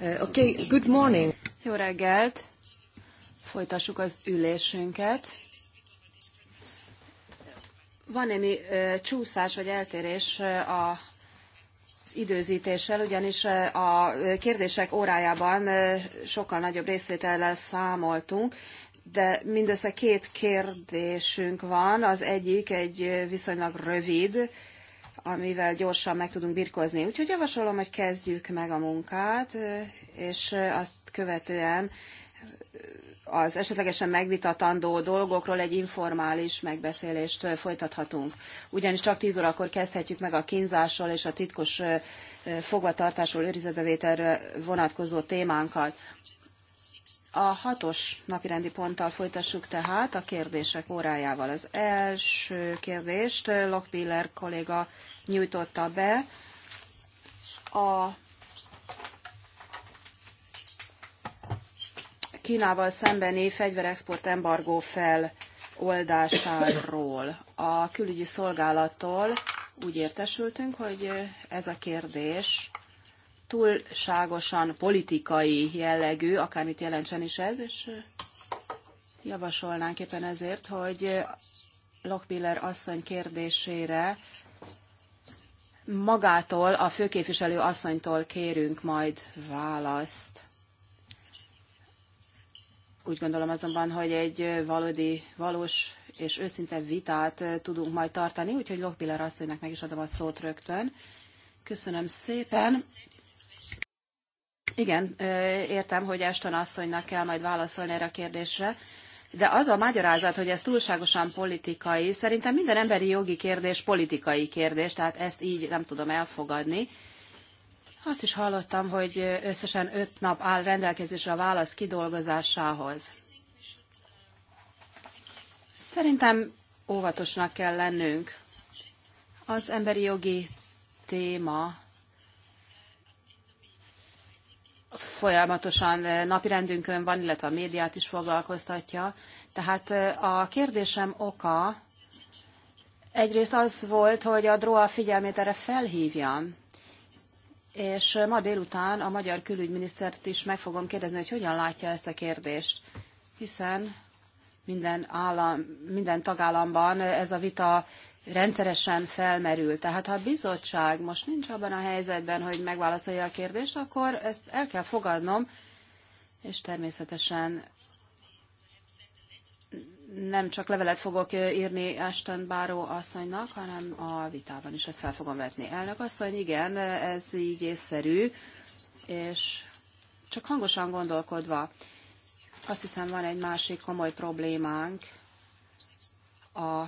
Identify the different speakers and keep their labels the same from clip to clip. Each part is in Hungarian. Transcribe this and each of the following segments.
Speaker 1: Uh, okay, good morning. Jó reggelt! Folytassuk az ülésünket. Van némi uh, csúszás vagy eltérés uh, a az időzítéssel, ugyanis a kérdések órájában sokkal nagyobb részvétellel számoltunk, de mindössze két kérdésünk van. Az egyik egy viszonylag rövid, amivel gyorsan meg tudunk birkozni. Úgyhogy javasolom, hogy kezdjük meg a munkát, és azt követően az esetlegesen megvitatandó dolgokról egy informális megbeszélést folytathatunk. Ugyanis csak 10 órakor kezdhetjük meg a kínzásról és a titkos eh, fogvatartásról, őrizetbevételre vonatkozó témánkat. A hatos napirendi ponttal folytassuk tehát a kérdések órájával. Az első kérdést Lockbiller kolléga nyújtotta be. A Kínával szembeni fegyverexport embargó feloldásáról. A külügyi szolgálattól úgy értesültünk, hogy ez a kérdés túlságosan politikai jellegű, akármit jelentsen is ez, és javasolnánk éppen ezért, hogy Lockbiller asszony kérdésére magától, a főképviselő asszonytól kérünk majd választ. Úgy gondolom azonban, hogy egy valódi, valós és őszinte vitát tudunk majd tartani, úgyhogy Lokbiller asszonynak meg is adom a szót rögtön. Köszönöm szépen. Igen, értem, hogy Eston asszonynak kell majd válaszolni erre a kérdésre, de az a magyarázat, hogy ez túlságosan politikai, szerintem minden emberi jogi kérdés politikai kérdés, tehát ezt így nem tudom elfogadni. Azt is hallottam, hogy összesen öt nap áll rendelkezésre a válasz kidolgozásához. Szerintem óvatosnak kell lennünk. Az emberi jogi téma folyamatosan eh, napirendünkön van, illetve a médiát is foglalkoztatja. Tehát eh, a kérdésem oka egyrészt az volt, hogy a DROA figyelmét erre felhívjam, és eh, ma délután a magyar külügyminisztert is meg fogom kérdezni, hogy hogyan látja ezt a kérdést, hiszen minden, állam, minden tagállamban ez a vita rendszeresen felmerül. Tehát ha a bizottság most nincs abban a helyzetben, hogy megválaszolja a kérdést, akkor ezt el kell fogadnom, és természetesen nem csak levelet fogok írni Ashton Báró asszonynak, hanem a vitában is ezt fel fogom vetni. Elnök asszony, igen, ez így észszerű, és csak hangosan gondolkodva, azt hiszem van egy másik komoly problémánk, a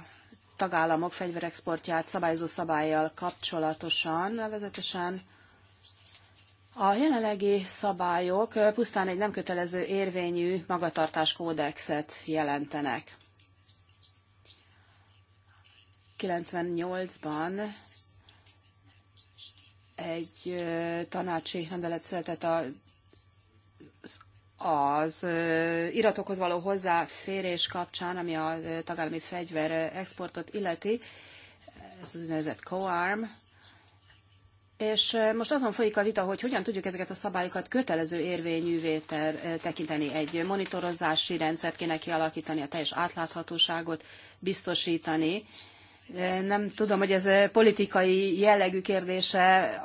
Speaker 1: tagállamok fegyverexportját szabályozó szabályjal kapcsolatosan, nevezetesen a jelenlegi szabályok pusztán egy nem kötelező érvényű magatartáskódexet jelentenek. 98-ban egy tanácsi rendelet született a az iratokhoz való hozzáférés kapcsán, ami a tagállami fegyver exportot illeti, ez az úgynevezett COARM, és most azon folyik a vita, hogy hogyan tudjuk ezeket a szabályokat kötelező érvényűvé tekinteni. Egy monitorozási rendszert kéne kialakítani, a teljes átláthatóságot biztosítani. Nem tudom, hogy ez politikai jellegű kérdése,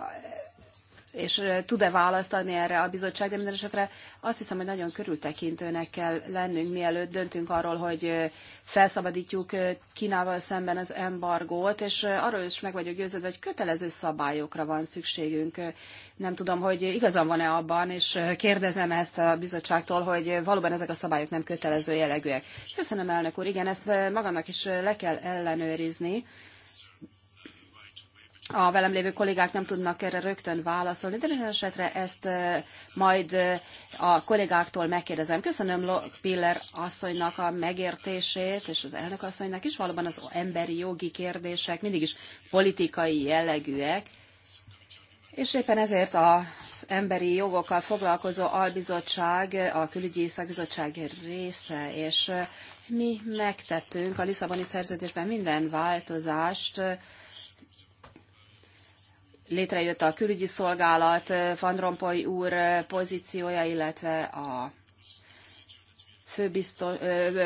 Speaker 1: és tud-e választ adni erre a bizottság, de minden esetre azt hiszem, hogy nagyon körültekintőnek kell lennünk, mielőtt döntünk arról, hogy felszabadítjuk Kínával szemben az embargót, és arról is meg vagyok győződve, hogy kötelező szabályokra van szükségünk. Nem tudom, hogy igazam van-e abban, és kérdezem ezt a bizottságtól, hogy valóban ezek a szabályok nem kötelező jellegűek. Köszönöm, elnök úr, igen, ezt magamnak is le kell ellenőrizni a velem lévő kollégák nem tudnak erre rögtön válaszolni, de minden esetre ezt majd a kollégáktól megkérdezem. Köszönöm Piller asszonynak a megértését, és az elnök asszonynak is valóban az emberi jogi kérdések mindig is politikai jellegűek, és éppen ezért az emberi jogokkal foglalkozó albizottság, a külügyi szakbizottság része, és mi megtettünk a Lisszaboni szerződésben minden változást, létrejött a külügyi szolgálat, Van Rompuy úr pozíciója, illetve a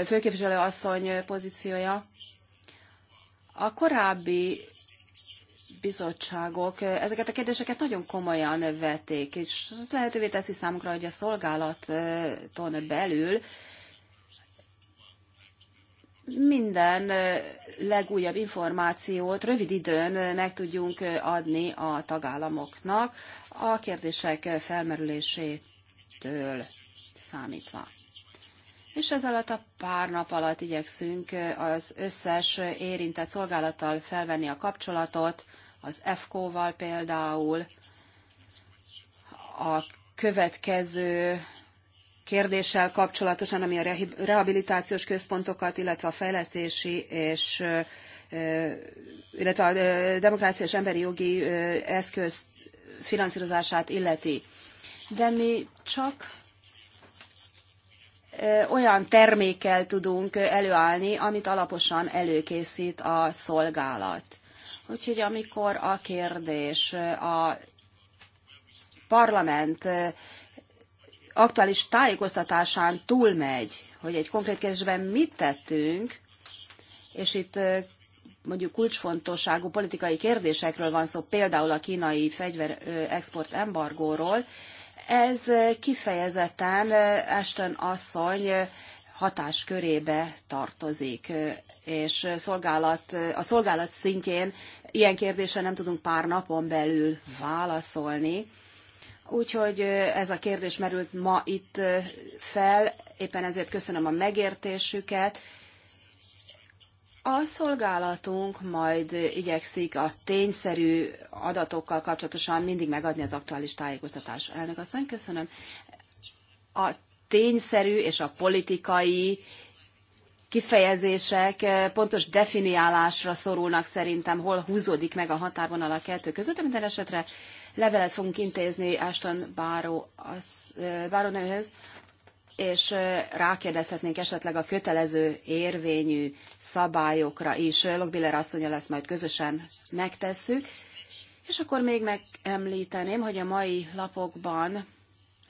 Speaker 1: főképviselő asszony pozíciója. A korábbi bizottságok ezeket a kérdéseket nagyon komolyan vették, és ez lehetővé teszi számukra, hogy a szolgálaton belül minden legújabb információt rövid időn meg tudjunk adni a tagállamoknak a kérdések felmerülésétől számítva. És ez alatt a pár nap alatt igyekszünk az összes érintett szolgálattal felvenni a kapcsolatot, az fco val például, a következő kérdéssel kapcsolatosan, ami a rehabilitációs központokat, illetve a fejlesztési és illetve a demokrácia és emberi jogi eszköz finanszírozását illeti. De mi csak olyan termékkel tudunk előállni, amit alaposan előkészít a szolgálat. Úgyhogy amikor a kérdés a parlament aktuális tájékoztatásán túlmegy, hogy egy konkrét kérdésben mit tettünk, és itt mondjuk kulcsfontosságú politikai kérdésekről van szó, például a kínai fegyverexport embargóról, ez kifejezetten Ashton asszony hatáskörébe tartozik, és szolgálat, a szolgálat szintjén ilyen kérdésre nem tudunk pár napon belül válaszolni. Úgyhogy ez a kérdés merült ma itt fel, éppen ezért köszönöm a megértésüket. A szolgálatunk majd igyekszik a tényszerű adatokkal kapcsolatosan mindig megadni az aktuális tájékoztatás. Elnök asszony, köszönöm. A tényszerű és a politikai kifejezések pontos definiálásra szorulnak szerintem, hol húzódik meg a határvonal a kettő között, minden esetre levelet fogunk intézni Ashton Báró, Báronőhöz, és rákérdezhetnénk esetleg a kötelező érvényű szabályokra is. Lokbiller asszonya lesz, majd közösen megtesszük. És akkor még megemlíteném, hogy a mai lapokban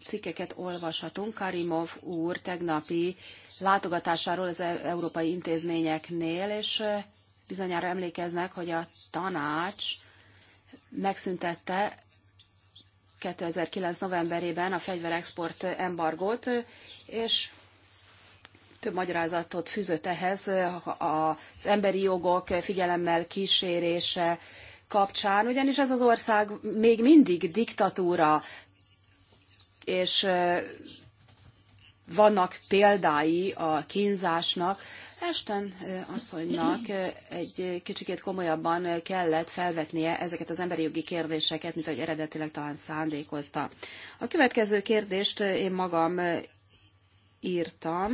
Speaker 1: cikkeket olvashatunk Karimov úr tegnapi látogatásáról az e- európai intézményeknél, és bizonyára emlékeznek, hogy a tanács megszüntette 2009. novemberében a fegyverexport embargót, és több magyarázatot fűzött ehhez az emberi jogok figyelemmel kísérése kapcsán, ugyanis ez az ország még mindig diktatúra, és vannak példái a kínzásnak, Ashton asszonynak egy kicsikét komolyabban kellett felvetnie ezeket az emberi jogi kérdéseket, mint ahogy eredetileg talán szándékozta. A következő kérdést én magam írtam.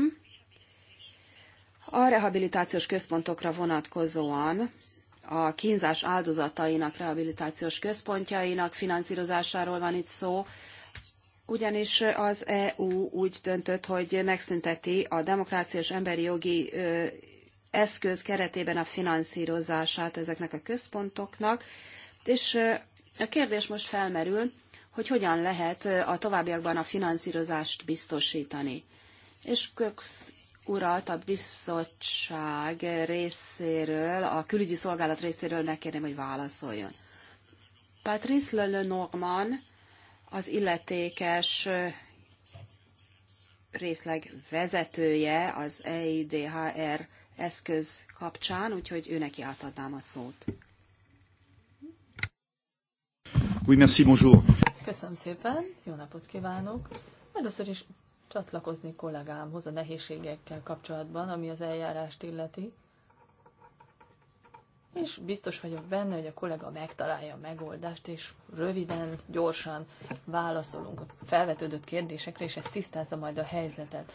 Speaker 1: A rehabilitációs központokra vonatkozóan a kínzás áldozatainak rehabilitációs központjainak finanszírozásáról van itt szó, ugyanis az EU úgy döntött, hogy megszünteti a és emberi jogi eszköz keretében a finanszírozását ezeknek a központoknak, és a kérdés most felmerül, hogy hogyan lehet a továbbiakban a finanszírozást biztosítani. És Köksz urat a bizottság részéről, a külügyi szolgálat részéről megkérném, hogy válaszoljon. Patrice Lenormand az illetékes részleg vezetője az EIDHR eszköz kapcsán, úgyhogy ő neki átadnám a szót.
Speaker 2: Oui, merci, bonjour.
Speaker 1: Köszönöm szépen, jó napot kívánok.
Speaker 2: Először is csatlakozni kollégámhoz a nehézségekkel kapcsolatban, ami az eljárást illeti és biztos vagyok benne, hogy a kollega megtalálja a megoldást, és röviden, gyorsan válaszolunk a felvetődött kérdésekre, és ez tisztázza majd a helyzetet.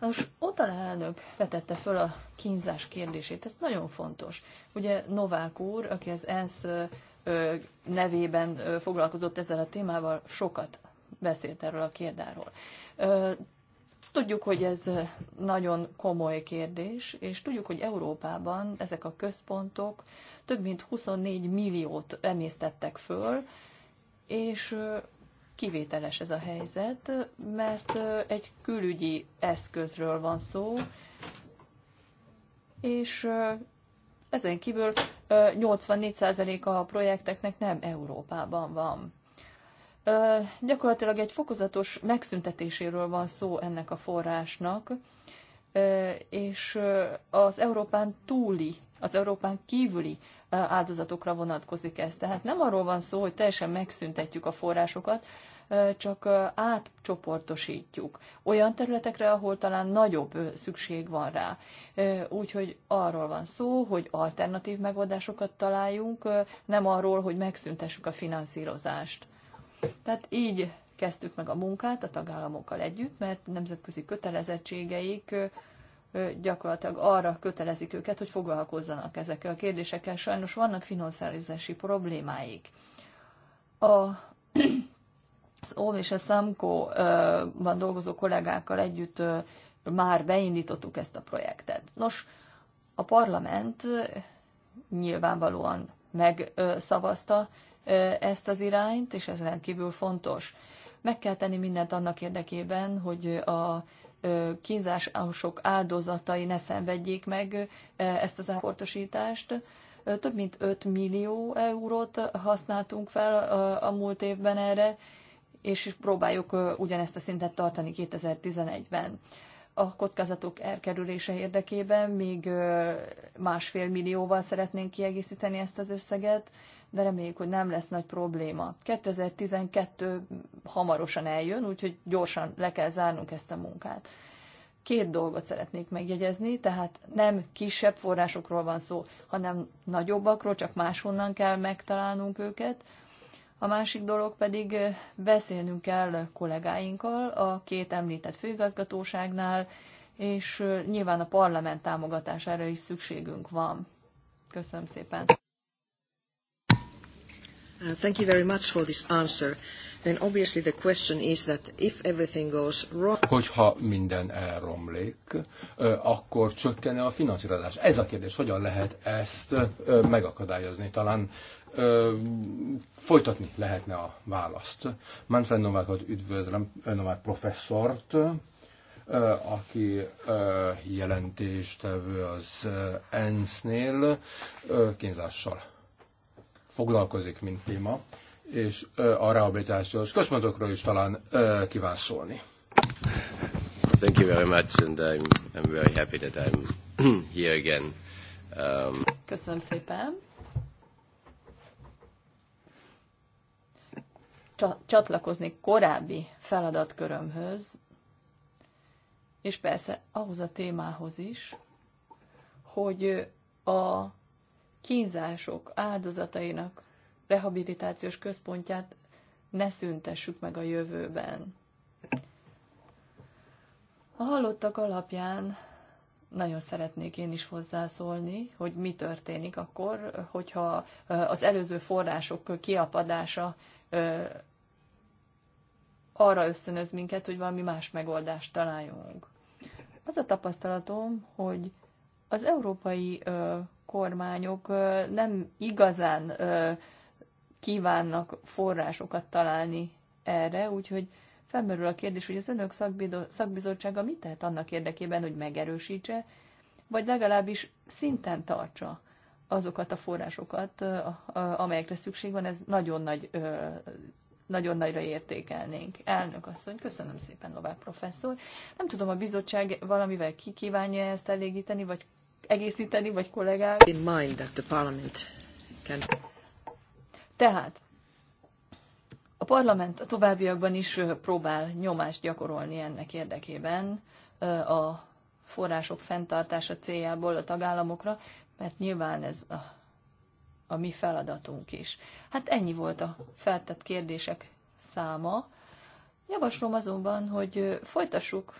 Speaker 2: Nos, a elnök vetette föl a kínzás kérdését, ez nagyon fontos. Ugye Novák úr, aki az ENSZ nevében foglalkozott ezzel a témával, sokat beszélt erről a kérdáról. Tudjuk, hogy ez eh, nagyon komoly kérdés, és tudjuk, hogy Európában ezek a központok több mint 24 milliót emésztettek föl, és eh, kivételes ez a helyzet, mert eh, egy külügyi eszközről van szó, és ezen kívül 84% a projekteknek nem Európában van. Gyakorlatilag egy fokozatos megszüntetéséről van szó ennek a forrásnak, és az Európán túli, az Európán kívüli áldozatokra vonatkozik ez. Tehát nem arról van szó, hogy teljesen megszüntetjük a forrásokat, csak átcsoportosítjuk olyan területekre, ahol talán nagyobb szükség van rá. Úgyhogy arról van szó, hogy alternatív megoldásokat találjunk, nem arról, hogy megszüntessük a finanszírozást. Tehát így kezdtük meg a munkát a tagállamokkal együtt, mert nemzetközi kötelezettségeik gyakorlatilag arra kötelezik őket, hogy foglalkozzanak ezekkel a kérdésekkel. Sajnos vannak finanszírozási problémáik. A, az OV és a SAMCO-ban dolgozó kollégákkal együtt már beindítottuk ezt a projektet. Nos, a parlament nyilvánvalóan megszavazta ezt az irányt, és ez rendkívül fontos. Meg kell tenni mindent annak érdekében, hogy a kínzások áldozatai ne szenvedjék meg ezt az áportosítást. Több mint 5 millió eurót használtunk fel a múlt évben erre, és próbáljuk ugyanezt a szintet tartani 2011-ben. A kockázatok elkerülése érdekében még másfél millióval szeretnénk kiegészíteni ezt az összeget, de reméljük, hogy nem lesz nagy probléma. 2012 hamarosan eljön, úgyhogy gyorsan le kell zárnunk ezt a munkát. Két dolgot szeretnék megjegyezni, tehát nem kisebb forrásokról van szó, hanem nagyobbakról, csak máshonnan kell megtalálnunk őket. A másik dolog pedig beszélnünk kell kollégáinkkal a két említett főigazgatóságnál, és nyilván a parlament támogatására is szükségünk van. Köszönöm szépen.
Speaker 1: Uh, thank you very much for this answer. Then obviously the question is that if everything
Speaker 3: goes wrong... Hogyha minden elromlik, akkor csökkenne a finanszírozás. Ez a kérdés, hogyan lehet ezt megakadályozni? Talán folytatni lehetne a választ. Manfred Novákot üdvözlöm, Novák professzort, aki ö, jelentéstevő az ENSZ-nél kínzással foglalkozik, mint téma, és a rehabilitációs központokról is talán kíván szólni. Thank you very much, and I'm, I'm very happy that I'm here again. Um...
Speaker 2: Köszönöm szépen. Csatlakozni korábbi feladatkörömhöz, és persze ahhoz a témához is, hogy a kínzások áldozatainak rehabilitációs központját ne szüntessük meg a jövőben. A hallottak alapján nagyon szeretnék én is hozzászólni, hogy mi történik akkor, hogyha az előző források kiapadása arra ösztönöz minket, hogy valami más megoldást találjunk. Az a tapasztalatom, hogy az európai kormányok nem igazán kívánnak forrásokat találni erre, úgyhogy felmerül a kérdés, hogy az önök szakbizottsága mit tehet annak érdekében, hogy megerősítse, vagy legalábbis szinten tartsa azokat a forrásokat, amelyekre szükség van, ez nagyon nagy nagyon nagyra értékelnénk. Elnök asszony, köszönöm szépen, Lovák professzor. Nem tudom, a bizottság valamivel ki kívánja ezt elégíteni, vagy egészíteni, vagy kollégák?
Speaker 1: In mind that the parliament can...
Speaker 2: Tehát, a parlament a továbbiakban is próbál nyomást gyakorolni ennek érdekében a források fenntartása céljából a tagállamokra, mert nyilván ez a, a mi feladatunk is. Hát ennyi volt a feltett kérdések száma. Javaslom azonban, hogy folytassuk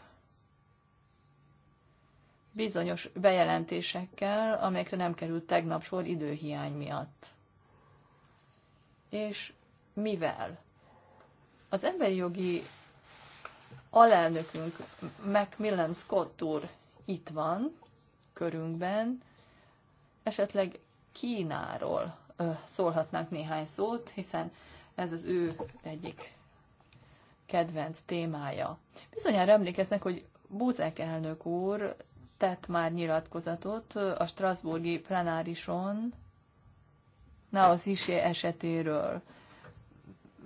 Speaker 2: bizonyos bejelentésekkel, amelyekre nem került tegnap sor időhiány miatt. És mivel? Az emberi jogi alelnökünk Macmillan Scott úr itt van, körünkben, esetleg Kínáról ö, szólhatnánk néhány szót, hiszen ez az ő egyik kedvenc témája. Bizonyára emlékeznek, hogy Buzek elnök úr tett már nyilatkozatot a Strasburgi plenárison Naozisi esetéről.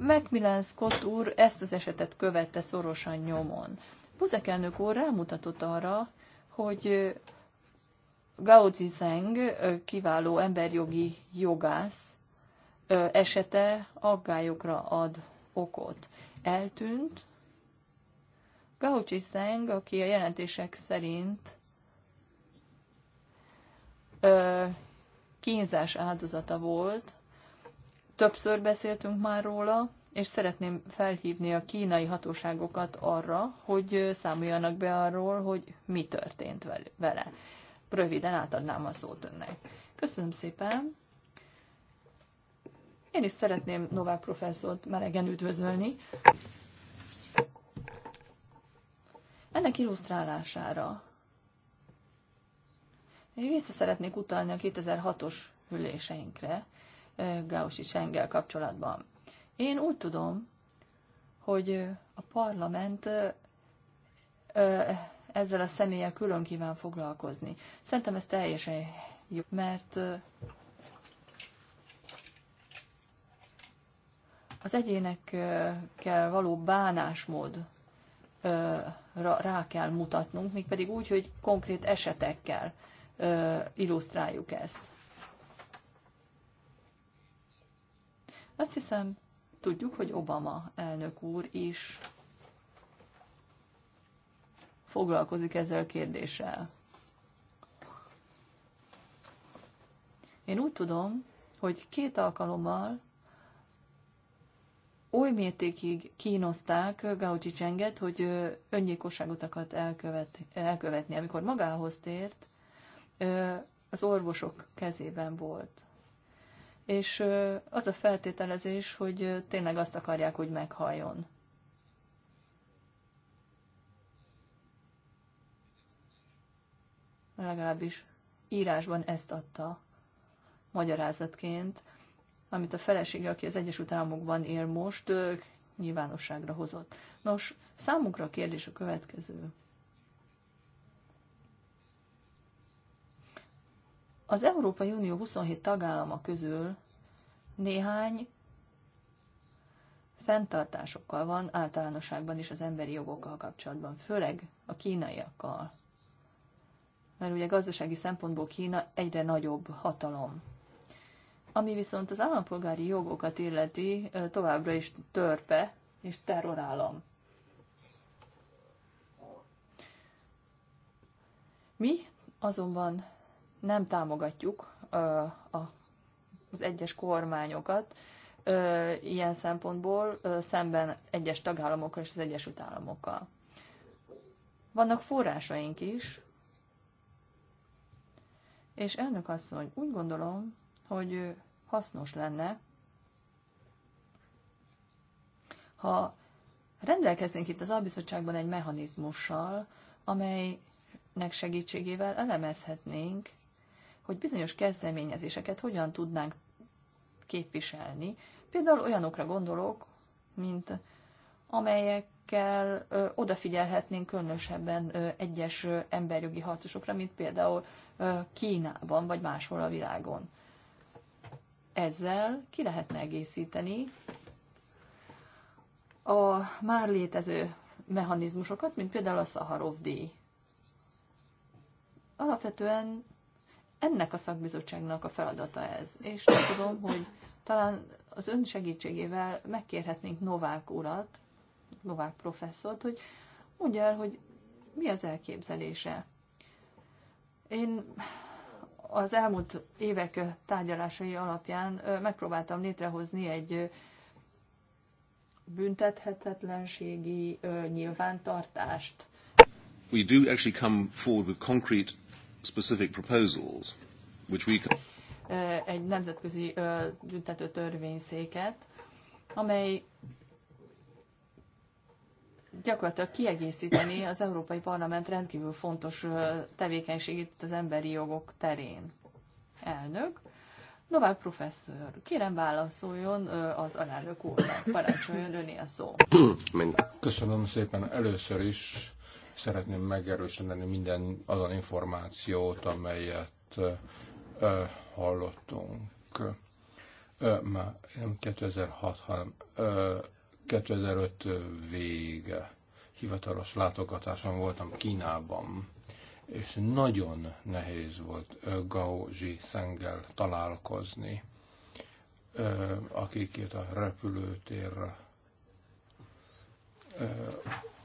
Speaker 2: Macmillan Scott úr ezt az esetet követte szorosan nyomon. Buzek elnök úr rámutatott arra, hogy Gao Zizeng kiváló emberjogi jogász esete aggályokra ad okot. Eltűnt. Gao Zizeng, aki a jelentések szerint kínzás áldozata volt. Többször beszéltünk már róla, és szeretném felhívni a kínai hatóságokat arra, hogy számoljanak be arról, hogy mi történt vele. Röviden átadnám a szót önnek. Köszönöm szépen! Én is szeretném Novák professzort melegen üdvözölni. Ennek illusztrálására vissza szeretnék utalni a 2006-os üléseinkre Gáosi Sengel kapcsolatban. Én úgy tudom, hogy a parlament ezzel a személlyel külön kíván foglalkozni. Szerintem ez teljesen jó, mert az egyénekkel való bánásmód rá kell mutatnunk, mégpedig úgy, hogy konkrét esetekkel illusztráljuk ezt. Azt hiszem, tudjuk, hogy Obama elnök úr is foglalkozik ezzel a kérdéssel. Én úgy tudom, hogy két alkalommal oly mértékig kínozták Gauci Csenget, hogy öngyilkosságot akart elkövet, elkövetni. Amikor magához tért, az orvosok kezében volt. És az a feltételezés, hogy tényleg azt akarják, hogy meghaljon. Legalábbis írásban ezt adta magyarázatként, amit a felesége, aki az Egyesült Államokban él most, nyilvánosságra hozott. Nos, számunkra a kérdés a következő. Az Európai Unió 27 tagállama közül néhány fenntartásokkal van általánosságban is az emberi jogokkal kapcsolatban, főleg a kínaiakkal. Mert ugye gazdasági szempontból Kína egyre nagyobb hatalom. Ami viszont az állampolgári jogokat illeti, továbbra is törpe és terrorállam. Mi azonban nem támogatjuk az egyes kormányokat ilyen szempontból szemben egyes tagállamokkal és az Egyesült Államokkal. Vannak forrásaink is, és elnök asszony, úgy gondolom, hogy hasznos lenne, ha rendelkeznénk itt az albizottságban egy mechanizmussal, amelynek segítségével elemezhetnénk hogy bizonyos kezdeményezéseket hogyan tudnánk képviselni. Például olyanokra gondolok, mint amelyekkel ö, odafigyelhetnénk különösebben ö, egyes ö, emberjogi harcosokra, mint például ö, Kínában vagy máshol a világon. Ezzel ki lehetne egészíteni a már létező mechanizmusokat, mint például a Szaharov díj. Alapvetően ennek a szakbizottságnak a feladata ez. És tudom, hogy talán az ön segítségével megkérhetnénk Novák urat, Novák professzort, hogy mondja el, hogy mi az elképzelése. Én az elmúlt évek tárgyalásai alapján megpróbáltam létrehozni egy büntethetetlenségi nyilvántartást.
Speaker 3: We do actually come forward with concrete specific proposals, which we
Speaker 2: egy nemzetközi büntető törvényszéket, amely gyakorlatilag kiegészíteni az Európai Parlament rendkívül fontos tevékenységét az emberi jogok terén. Elnök, Novák professzor, kérem válaszoljon az alelnök úrnak, parancsoljon öné a szó.
Speaker 3: Köszönöm szépen először is Szeretném megerősíteni minden azon információt, amelyet hallottunk. Már nem 2006, hanem 2005 vége hivatalos látogatáson voltam Kínában, és nagyon nehéz volt Gao Zhi-szenggel találkozni, akik itt a repülőtérre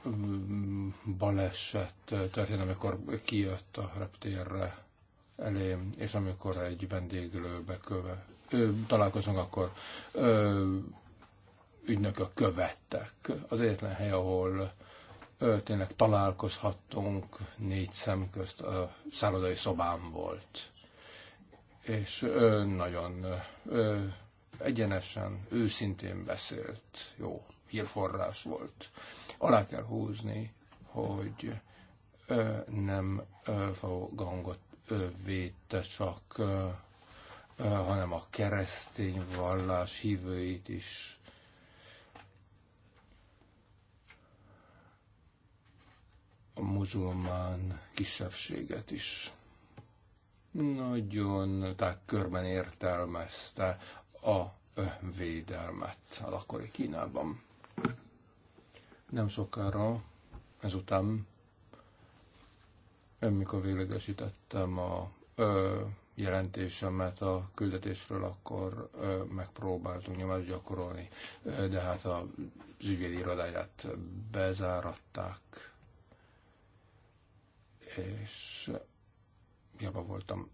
Speaker 3: Mm, baleset történt, amikor kijött a reptérre elém, és amikor egy vendéglőbe köve, ö, találkozunk, akkor ö, ügynökök követtek. Az egyetlen hely, ahol ö, tényleg találkozhattunk négy szem közt, a szállodai szobám volt. És ö, nagyon ö, egyenesen, őszintén beszélt, jó hírforrás volt. Alá kell húzni, hogy nem fogangot védte csak, hanem a keresztény vallás hívőit is a muzulmán kisebbséget is. Nagyon tehát körben értelmezte a védelmet a akkori Kínában. Nem sokára ezután, mikor véglegesítettem a ö, jelentésemet a küldetésről, akkor ö, megpróbáltunk nyomást gyakorolni, ö, de hát a ügyvédi irodáját bezáratták, és hiába voltam,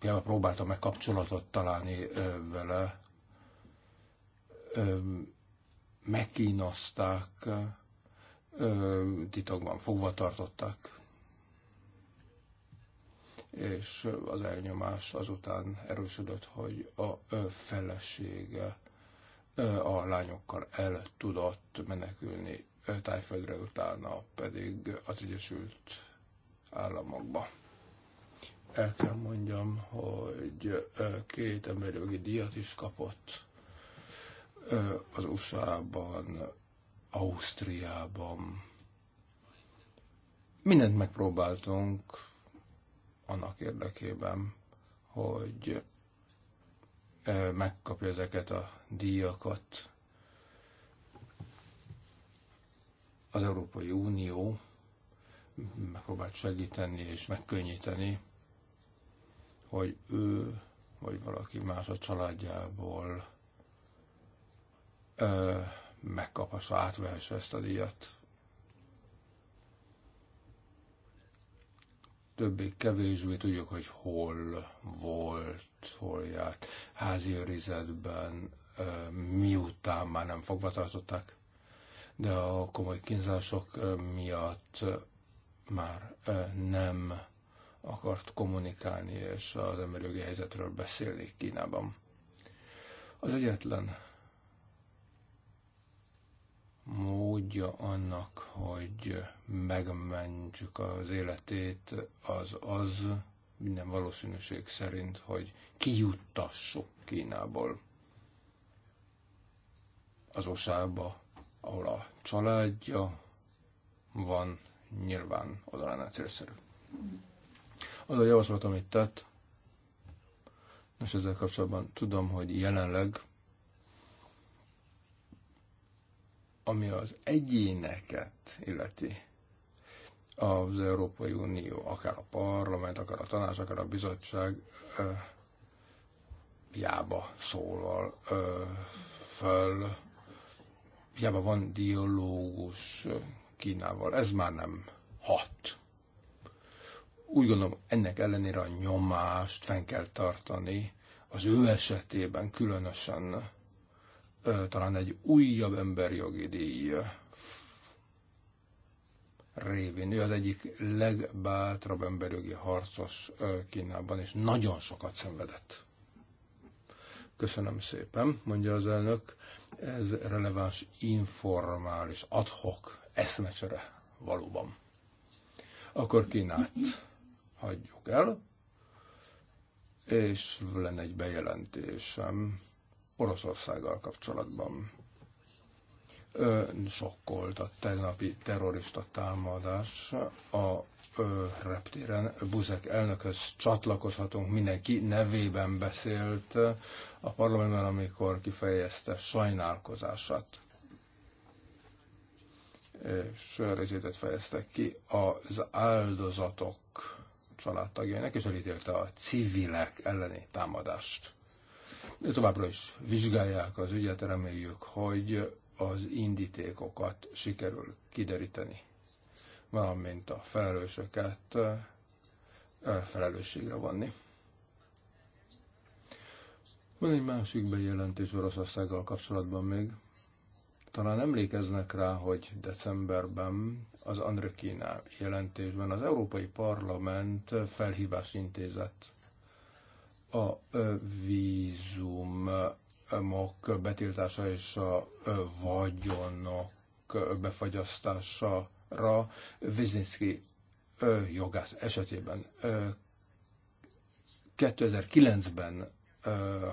Speaker 3: hiába próbáltam meg kapcsolatot találni ö, vele, ö, megkínozták, titokban fogva tartottak. És az elnyomás azután erősödött, hogy a felesége a lányokkal el tudott menekülni Tájföldre, utána pedig az Egyesült Államokba. El kell mondjam, hogy két emberi díjat is kapott az USA-ban Ausztriában. Mindent megpróbáltunk annak érdekében, hogy megkapja ezeket a díjakat az Európai Unió, megpróbált segíteni és megkönnyíteni, hogy ő vagy valaki más a családjából megkaphassa, átvehesse ezt a díjat. Többé-kevésbé tudjuk, hogy hol volt, hol járt házi őrizetben, miután már nem fogva tartották, de a komoly kínzások miatt már nem akart kommunikálni és az emberi helyzetről beszélni Kínában. Az egyetlen módja annak, hogy megmentsük az életét, az az minden valószínűség szerint, hogy kijuttassuk Kínából az osába, ahol a családja van, nyilván oda lenne célszerű. Az a javaslat, amit tett, és ezzel kapcsolatban tudom, hogy jelenleg Ami az egyéneket illeti, az Európai Unió, akár a parlament, akár a tanács, akár a bizottság jába szólal föl, hiába van dialógus Kínával, ez már nem hat. Úgy gondolom, ennek ellenére a nyomást fenn kell tartani, az ő esetében különösen talán egy újabb emberjogi díj révén. Ő az egyik legbátrabb emberjogi harcos Kínában, és nagyon sokat szenvedett. Köszönöm szépen, mondja az elnök. Ez releváns, informális, adhok eszmecsere valóban. Akkor Kínát hagyjuk el, és lenne egy bejelentésem. Oroszországgal kapcsolatban. Ön sokkolt a tegnapi terrorista támadás a ö, reptéren. Buzek elnökhöz csatlakozhatunk, mindenki nevében beszélt a parlamentben, amikor kifejezte sajnálkozását. És részletet fejezte ki az áldozatok családtagjainak, és elítélte a civilek elleni támadást továbbra is vizsgálják az ügyet, reméljük, hogy az indítékokat sikerül kideríteni, valamint a felelősöket felelősségre vonni. Van egy másik bejelentés Oroszországgal kapcsolatban még. Talán emlékeznek rá, hogy decemberben az Andrökina jelentésben az Európai Parlament felhívás intézett a vízumok betiltása és a vagyonok befagyasztására Vizinski jogász esetében 2009-ben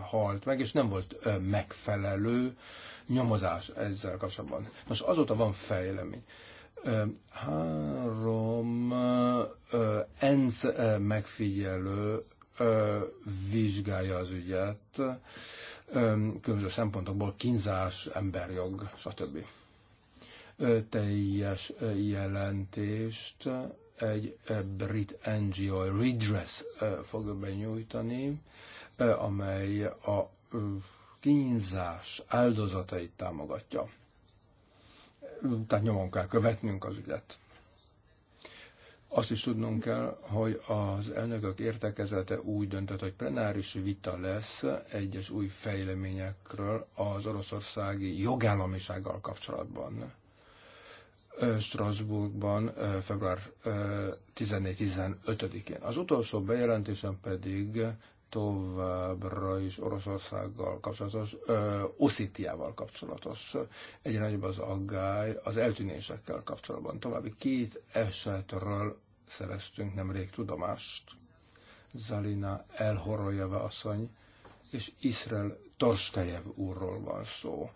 Speaker 3: halt meg, és nem volt megfelelő nyomozás ezzel kapcsolatban. Most azóta van fejlemény. Három ENSZ megfigyelő vizsgálja az ügyet, különböző szempontokból kínzás, emberjog, stb. Teljes jelentést egy brit NGO redress fog benyújtani, amely a kínzás áldozatait támogatja. Tehát nyomon kell követnünk az ügyet. Azt is tudnunk kell, hogy az elnökök értekezete úgy döntött, hogy plenáris vita lesz egyes új fejleményekről az oroszországi jogállamisággal kapcsolatban. Strasbourgban február 14-15-én. Az utolsó bejelentésem pedig továbbra is Oroszországgal kapcsolatos, Oszitiával kapcsolatos. Egyre nagyobb az aggály az eltűnésekkel kapcsolatban. További két esetről szereztünk nemrég tudomást. Zalina Elhorojeva asszony és Iszrel Torstejev úrról van szó.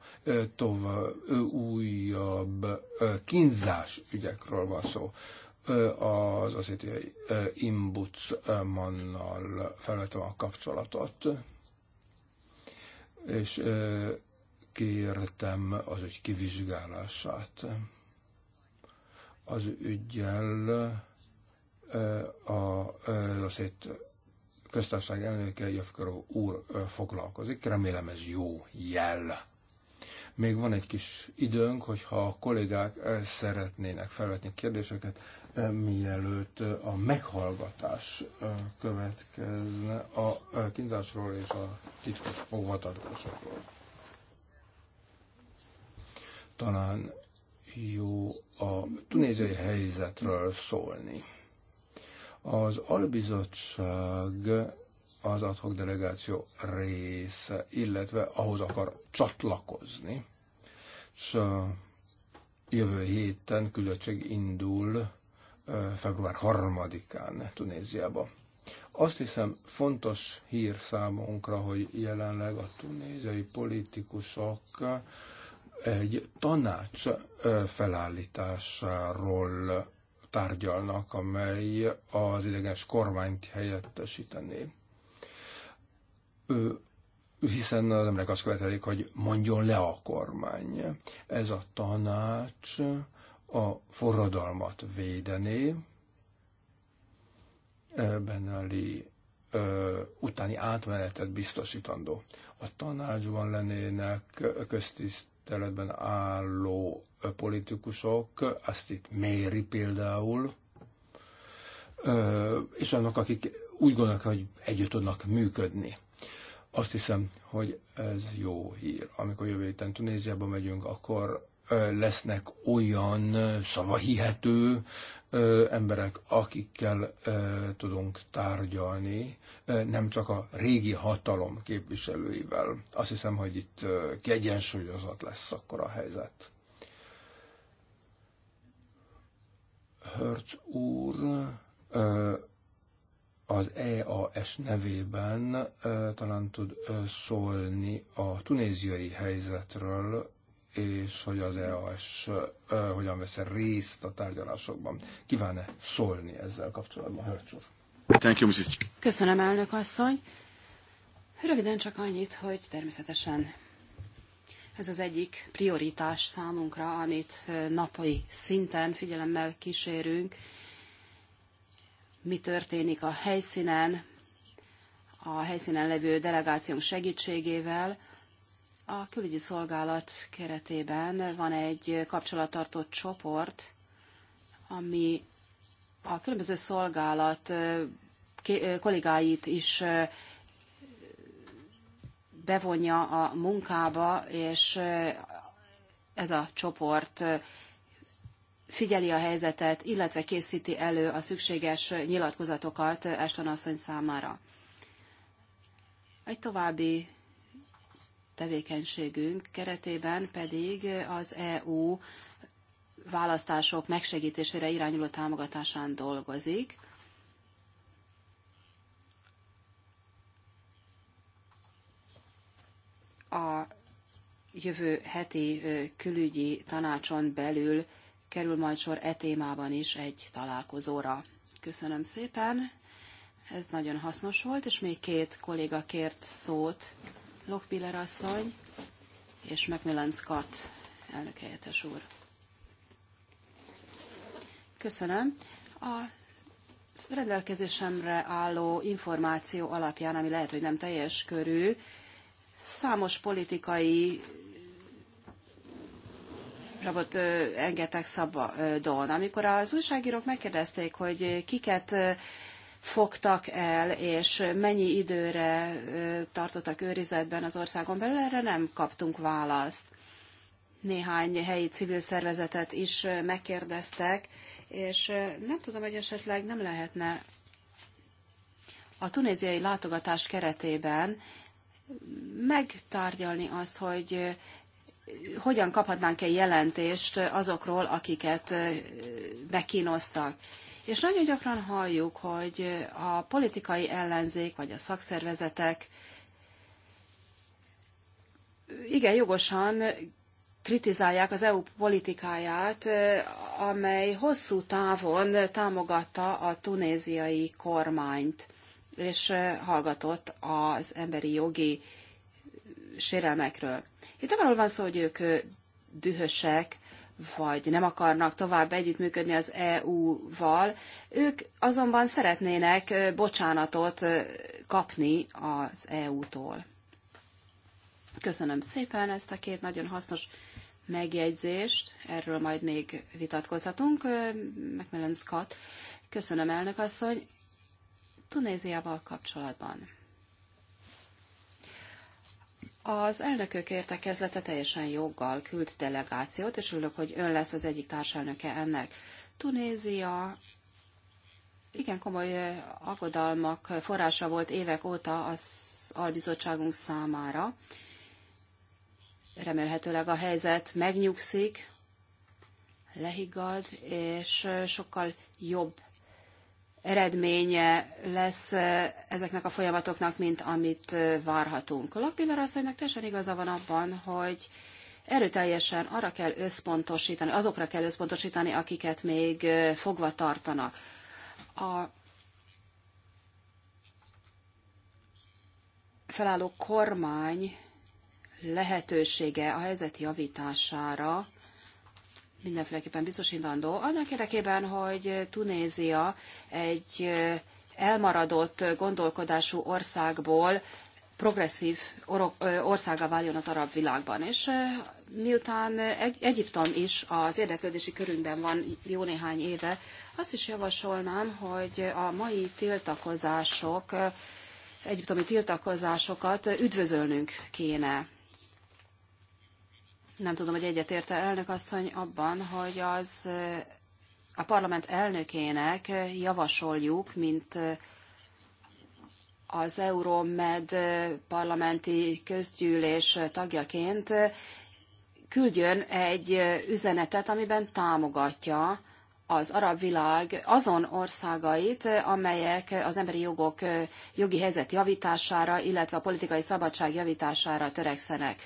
Speaker 3: Tovább újabb kínzás ügyekről van szó az aszétiai imbucmannal felvettem a kapcsolatot, és kértem az ügy kivizsgálását. Az ügyel a Rosszét köztársaság elnöke Jövkörő úr foglalkozik. Remélem ez jó jel. Még van egy kis időnk, hogyha a kollégák szeretnének felvetni kérdéseket, mielőtt a meghallgatás következne a kínzásról és a titkos fogvatartásokról. Talán jó a tunéziai helyzetről szólni. Az albizottság az adhok delegáció része, illetve ahhoz akar csatlakozni, és jövő héten küldöttség indul február 3-án Tunéziába. Azt hiszem fontos hír számunkra, hogy jelenleg a tunéziai politikusok egy tanács felállításáról tárgyalnak, amely az ideges kormányt helyettesítené. Ő, hiszen az emberek azt követelik, hogy mondjon le a kormány. Ez a tanács a forradalmat védené, beneli utáni átmenetet biztosítandó. A tanácsban lennének köztiszteletben álló politikusok, azt itt méri például, és annak, akik úgy gondolnak, hogy együtt tudnak működni. Azt hiszem, hogy ez jó hír. Amikor jövő héten Tunéziába megyünk, akkor lesznek olyan szavahihető emberek, akikkel tudunk tárgyalni, nem csak a régi hatalom képviselőivel. Azt hiszem, hogy itt kiegyensúlyozott lesz akkor a helyzet. Hertz úr az EAS nevében talán tud szólni a tunéziai helyzetről, és hogy az EAS hogyan vesz részt a tárgyalásokban. Kíván-e szólni ezzel kapcsolatban, Hertz úr?
Speaker 1: Thank you, Mrs. Köszönöm, elnök asszony. Röviden csak annyit, hogy természetesen ez az egyik prioritás számunkra, amit napai szinten figyelemmel kísérünk, mi történik a helyszínen, a helyszínen levő delegációnk segítségével. A külügyi szolgálat keretében van egy kapcsolattartó csoport, ami a különböző szolgálat kollégáit is bevonja a munkába, és eh, ez a csoport eh, figyeli a helyzetet, illetve készíti elő a szükséges nyilatkozatokat Ashton asszony számára. Egy további tevékenységünk keretében pedig az EU választások megsegítésére irányuló támogatásán dolgozik. a jövő heti külügyi tanácson belül kerül majd sor e témában is egy találkozóra. Köszönöm szépen, ez nagyon hasznos volt, és még két kolléga kért szót, Lokpiller asszony és Macmillan Scott elnökhelyettes úr. Köszönöm. A rendelkezésemre álló információ alapján, ami lehet, hogy nem teljes körű, Számos politikai rabot engedtek szabadon. Amikor az újságírók megkérdezték, hogy kiket fogtak el, és mennyi időre tartottak őrizetben az országon belül, erre nem kaptunk választ. Néhány helyi civil szervezetet is megkérdeztek, és nem tudom, hogy esetleg nem lehetne a tunéziai látogatás keretében megtárgyalni azt, hogy eh, hogyan kaphatnánk egy jelentést azokról, akiket bekínoztak. Eh, És nagyon gyakran halljuk, hogy a politikai ellenzék vagy a szakszervezetek igen jogosan kritizálják az EU politikáját, eh, amely hosszú távon támogatta a tunéziai kormányt és hallgatott az emberi jogi sérelmekről. Itt nem arról van szó, hogy ők dühösek, vagy nem akarnak tovább együttműködni az EU-val. Ők azonban szeretnének bocsánatot kapni az EU-tól. Köszönöm szépen ezt a két nagyon hasznos megjegyzést, erről majd még vitatkozhatunk. Macmillan Scott, köszönöm elnök asszony. Tunéziával kapcsolatban. Az elnökök értekezlete teljesen joggal küld delegációt, és örülök, hogy ön lesz az egyik társelnöke ennek. Tunézia igen komoly aggodalmak forrása volt évek óta az albizottságunk számára. Remélhetőleg a helyzet megnyugszik, lehiggad, és sokkal jobb eredménye lesz ezeknek a folyamatoknak, mint amit várhatunk. Lakpillar asszonynak teljesen igaza van abban, hogy erőteljesen arra kell összpontosítani, azokra kell összpontosítani, akiket még fogva tartanak. A felálló kormány lehetősége a helyzet javítására mindenféleképpen biztosítandó. Annak érdekében, hogy Tunézia egy elmaradott gondolkodású országból progresszív országa váljon az arab világban. És miután Egyiptom is az érdeklődési körünkben van jó néhány éve, azt is javasolnám, hogy a mai tiltakozások, egyiptomi tiltakozásokat üdvözölnünk kéne. Nem tudom, hogy egyetérte elnök asszony abban, hogy az a parlament elnökének javasoljuk, mint az Euromed parlamenti közgyűlés tagjaként küldjön egy üzenetet, amiben támogatja az arab világ azon országait, amelyek az emberi jogok jogi helyzet javítására, illetve a politikai szabadság javítására törekszenek.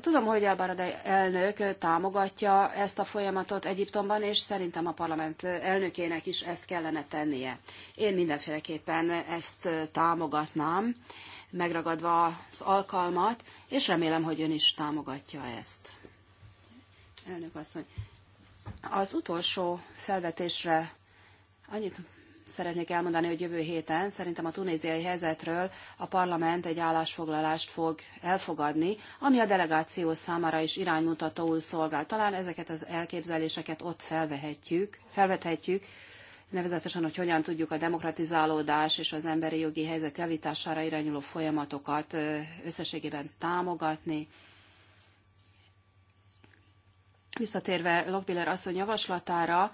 Speaker 1: Tudom, hogy el Baradei elnök támogatja ezt a folyamatot Egyiptomban, és szerintem a parlament elnökének is ezt kellene tennie. Én mindenféleképpen ezt támogatnám, megragadva az alkalmat, és remélem, hogy ön is támogatja ezt. Elnök asszony, az utolsó felvetésre annyit szeretnék elmondani, hogy jövő héten szerintem a tunéziai helyzetről a parlament egy állásfoglalást fog elfogadni, ami a delegáció számára is iránymutatóul szolgál. Talán ezeket az elképzeléseket ott felvehetjük, felvethetjük, nevezetesen, hogy hogyan tudjuk a demokratizálódás és az emberi jogi helyzet javítására irányuló folyamatokat összességében támogatni. Visszatérve Lokbiller asszony javaslatára,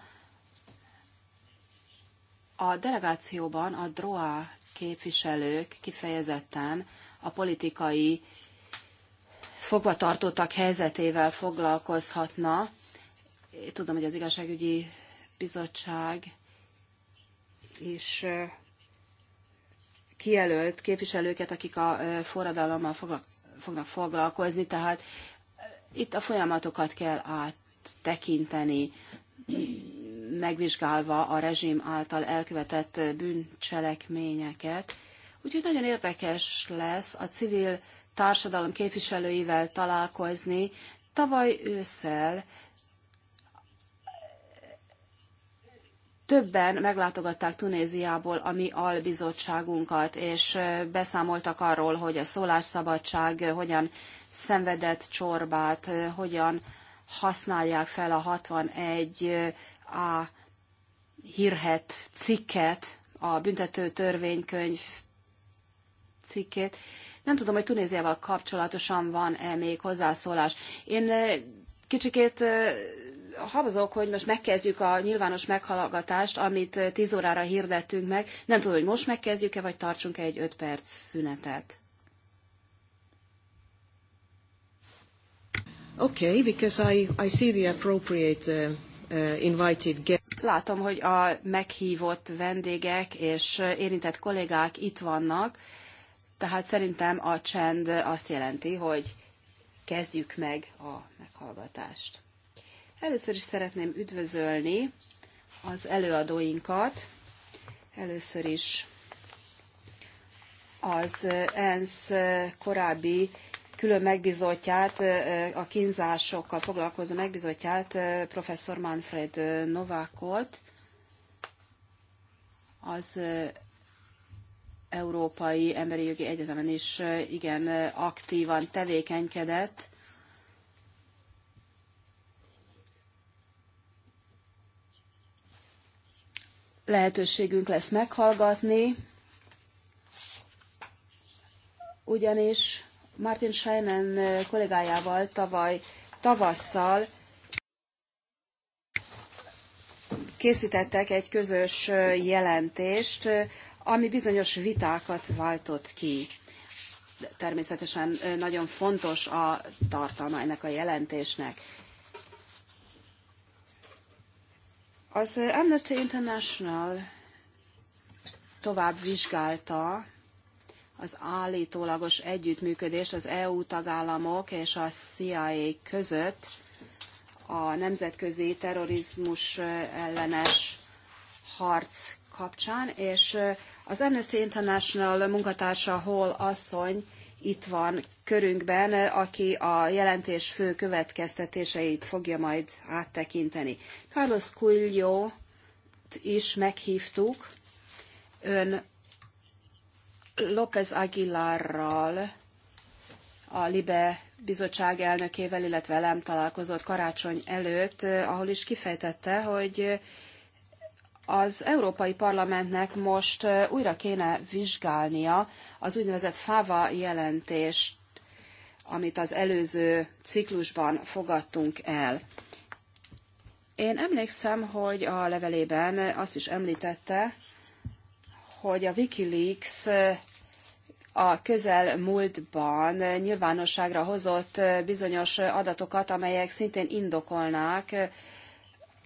Speaker 1: a delegációban a DROA képviselők kifejezetten a politikai fogvatartottak helyzetével foglalkozhatna. Én tudom, hogy az igazságügyi bizottság is kijelölt képviselőket, akik a forradalommal fognak foglalkozni, tehát itt a folyamatokat kell áttekinteni megvizsgálva a rezsim által elkövetett bűncselekményeket. Úgyhogy nagyon érdekes lesz a civil társadalom képviselőivel találkozni. Tavaly ősszel többen meglátogatták Tunéziából a mi albizottságunkat, és beszámoltak arról, hogy a szólásszabadság hogyan szenvedett csorbát, hogyan használják fel a 61 a hírhet cikket, a büntető törvénykönyv cikkét. Nem tudom, hogy Tunéziával kapcsolatosan van-e még hozzászólás. Én eh, kicsikét eh, habozok, hogy most megkezdjük a nyilvános meghallgatást, amit 10 eh, órára hirdettünk meg. Nem tudom, hogy most megkezdjük-e, vagy tartsunk-e egy 5 perc szünetet. Okay, because I, I see the appropriate uh... Uh, invited guests. Látom, hogy a meghívott vendégek és érintett kollégák itt vannak, tehát szerintem a csend azt jelenti, hogy kezdjük meg a meghallgatást. Először is szeretném üdvözölni az előadóinkat. Először is az ENSZ korábbi külön megbizotját, a kínzásokkal foglalkozó megbizotját, professzor Manfred Novákot, az Európai Emberi Jogi Egyetemen is igen aktívan tevékenykedett. Lehetőségünk lesz meghallgatni, ugyanis Martin Scheinen kollégájával tavaly tavasszal készítettek egy közös jelentést, ami bizonyos vitákat váltott ki. Természetesen nagyon fontos a tartalma ennek a jelentésnek. Az Amnesty International tovább vizsgálta az állítólagos együttműködést az EU tagállamok és a CIA között a nemzetközi terrorizmus ellenes harc kapcsán, és az Amnesty International munkatársa Hall asszony itt van körünkben, aki a jelentés fő következtetéseit fogja majd áttekinteni. Carlos Coelho is meghívtuk. Ön López Aguilarral, a Libe bizottság elnökével, illetve velem találkozott karácsony előtt, ahol is kifejtette, hogy az Európai Parlamentnek most újra kéne vizsgálnia az úgynevezett FAVA jelentést, amit az előző ciklusban fogadtunk el. Én emlékszem, hogy a levelében azt is említette, hogy a Wikileaks a közelmúltban nyilvánosságra hozott bizonyos adatokat, amelyek szintén indokolnák,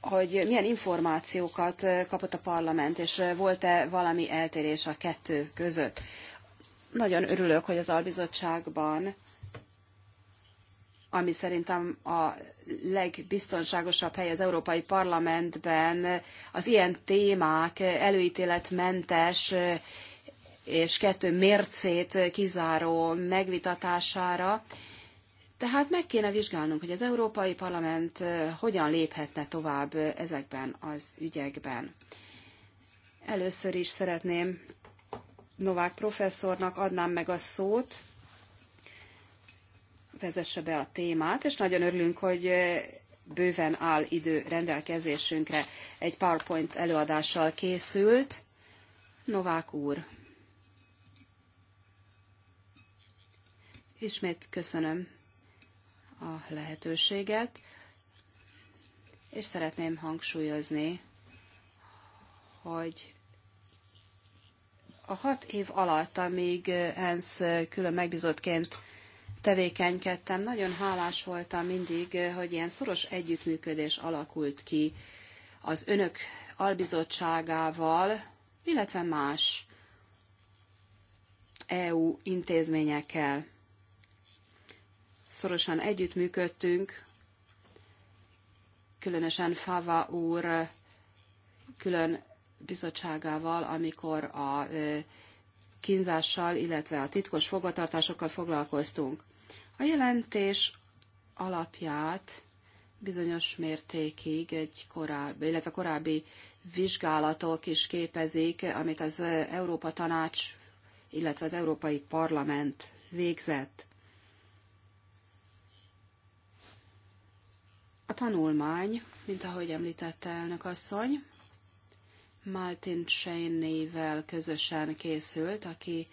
Speaker 1: hogy milyen információkat kapott a parlament, és volt-e valami eltérés a kettő között. Nagyon örülök, hogy az albizottságban, ami szerintem a legbiztonságosabb hely az Európai Parlamentben, az ilyen témák előítéletmentes és kettő mércét kizáró megvitatására. Tehát meg kéne vizsgálnunk, hogy az Európai Parlament eh, hogyan léphetne tovább ezekben az ügyekben. Először is szeretném Novák professzornak adnám meg a szót, vezesse be a témát, és nagyon örülünk, hogy eh, bőven áll idő rendelkezésünkre. Egy PowerPoint előadással készült. Novák úr, Ismét köszönöm a lehetőséget, és szeretném hangsúlyozni, hogy a hat év alatt, amíg ENSZ külön megbizottként tevékenykedtem, nagyon hálás voltam mindig, hogy ilyen szoros együttműködés alakult ki az önök albizottságával, illetve más EU intézményekkel szorosan együttműködtünk, különösen Fava úr külön bizottságával, amikor a kínzással, illetve a titkos fogvatartásokkal foglalkoztunk. A jelentés alapját bizonyos mértékig egy korábbi, illetve korábbi vizsgálatok is képezik, amit az Európa Tanács, illetve az Európai Parlament végzett. A tanulmány, mint ahogy említette elnök asszony, Martin Cheney-vel közösen készült, aki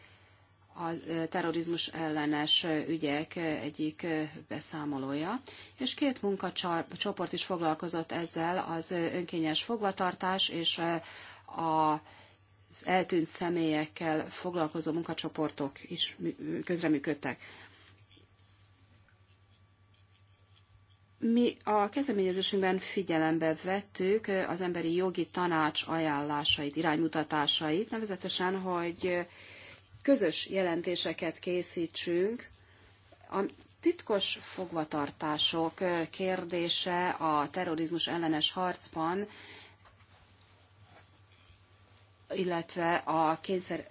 Speaker 1: a terrorizmus ellenes ügyek egyik beszámolója, és két munkacsoport is foglalkozott ezzel, az önkényes fogvatartás és az eltűnt személyekkel foglalkozó munkacsoportok is közreműködtek. Mi a kezdeményezésünkben figyelembe vettük az emberi jogi tanács ajánlásait, iránymutatásait, nevezetesen, hogy közös jelentéseket készítsünk. A titkos fogvatartások kérdése a terrorizmus ellenes harcban, illetve a kényszer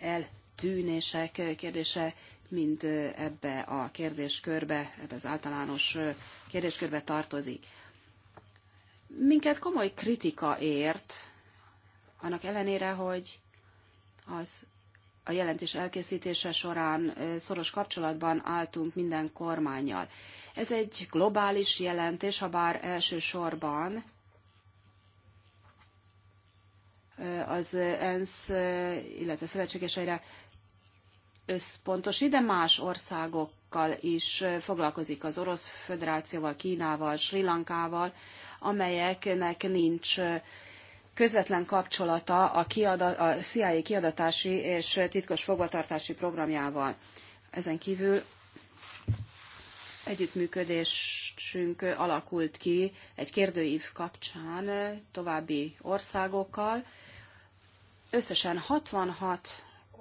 Speaker 1: eltűnések kérdése mind ebbe a kérdéskörbe, ebbe az általános kérdéskörbe tartozik. Minket komoly kritika ért, annak ellenére, hogy az a jelentés elkészítése során szoros kapcsolatban álltunk minden kormányjal. Ez egy globális jelentés, ha bár elsősorban az ENSZ, illetve szövetségeseire összpontosít, de más országokkal is foglalkozik az Orosz Föderációval, Kínával, Sri Lankával, amelyeknek nincs közvetlen kapcsolata a, kiadat, a CIA kiadatási és titkos fogvatartási programjával. Ezen kívül együttműködésünk alakult ki egy kérdőív kapcsán további országokkal. Összesen 66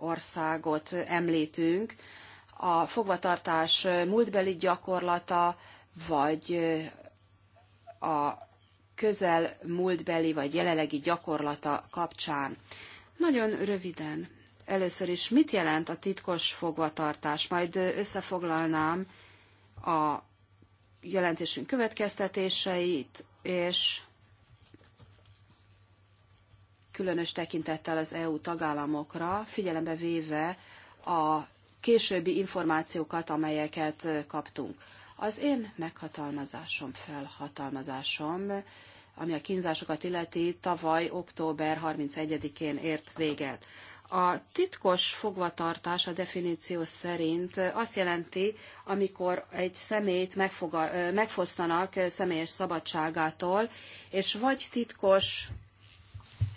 Speaker 1: országot említünk, a fogvatartás múltbeli gyakorlata, vagy a közel múltbeli vagy jelenlegi gyakorlata kapcsán. Nagyon röviden. Először is mit jelent a titkos fogvatartás? Majd összefoglalnám a jelentésünk következtetéseit, és különös tekintettel az EU tagállamokra, figyelembe véve a későbbi információkat, amelyeket kaptunk. Az én meghatalmazásom, felhatalmazásom, ami a kínzásokat illeti, tavaly október 31-én ért véget. A titkos fogvatartás a definíció szerint azt jelenti, amikor egy személyt megfosztanak személyes szabadságától, és vagy titkos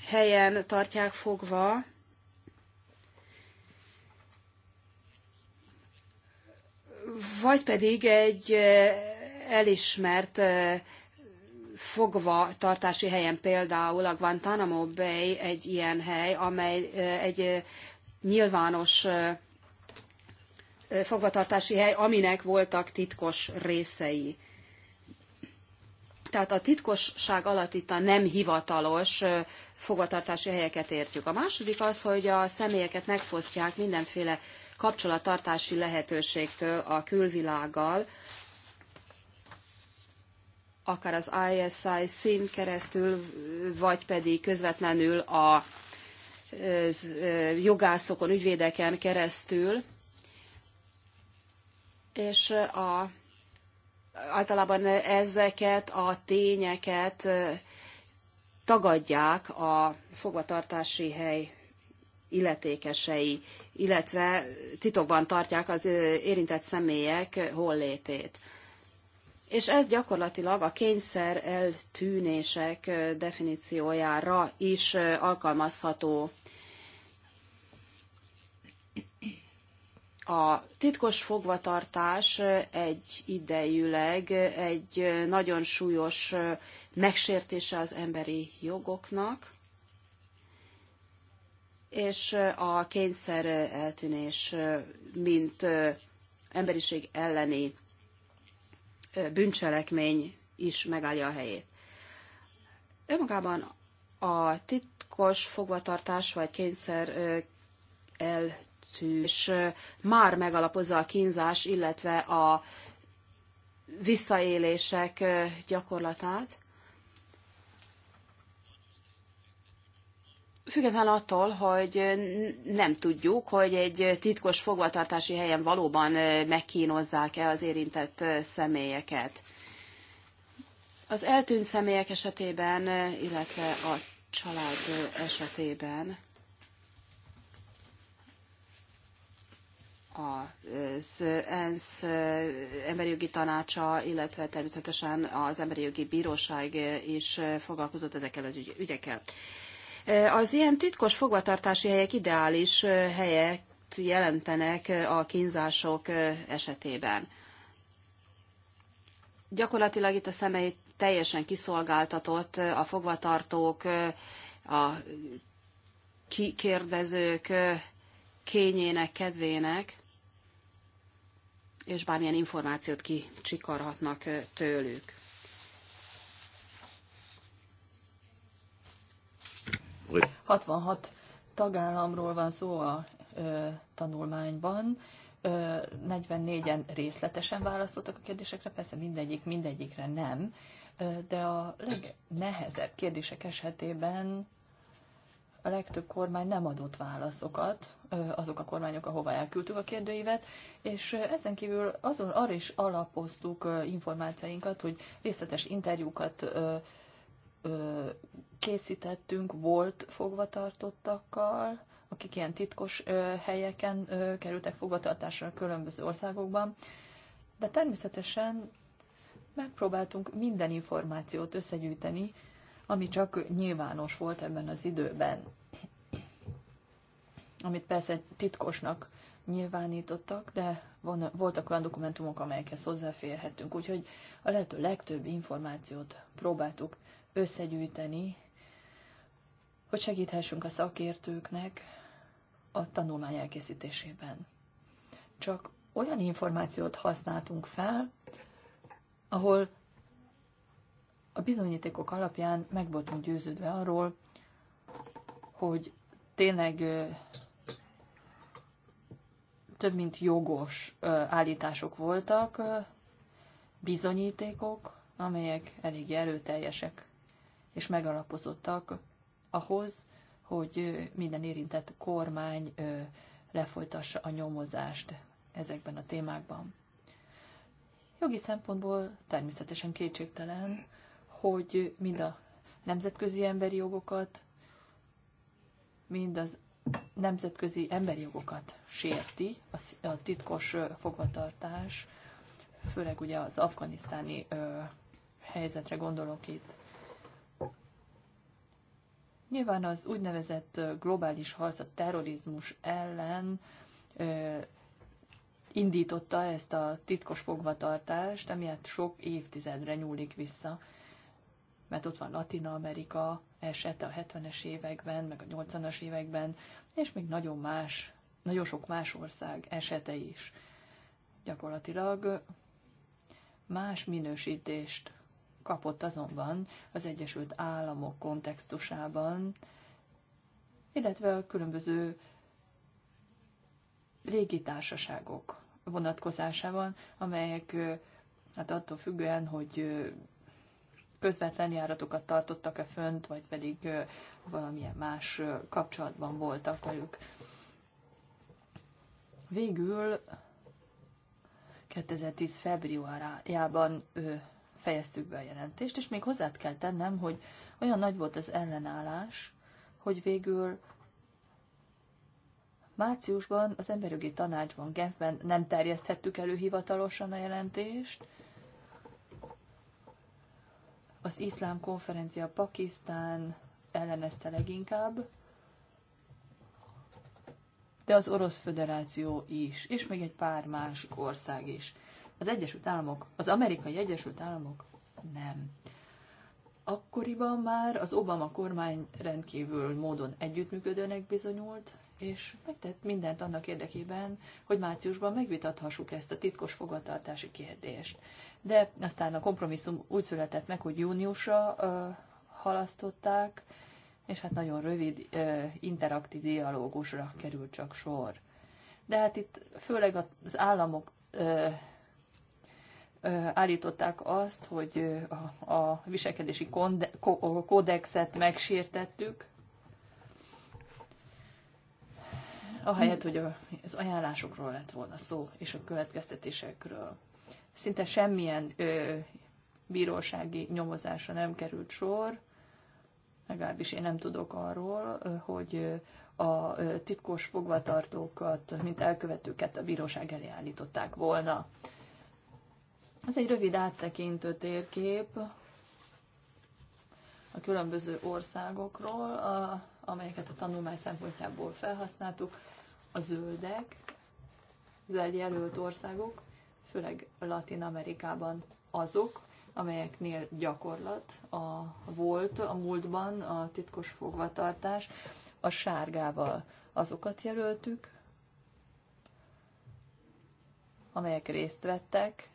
Speaker 1: helyen tartják fogva, vagy pedig egy elismert fogva tartási helyen, például a Guantanamo Bay egy ilyen hely, amely egy nyilvános fogvatartási hely, aminek voltak titkos részei tehát a titkosság alatt itt a nem hivatalos fogvatartási helyeket értjük. A második az, hogy a személyeket megfosztják mindenféle kapcsolattartási lehetőségtől a külvilággal, akár az ISI szín keresztül, vagy pedig közvetlenül a jogászokon, ügyvédeken keresztül, és a általában ezeket a tényeket tagadják a fogvatartási hely illetékesei, illetve titokban tartják az érintett személyek hollétét. És ez gyakorlatilag a kényszer eltűnések definíciójára is alkalmazható a titkos fogvatartás egy idejűleg egy nagyon súlyos megsértése az emberi jogoknak, és a kényszer eltűnés, mint emberiség elleni bűncselekmény is megállja a helyét. Önmagában a titkos fogvatartás vagy kényszer el szintű, és már megalapozza a kínzás, illetve a visszaélések gyakorlatát. Független attól, hogy nem tudjuk, hogy egy titkos fogvatartási helyen valóban megkínozzák-e az érintett személyeket. Az eltűnt személyek esetében, illetve a család esetében az ENSZ emberi jogi tanácsa, illetve természetesen az emberi jogi bíróság is foglalkozott ezekkel az ügyekkel. Az ilyen titkos fogvatartási helyek ideális helyet jelentenek a kínzások esetében. Gyakorlatilag itt a személy teljesen kiszolgáltatott, a fogvatartók, a kikérdezők kényének, kedvének és bármilyen információt kicsikarhatnak tőlük.
Speaker 2: Oui. 66 tagállamról van szó a ö, tanulmányban. 44-en részletesen válaszoltak a kérdésekre, persze mindegyik mindegyikre nem, de a legnehezebb kérdések esetében a legtöbb kormány nem adott válaszokat, azok a kormányok, ahova elküldtük a kérdőívet, és ezen kívül azon arra is alapoztuk információinkat, hogy részletes interjúkat készítettünk volt fogvatartottakkal, akik ilyen titkos helyeken kerültek fogvatartásra a különböző országokban, de természetesen megpróbáltunk minden információt összegyűjteni, ami csak nyilvános volt ebben az időben, amit persze titkosnak nyilvánítottak, de voltak olyan dokumentumok, amelyekhez hozzáférhettünk, úgyhogy a lehető legtöbb információt próbáltuk összegyűjteni, hogy segíthessünk a szakértőknek a tanulmány elkészítésében. Csak olyan információt használtunk fel, ahol a bizonyítékok alapján meg voltunk győződve arról, hogy tényleg több mint jogos állítások voltak, bizonyítékok, amelyek elég erőteljesek és megalapozottak ahhoz, hogy minden érintett kormány lefolytassa a nyomozást ezekben a témákban. Jogi szempontból természetesen kétségtelen, hogy mind a nemzetközi emberi jogokat, mind az nemzetközi emberi jogokat sérti a titkos fogvatartás, főleg ugye az afganisztáni ö, helyzetre gondolok itt. Nyilván az úgynevezett globális harc a terrorizmus ellen ö, indította ezt a titkos fogvatartást, amiatt sok évtizedre nyúlik vissza mert ott van Latina Amerika esete a 70-es években, meg a 80-as években, és még nagyon más, nagyon sok más ország esete is. Gyakorlatilag más minősítést kapott azonban az Egyesült Államok kontextusában, illetve a különböző légitársaságok vonatkozásában, amelyek hát attól függően, hogy közvetlen járatokat tartottak-e fönt, vagy pedig valamilyen más kapcsolatban voltak velük. Végül 2010 februárjában fejeztük be a jelentést, és még hozzá kell tennem, hogy olyan nagy volt az ellenállás, hogy végül márciusban az emberjogi tanácsban, Genfben nem terjeszthettük elő hivatalosan a jelentést, az iszlám konferencia Pakisztán ellenezte leginkább, de az Orosz Föderáció is, és még egy pár másik ország is. Az Egyesült Államok, az amerikai Egyesült Államok nem. Akkoriban már az Obama kormány rendkívül módon együttműködőnek bizonyult, és megtett mindent annak érdekében, hogy márciusban megvitathassuk ezt a titkos fogadtartási kérdést. De aztán a kompromisszum úgy született meg, hogy júniusra ö, halasztották, és hát nagyon rövid ö, interaktív dialógusra került csak sor. De hát itt főleg az államok ö, állították azt, hogy a viselkedési kódexet megsértettük, ahelyett, hogy az ajánlásokról lett volna szó, és a következtetésekről. Szinte semmilyen ö, bírósági nyomozásra nem került sor, legalábbis én nem tudok arról, hogy a titkos fogvatartókat, mint elkövetőket a bíróság elé állították volna. Ez egy rövid áttekintő térkép a különböző országokról, a, amelyeket a tanulmány szempontjából felhasználtuk. A zöldek, zöld jelölt országok, főleg Latin Amerikában azok, amelyeknél gyakorlat a, volt a múltban a titkos fogvatartás, a sárgával azokat jelöltük, amelyek részt vettek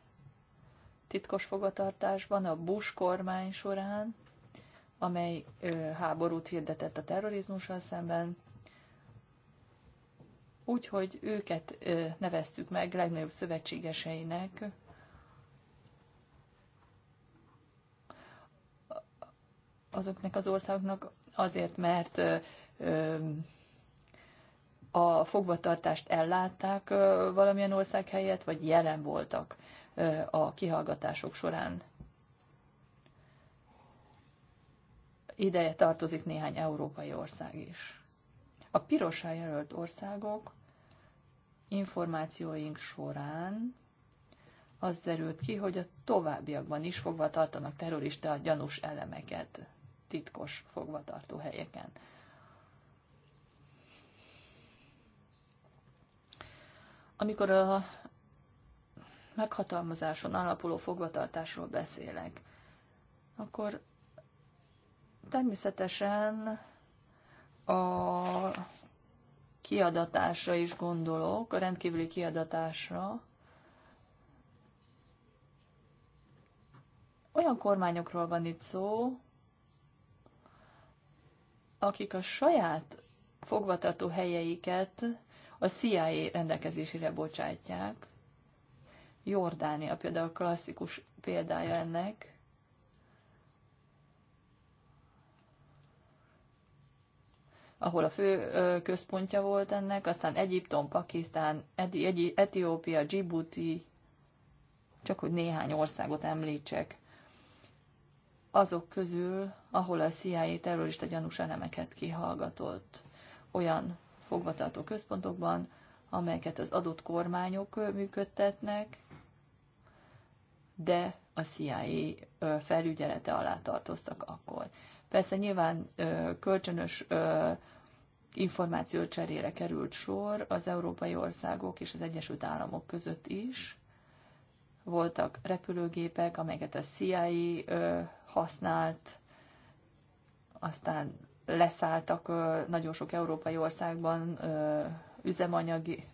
Speaker 2: titkos fogatartásban a Bush kormány során, amely háborút hirdetett a terrorizmussal szemben, úgyhogy őket neveztük meg legnagyobb szövetségeseinek. azoknak az országoknak azért, mert a fogvatartást ellátták valamilyen ország helyett, vagy jelen voltak a kihallgatások során. Ideje tartozik néhány európai ország is. A pirosá jelölt országok információink során az derült ki, hogy a továbbiakban is fogva tartanak terrorista gyanús elemeket titkos fogvatartó helyeken. Amikor a meghatalmazáson alapuló fogvatartásról beszélek, akkor természetesen a kiadatásra is gondolok, a rendkívüli kiadatásra. Olyan kormányokról van itt szó, akik a saját fogvatartó helyeiket a CIA rendelkezésére bocsátják, Jordánia például klasszikus példája ennek. ahol a fő központja volt ennek, aztán Egyiptom, Pakisztán, Eti Eti Etiópia, Djibouti, csak hogy néhány országot említsek, azok közül, ahol a CIA terrorista gyanús elemeket kihallgatott olyan fogvatartó központokban, amelyeket az adott kormányok működtetnek, de a CIA felügyelete alá tartoztak akkor. Persze nyilván kölcsönös információcserére került sor az európai országok és az Egyesült Államok között is. Voltak repülőgépek, amelyeket a CIA használt, aztán leszálltak nagyon sok európai országban üzemanyagi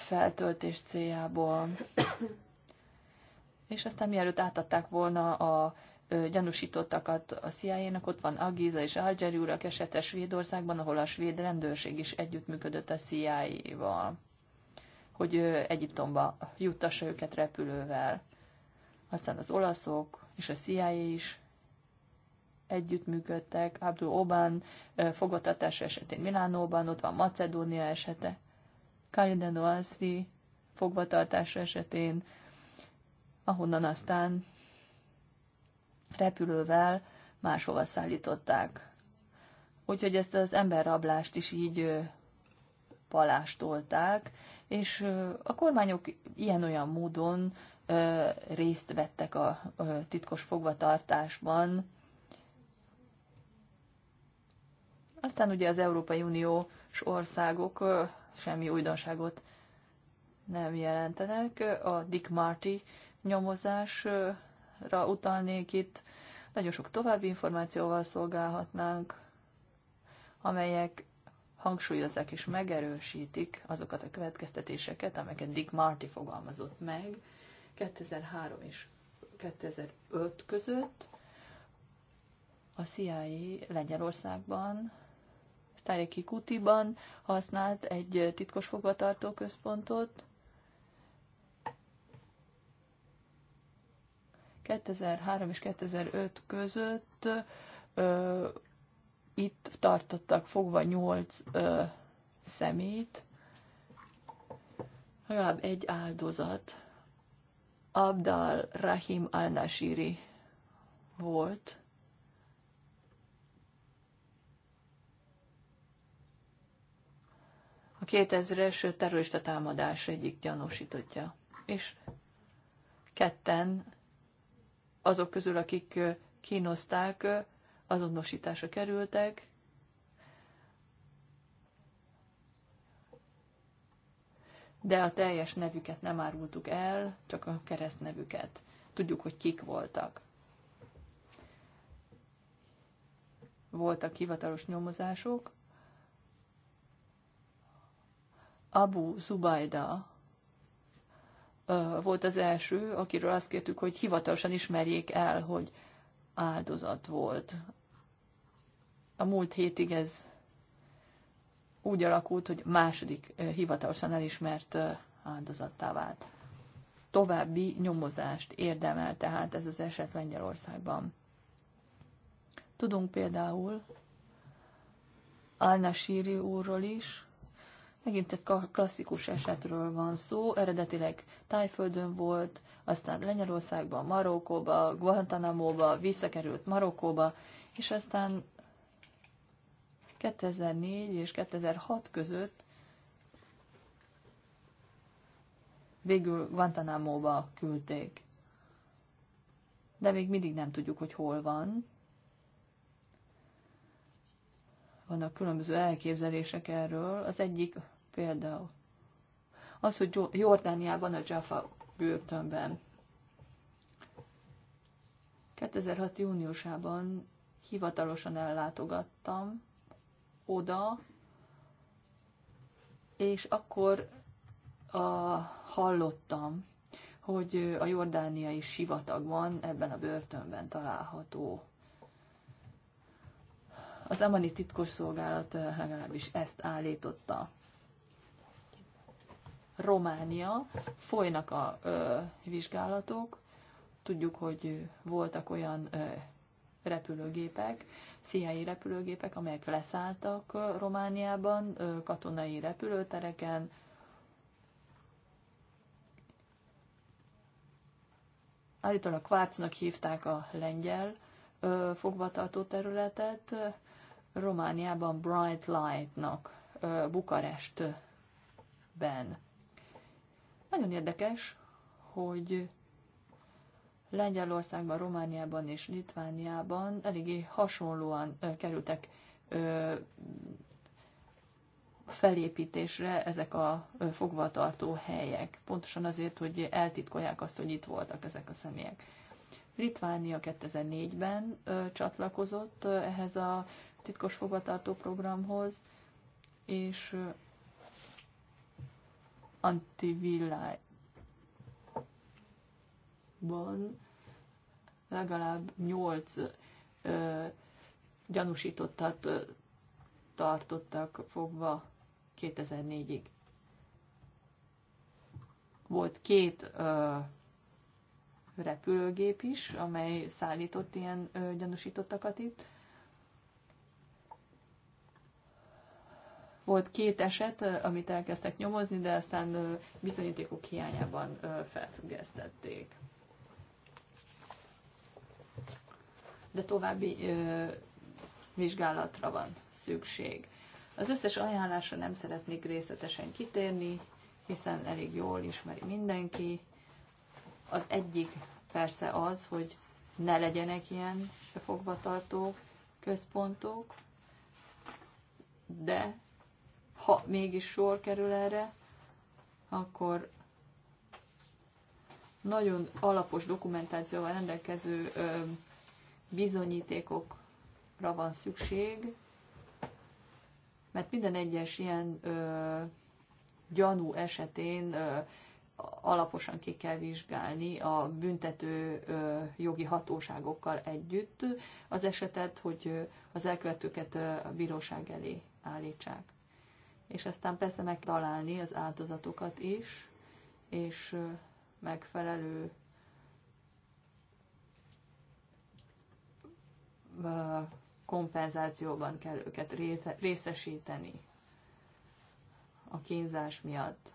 Speaker 2: feltöltés céljából. És aztán mielőtt átadták volna a gyanúsítottakat a CIA-nak, ott van Agiza és Algeri urak esete Svédországban, ahol a svéd rendőrség is együttműködött a CIA-val, hogy Egyiptomba juttassa őket repülővel. Aztán az olaszok és a CIA is együttműködtek, Abdul Oban fogadtatása esetén Milánóban, ott van Macedónia esete. Khalid Noasri fogvatartása esetén, ahonnan aztán repülővel máshova szállították. Úgyhogy ezt az emberrablást is így palástolták, és a kormányok ilyen-olyan módon részt vettek a titkos fogvatartásban. Aztán ugye az Európai Uniós országok semmi újdonságot nem jelentenek. A Dick Marty nyomozásra utalnék itt. Nagyon sok további információval szolgálhatnánk, amelyek hangsúlyozzák és megerősítik azokat a következtetéseket, amelyeket Dick Marty fogalmazott meg 2003 és 2005 között a CIA Lengyelországban Sztáriki Kutiban használt egy titkos fogvatartó központot. 2003 és 2005 között ö, itt tartottak fogva 8 ö, szemét, legalább egy áldozat. Abdal Rahim al-Nashiri volt, 2000-es terrorista támadás egyik gyanúsítottja. És ketten azok közül, akik kínozták, azonosításra kerültek. De a teljes nevüket nem árultuk el, csak a keresztnevüket. Tudjuk, hogy kik voltak. Voltak hivatalos nyomozások, Abu Zubaida volt az első, akiről azt kértük, hogy hivatalosan ismerjék el, hogy áldozat volt. A múlt hétig ez úgy alakult, hogy második hivatalosan elismert áldozattá vált. További nyomozást érdemel tehát ez az eset Lengyelországban. Tudunk például Alna Síri úrról is, Megint egy klasszikus esetről van szó, eredetileg Tájföldön volt, aztán Lenyelországban Marokkóba, Guantanamo-ba, visszakerült Marokkóba, és aztán 2004 és 2006 között végül Guantanamo-ba küldték. De még mindig nem tudjuk, hogy hol van. vannak különböző elképzelések erről. Az egyik például az, hogy Jordániában, a Jaffa börtönben 2006. júniusában hivatalosan ellátogattam oda, és akkor a, hallottam, hogy a jordániai sivatagban, ebben a börtönben található az amani szolgálat eh, legalábbis ezt állította. Románia, folynak a ö, eh, vizsgálatok, tudjuk, hogy voltak olyan ö, eh, repülőgépek, CIA repülőgépek, amelyek leszálltak Romániában, katonai repülőtereken. Állítólag Kvárcnak hívták a lengyel fogvatartó területet, Romániában Bright Light-nak, Bukarestben. Nagyon érdekes, hogy Lengyelországban, Romániában és Litvániában eléggé hasonlóan kerültek felépítésre ezek a fogvatartó helyek. Pontosan azért, hogy eltitkolják azt, hogy itt voltak ezek a személyek. Litvánia 2004-ben csatlakozott ehhez a titkos fogvatartó programhoz, és antivillájban legalább nyolc gyanúsítottat tartottak fogva 2004-ig. Volt két ö, repülőgép is, amely szállított ilyen ö, gyanúsítottakat itt, Volt két eset, amit elkezdtek nyomozni, de aztán bizonyítékok hiányában felfüggesztették. De további vizsgálatra van szükség. Az összes ajánlásra nem szeretnék részletesen kitérni, hiszen elég jól ismeri mindenki. Az egyik persze az, hogy ne legyenek ilyen fogvatartó központok, de ha mégis sor kerül erre, akkor nagyon alapos dokumentációval rendelkező bizonyítékokra van szükség, mert minden egyes ilyen ö, gyanú esetén ö, alaposan ki kell vizsgálni a büntető ö, jogi hatóságokkal együtt az esetet, hogy az elkövetőket a bíróság elé állítsák és aztán persze megtalálni az áldozatokat is, és megfelelő kompenzációban kell őket részesíteni a kínzás miatt.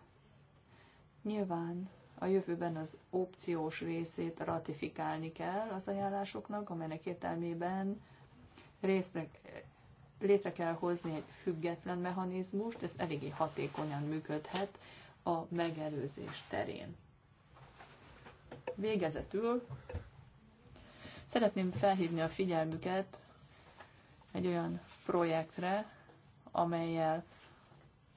Speaker 2: Nyilván a jövőben az opciós részét ratifikálni kell az ajánlásoknak, amelynek értelmében részt létre kell hozni egy független mechanizmust, ez eléggé hatékonyan működhet a megelőzés terén. Végezetül szeretném felhívni a figyelmüket egy olyan projektre, amelyel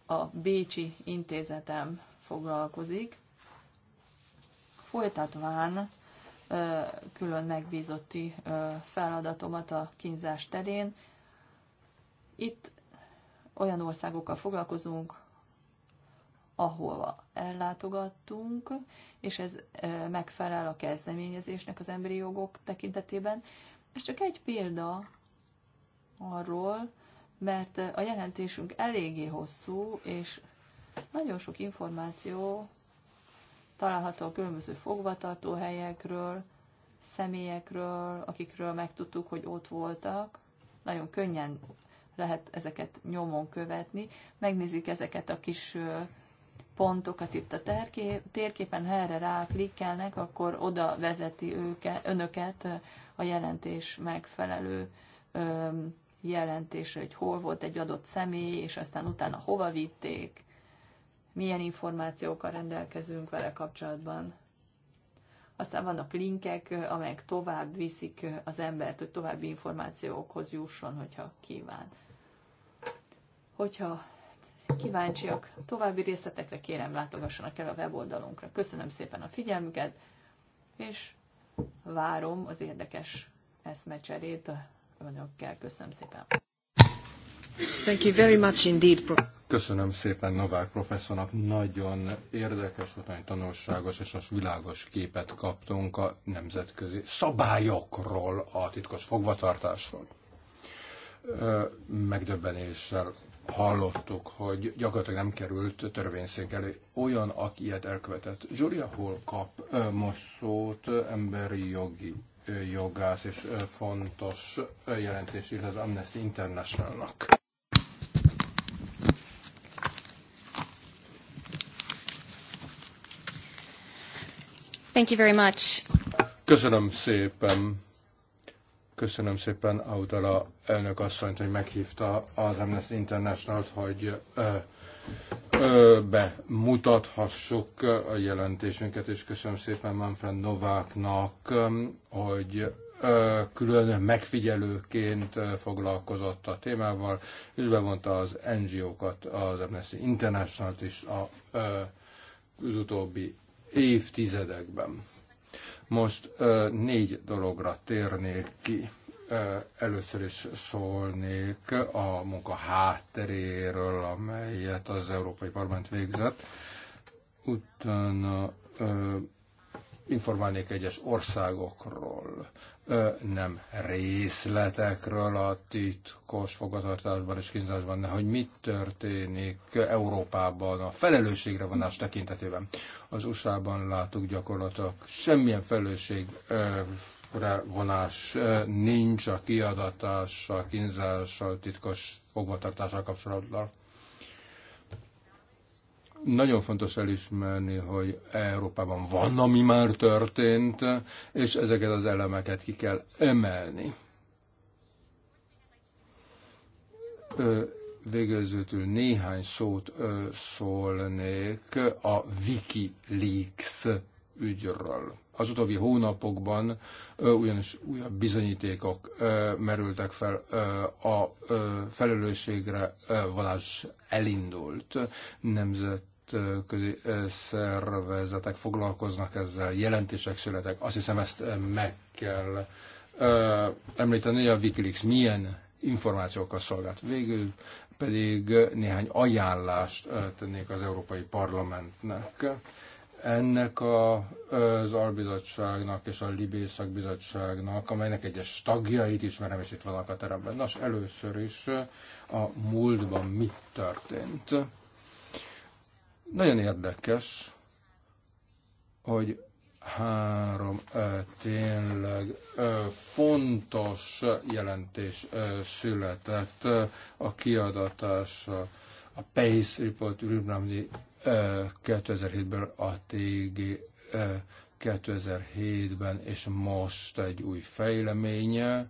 Speaker 2: a Bécsi intézetem foglalkozik, folytatván külön megbízotti feladatomat a kínzás terén, itt olyan országokkal foglalkozunk, ahova ellátogattunk, és ez megfelel a kezdeményezésnek az emberi jogok tekintetében. Ez csak egy példa arról, mert a jelentésünk eléggé hosszú, és nagyon sok információ található a különböző fogvatartó helyekről, személyekről, akikről megtudtuk, hogy ott voltak. Nagyon könnyen lehet ezeket nyomon követni. Megnézik ezeket a kis pontokat itt a térképen, ha erre ráklikkelnek, akkor oda vezeti őke, önöket a jelentés megfelelő jelentésre, hogy hol volt egy adott személy, és aztán utána hova vitték, milyen információkkal rendelkezünk vele kapcsolatban. Aztán vannak linkek, amelyek tovább viszik az embert, hogy további információkhoz jusson, hogyha kíván. Hogyha kíváncsiak további részletekre, kérem látogassanak el a weboldalunkra. Köszönöm szépen a figyelmüket, és várom az érdekes eszmecserét önökkel. Köszönöm szépen.
Speaker 3: Thank you very much indeed. Köszönöm szépen Novák professzornak, nagyon érdekes, nagyon tanulságos és az világos képet kaptunk a nemzetközi szabályokról, a titkos fogvatartásról. Megdöbbenéssel hallottuk, hogy gyakorlatilag nem került törvényszék elé. Olyan, aki ilyet elkövetett. Zsúria hol kap most szót emberi jogi jogász és fontos jelentés az Amnesty Internationalnak.
Speaker 1: Thank you very much.
Speaker 3: Köszönöm szépen. Köszönöm szépen Audala elnök asszonyt, hogy meghívta az Amnesty international hogy ö, ö, bemutathassuk a jelentésünket, és köszönöm szépen Manfred Nováknak, hogy ö, külön megfigyelőként foglalkozott a témával, és bevonta az NGO-kat, az Amnesty international is a, ö, az utóbbi évtizedekben most négy dologra térnék ki. Először is szólnék a munka hátteréről, amelyet az Európai Parlament végzett. Utána informálnék egyes országokról, nem részletekről a titkos fogatartásban és kínzásban, de hogy mit történik Európában a felelősségre vonás tekintetében. Az USA-ban látjuk gyakorlatilag semmilyen felelősségre vonás nincs a kiadatással, kínzással, titkos fogvatartással kapcsolatban. Nagyon fontos elismerni, hogy Európában van, ami már történt, és ezeket az elemeket ki kell emelni. Végezőtül néhány szót szólnék a Wikileaks ügyről az utóbbi hónapokban ugyanis újabb bizonyítékok merültek fel a felelősségre valás elindult nemzet nemzetközi szervezetek foglalkoznak ezzel, jelentések születek. Azt hiszem ezt meg kell említeni, hogy a Wikileaks milyen információkkal szolgált. Végül pedig néhány ajánlást tennék az Európai Parlamentnek ennek a, az albizottságnak és a libészak bizottságnak, amelynek egyes tagjait ismerem, és itt van a teremben. Nos, először is a múltban mi történt. Nagyon érdekes, hogy három ö, tényleg ö, fontos jelentés ö, született ö, a kiadatás, a Pace Report Ürümrámnyi 2007-ből a TG 2007-ben, és most egy új fejleménye,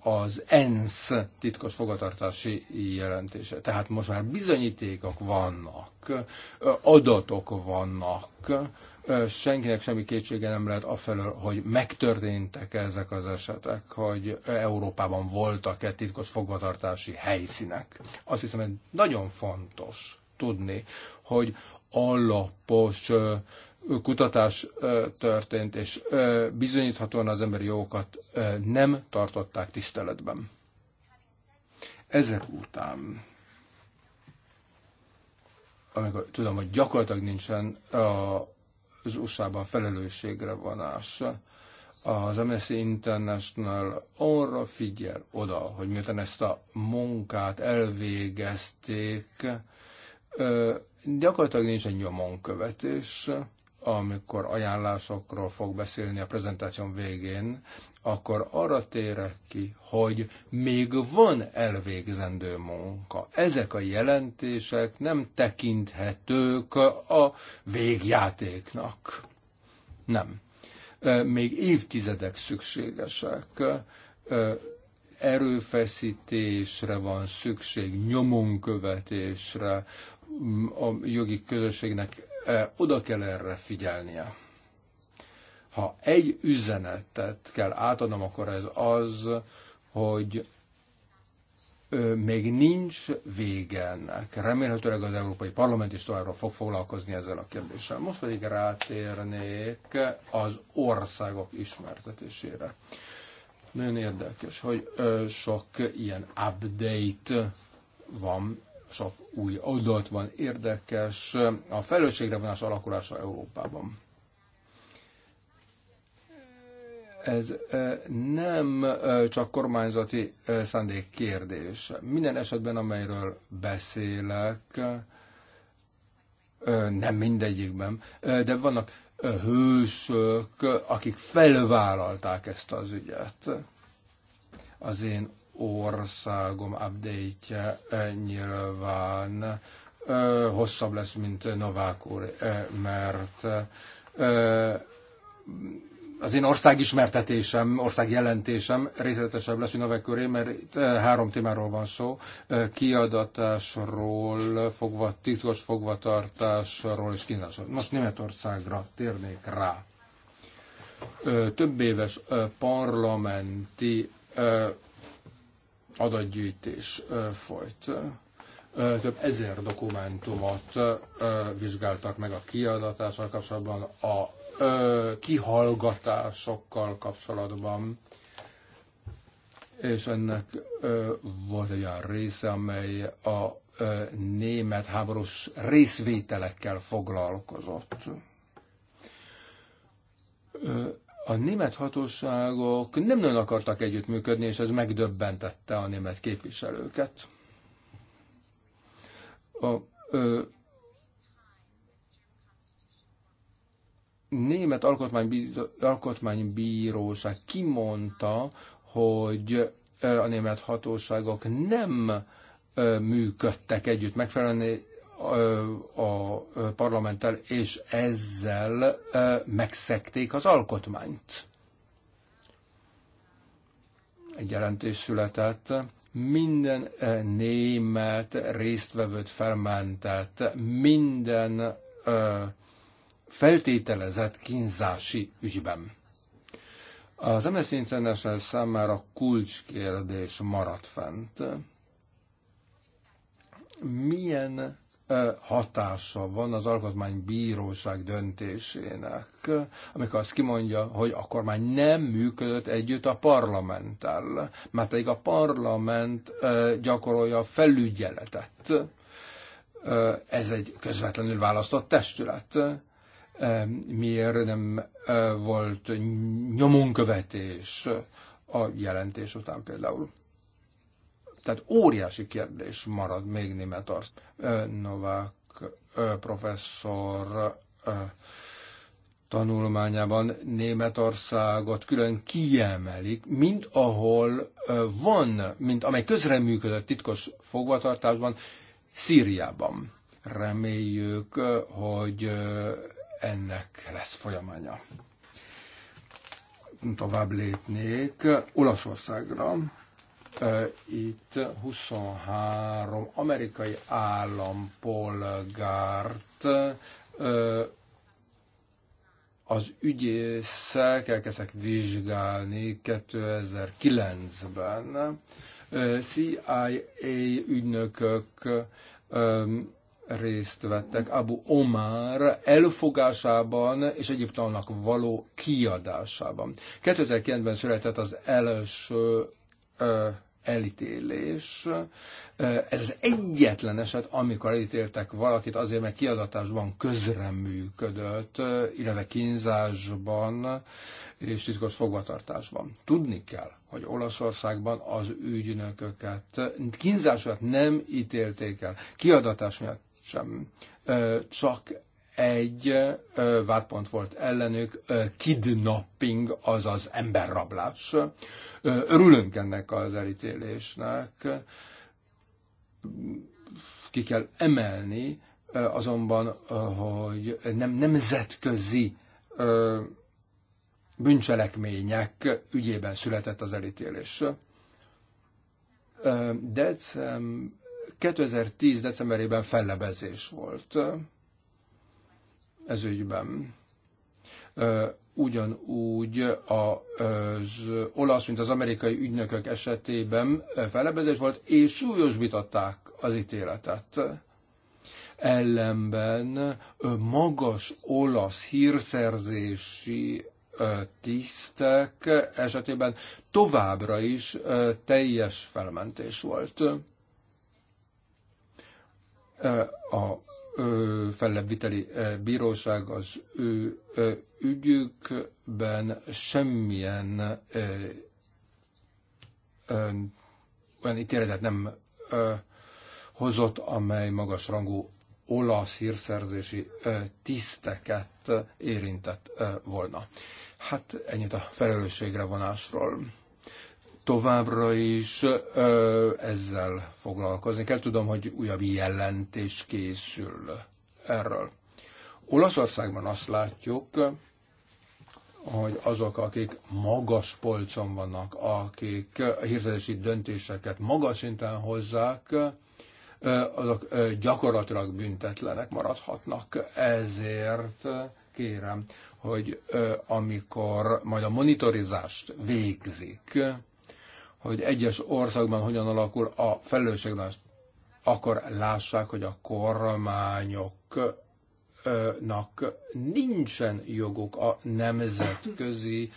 Speaker 3: az ENSZ titkos fogatartási jelentése. Tehát most már bizonyítékok vannak, adatok vannak, senkinek semmi kétsége nem lehet afelől, hogy megtörténtek ezek az esetek, hogy Európában voltak-e titkos fogvatartási helyszínek. Azt hiszem, hogy nagyon fontos tudni, hogy alapos kutatás történt, és bizonyíthatóan az emberi jókat nem tartották tiszteletben. Ezek után, amikor tudom, hogy gyakorlatilag nincsen az USA-ban felelősségre vonás, az Amnesty International arra figyel oda, hogy miután ezt a munkát elvégezték, Gyakorlatilag nincs egy nyomonkövetés, amikor ajánlásokról fog beszélni a prezentáción végén, akkor arra térek ki, hogy még van elvégzendő munka. Ezek a jelentések nem tekinthetők a végjátéknak. Nem. Még évtizedek szükségesek. Erőfeszítésre van szükség, nyomonkövetésre, a jogi közösségnek eh, oda kell erre figyelnie. Ha egy üzenetet kell átadnom, akkor ez az, hogy még nincs vége ennek. Remélhetőleg az Európai Parlament is továbbra fog foglalkozni ezzel a kérdéssel. Most pedig rátérnék az országok ismertetésére. Nagyon érdekes, hogy sok ilyen update van sok új adat van érdekes a felelősségre vonás alakulása Európában. Ez nem csak kormányzati szándék kérdés. Minden esetben, amelyről beszélek, nem mindegyikben, de vannak hősök, akik felvállalták ezt az ügyet. Az én országom update-je e, nyilván e, hosszabb lesz, mint Novák úr, e, mert az én országismertetésem, országjelentésem részletesebb lesz, mint Novák köré, mert itt három témáról van szó, kiadatásról, fogva, titkos fogvatartásról és kínálásról. Most Németországra térnék rá. Több éves parlamenti adatgyűjtés folyt. Több ezer dokumentumot vizsgáltak meg a kiadatással kapcsolatban, a kihallgatásokkal kapcsolatban, és ennek volt egy olyan része, amely a német háborús részvételekkel foglalkozott a német hatóságok nem nagyon akartak együttműködni, és ez megdöbbentette a német képviselőket. A ö, német alkotmánybíró, alkotmánybíróság kimondta, hogy a német hatóságok nem működtek együtt megfelelően, a parlamenttel, és ezzel megszekték az alkotmányt. Egy jelentés született, minden német résztvevőt felmentett, minden feltételezett kínzási ügyben. Az Amnesty International számára kulcskérdés maradt fent. Milyen hatása van az alkotmánybíróság döntésének, amikor azt kimondja, hogy a kormány nem működött együtt a parlamenttel, mert pedig a parlament gyakorolja felügyeletet. Ez egy közvetlenül választott testület. Miért nem volt nyomonkövetés a jelentés után például? Tehát óriási kérdés marad még Németország. Novák professzor tanulmányában Németországot külön kiemelik, mint ahol van, mint amely közreműködött titkos fogvatartásban, Szíriában. Reméljük, hogy ennek lesz folyamánya. Tovább lépnék Olaszországra itt 23 amerikai állampolgárt az ügyészek elkezdtek vizsgálni 2009-ben. CIA ügynökök részt vettek Abu Omar elfogásában és Egyiptomnak való kiadásában. 2009-ben született az első elítélés. Ez az egyetlen eset, amikor elítéltek valakit azért, mert kiadatásban közreműködött, illetve kínzásban és titkos fogvatartásban. Tudni kell, hogy Olaszországban az ügynököket kínzás miatt nem ítélték el, kiadatás miatt sem, csak egy vádpont volt ellenük, kidnapping, azaz emberrablás. Örülünk ennek az elítélésnek. Ki kell emelni azonban, hogy nem nemzetközi bűncselekmények ügyében született az elítélés. Decem, 2010. decemberében fellebezés volt ez ügyben. Ugyanúgy az olasz, mint az amerikai ügynökök esetében felebezés volt, és súlyosbították az ítéletet ellenben magas olasz hírszerzési tisztek esetében továbbra is teljes felmentés volt. A fellebbviteli bíróság az ő ügyükben semmilyen olyan ítéletet nem hozott, amely magas rangú olasz hírszerzési tiszteket érintett volna. Hát ennyit a felelősségre vonásról továbbra is ezzel foglalkozni kell. Tudom, hogy újabb jelentés készül erről. Olaszországban azt látjuk, hogy azok, akik magas polcon vannak, akik hirdetési döntéseket magas szinten hozzák, azok gyakorlatilag büntetlenek maradhatnak. Ezért kérem, hogy amikor majd a monitorizást végzik, hogy egyes országban hogyan alakul a felelősségvállalás, akkor lássák, hogy a kormányoknak nincsen joguk a nemzetközi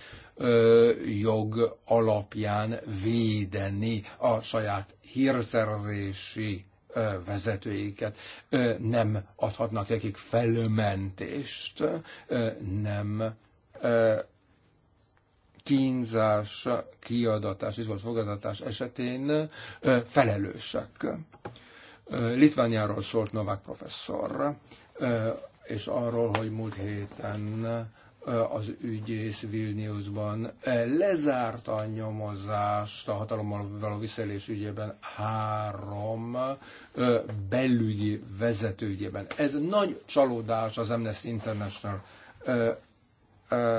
Speaker 3: jog alapján védeni a saját hírszerzési vezetőiket, nem adhatnak nekik felmentést, nem kínzás, kiadatás, izgalmas fogadatás esetén felelősek. Litvániáról szólt Novák professzor, és arról, hogy múlt héten az ügyész Vilniusban lezárta a nyomozást a hatalommal való visszaélés ügyében három belügyi vezető ügyében. Ez nagy csalódás az Amnesty International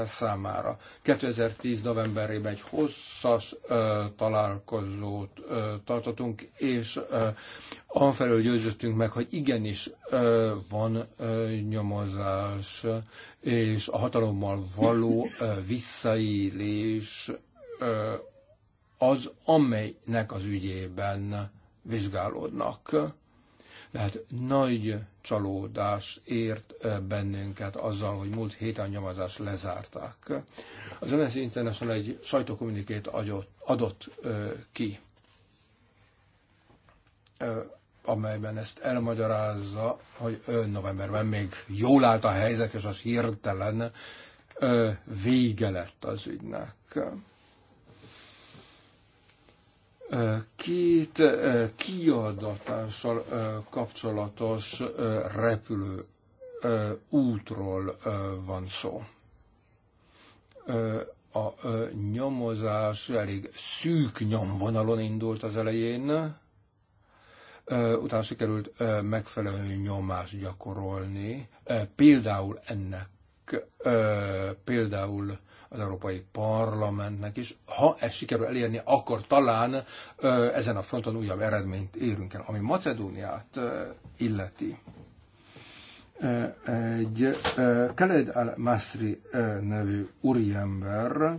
Speaker 3: számára. 2010. novemberében egy hosszas ö, találkozót ö, tartottunk, és anfelől győzöttünk meg, hogy igenis ö, van ö, nyomozás, és a hatalommal való ö, visszaélés ö, az, amelynek az ügyében vizsgálódnak tehát nagy csalódás ért bennünket azzal, hogy múlt héten nyomozást lezárták. Az NSZ International egy sajtókommunikét adott, adott ki, amelyben ezt elmagyarázza, hogy novemberben még jól állt a helyzet, és az hirtelen vége lett az ügynek két kiadatással kapcsolatos repülő útról van szó. A nyomozás elég szűk nyomvonalon indult az elején, utána sikerült megfelelő nyomást gyakorolni, például ennek például az Európai Parlamentnek is, ha ezt sikerül elérni, akkor talán ezen a fronton újabb eredményt érünk el. Ami Macedóniát illeti, egy Khaled al-Masri nevű úriember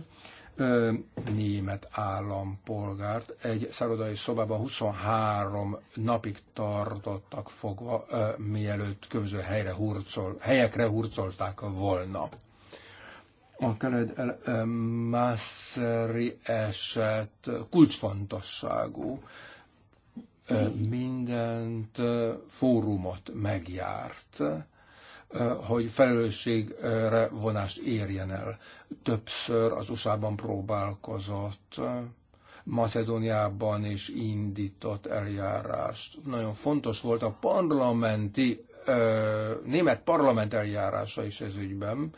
Speaker 3: ö, német állampolgárt egy szállodai szobában 23 napig tartottak fogva, ö, mielőtt különböző helyre hurcol, helyekre hurcolták volna. A Khaled el eset kulcsfontosságú. mindent fórumot megjárt hogy felelősségre vonást érjen el. Többször az USA-ban próbálkozott, Macedóniában is indított eljárást. Nagyon fontos volt a parlamenti, német parlament eljárása is ez ügyben,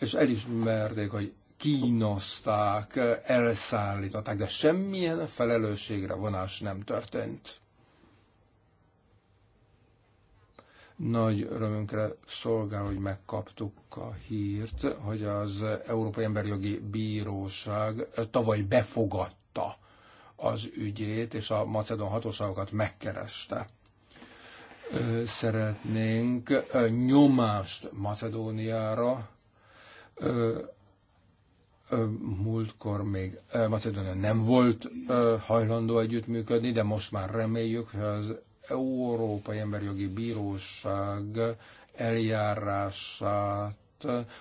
Speaker 3: és elismerték, hogy kínozták, elszállították, de semmilyen felelősségre vonás nem történt. Nagy örömünkre szolgál, hogy megkaptuk a hírt, hogy az Európai Emberjogi Bíróság tavaly befogadta az ügyét, és a macedon hatóságokat megkereste. Szeretnénk nyomást Macedóniára, múltkor még Macedónia nem volt hajlandó együttműködni, de most már reméljük, hogy az Európai Emberjogi Bíróság eljárását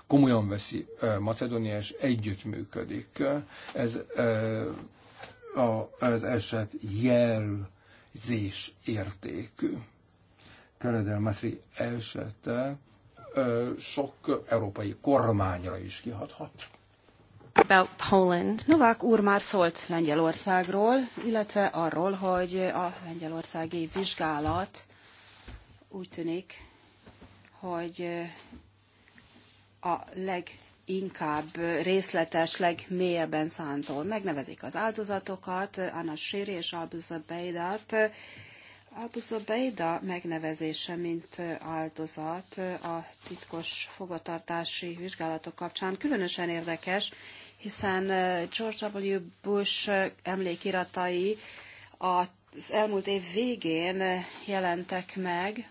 Speaker 3: komolyan veszi Macedónia, és együttműködik. Ez az eset jelzés értékű. Keredel Maszri esete sok európai kormányra is kihathat
Speaker 1: about Poland. Novák úr már szólt Lengyelországról, illetve arról, hogy a lengyelországi vizsgálat úgy tűnik, hogy a leginkább részletes, legmélyebben szántól megnevezik az áldozatokat, Anna Séri és Albuza Beidat, Abu Zubaida megnevezése, mint áldozat a titkos fogatartási vizsgálatok kapcsán különösen érdekes, hiszen George W. Bush emlékiratai az elmúlt év végén jelentek meg,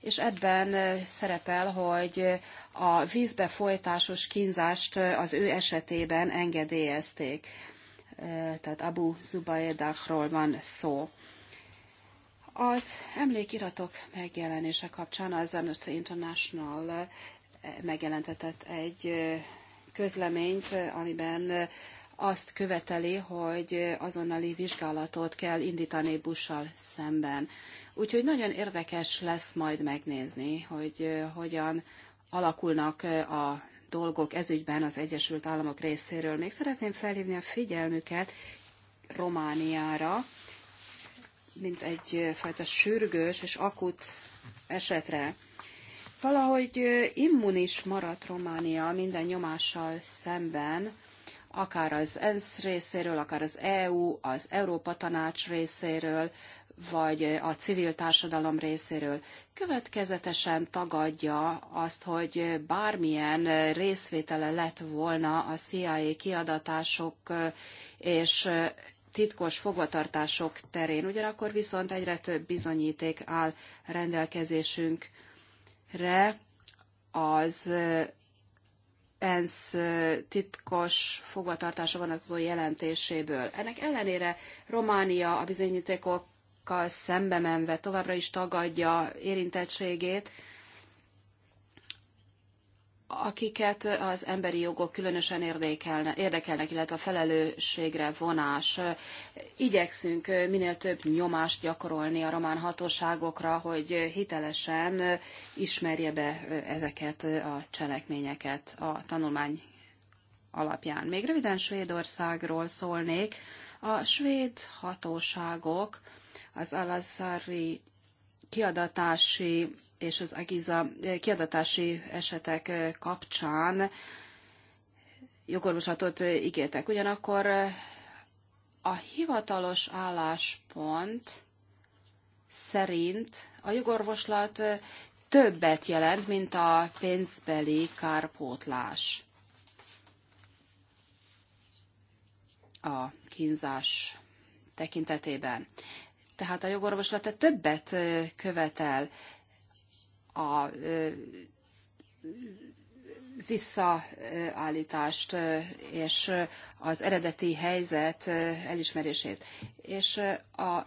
Speaker 1: és ebben szerepel, hogy a vízbe folytásos kínzást az ő esetében engedélyezték. Tehát Abu Zubaydakról van szó. Az emlékiratok megjelenése kapcsán az Amnesty International eh, megjelentetett egy eh, közleményt, eh, amiben azt követeli, hogy azonnali vizsgálatot kell indítani bussal szemben. Úgyhogy nagyon érdekes lesz majd megnézni, hogy hogyan alakulnak a dolgok ezügyben az Egyesült Államok részéről. Még szeretném felhívni a figyelmüket Romániára, mint egyfajta sürgős és akut esetre. Valahogy immunis maradt Románia minden nyomással szemben, akár az ENSZ részéről, akár az EU, az Európa Tanács részéről, vagy a civil társadalom részéről következetesen tagadja azt, hogy bármilyen részvétele lett volna a CIA kiadatások és titkos fogvatartások terén. Ugyanakkor viszont egyre több bizonyíték áll rendelkezésünkre az eh, ENSZ eh, titkos fogvatartása vonatkozó jelentéséből. Ennek ellenére Románia a bizonyítékokkal szembe menve továbbra is tagadja érintettségét, akiket az emberi jogok különösen érdekelne, érdekelnek, illetve a felelősségre vonás. Igyekszünk minél több nyomást gyakorolni a román hatóságokra, hogy hitelesen ismerje be ezeket a cselekményeket a tanulmány alapján. Még röviden Svédországról szólnék. A svéd hatóságok az Alazari kiadatási és az Agiza eh, kiadatási esetek eh, kapcsán jogorvoslatot eh, ígértek. Ugyanakkor a hivatalos álláspont szerint a jogorvoslat többet jelent, mint a pénzbeli kárpótlás. A kínzás tekintetében. Tehát a jogorvoslat többet követel a visszaállítást és az eredeti helyzet elismerését. És a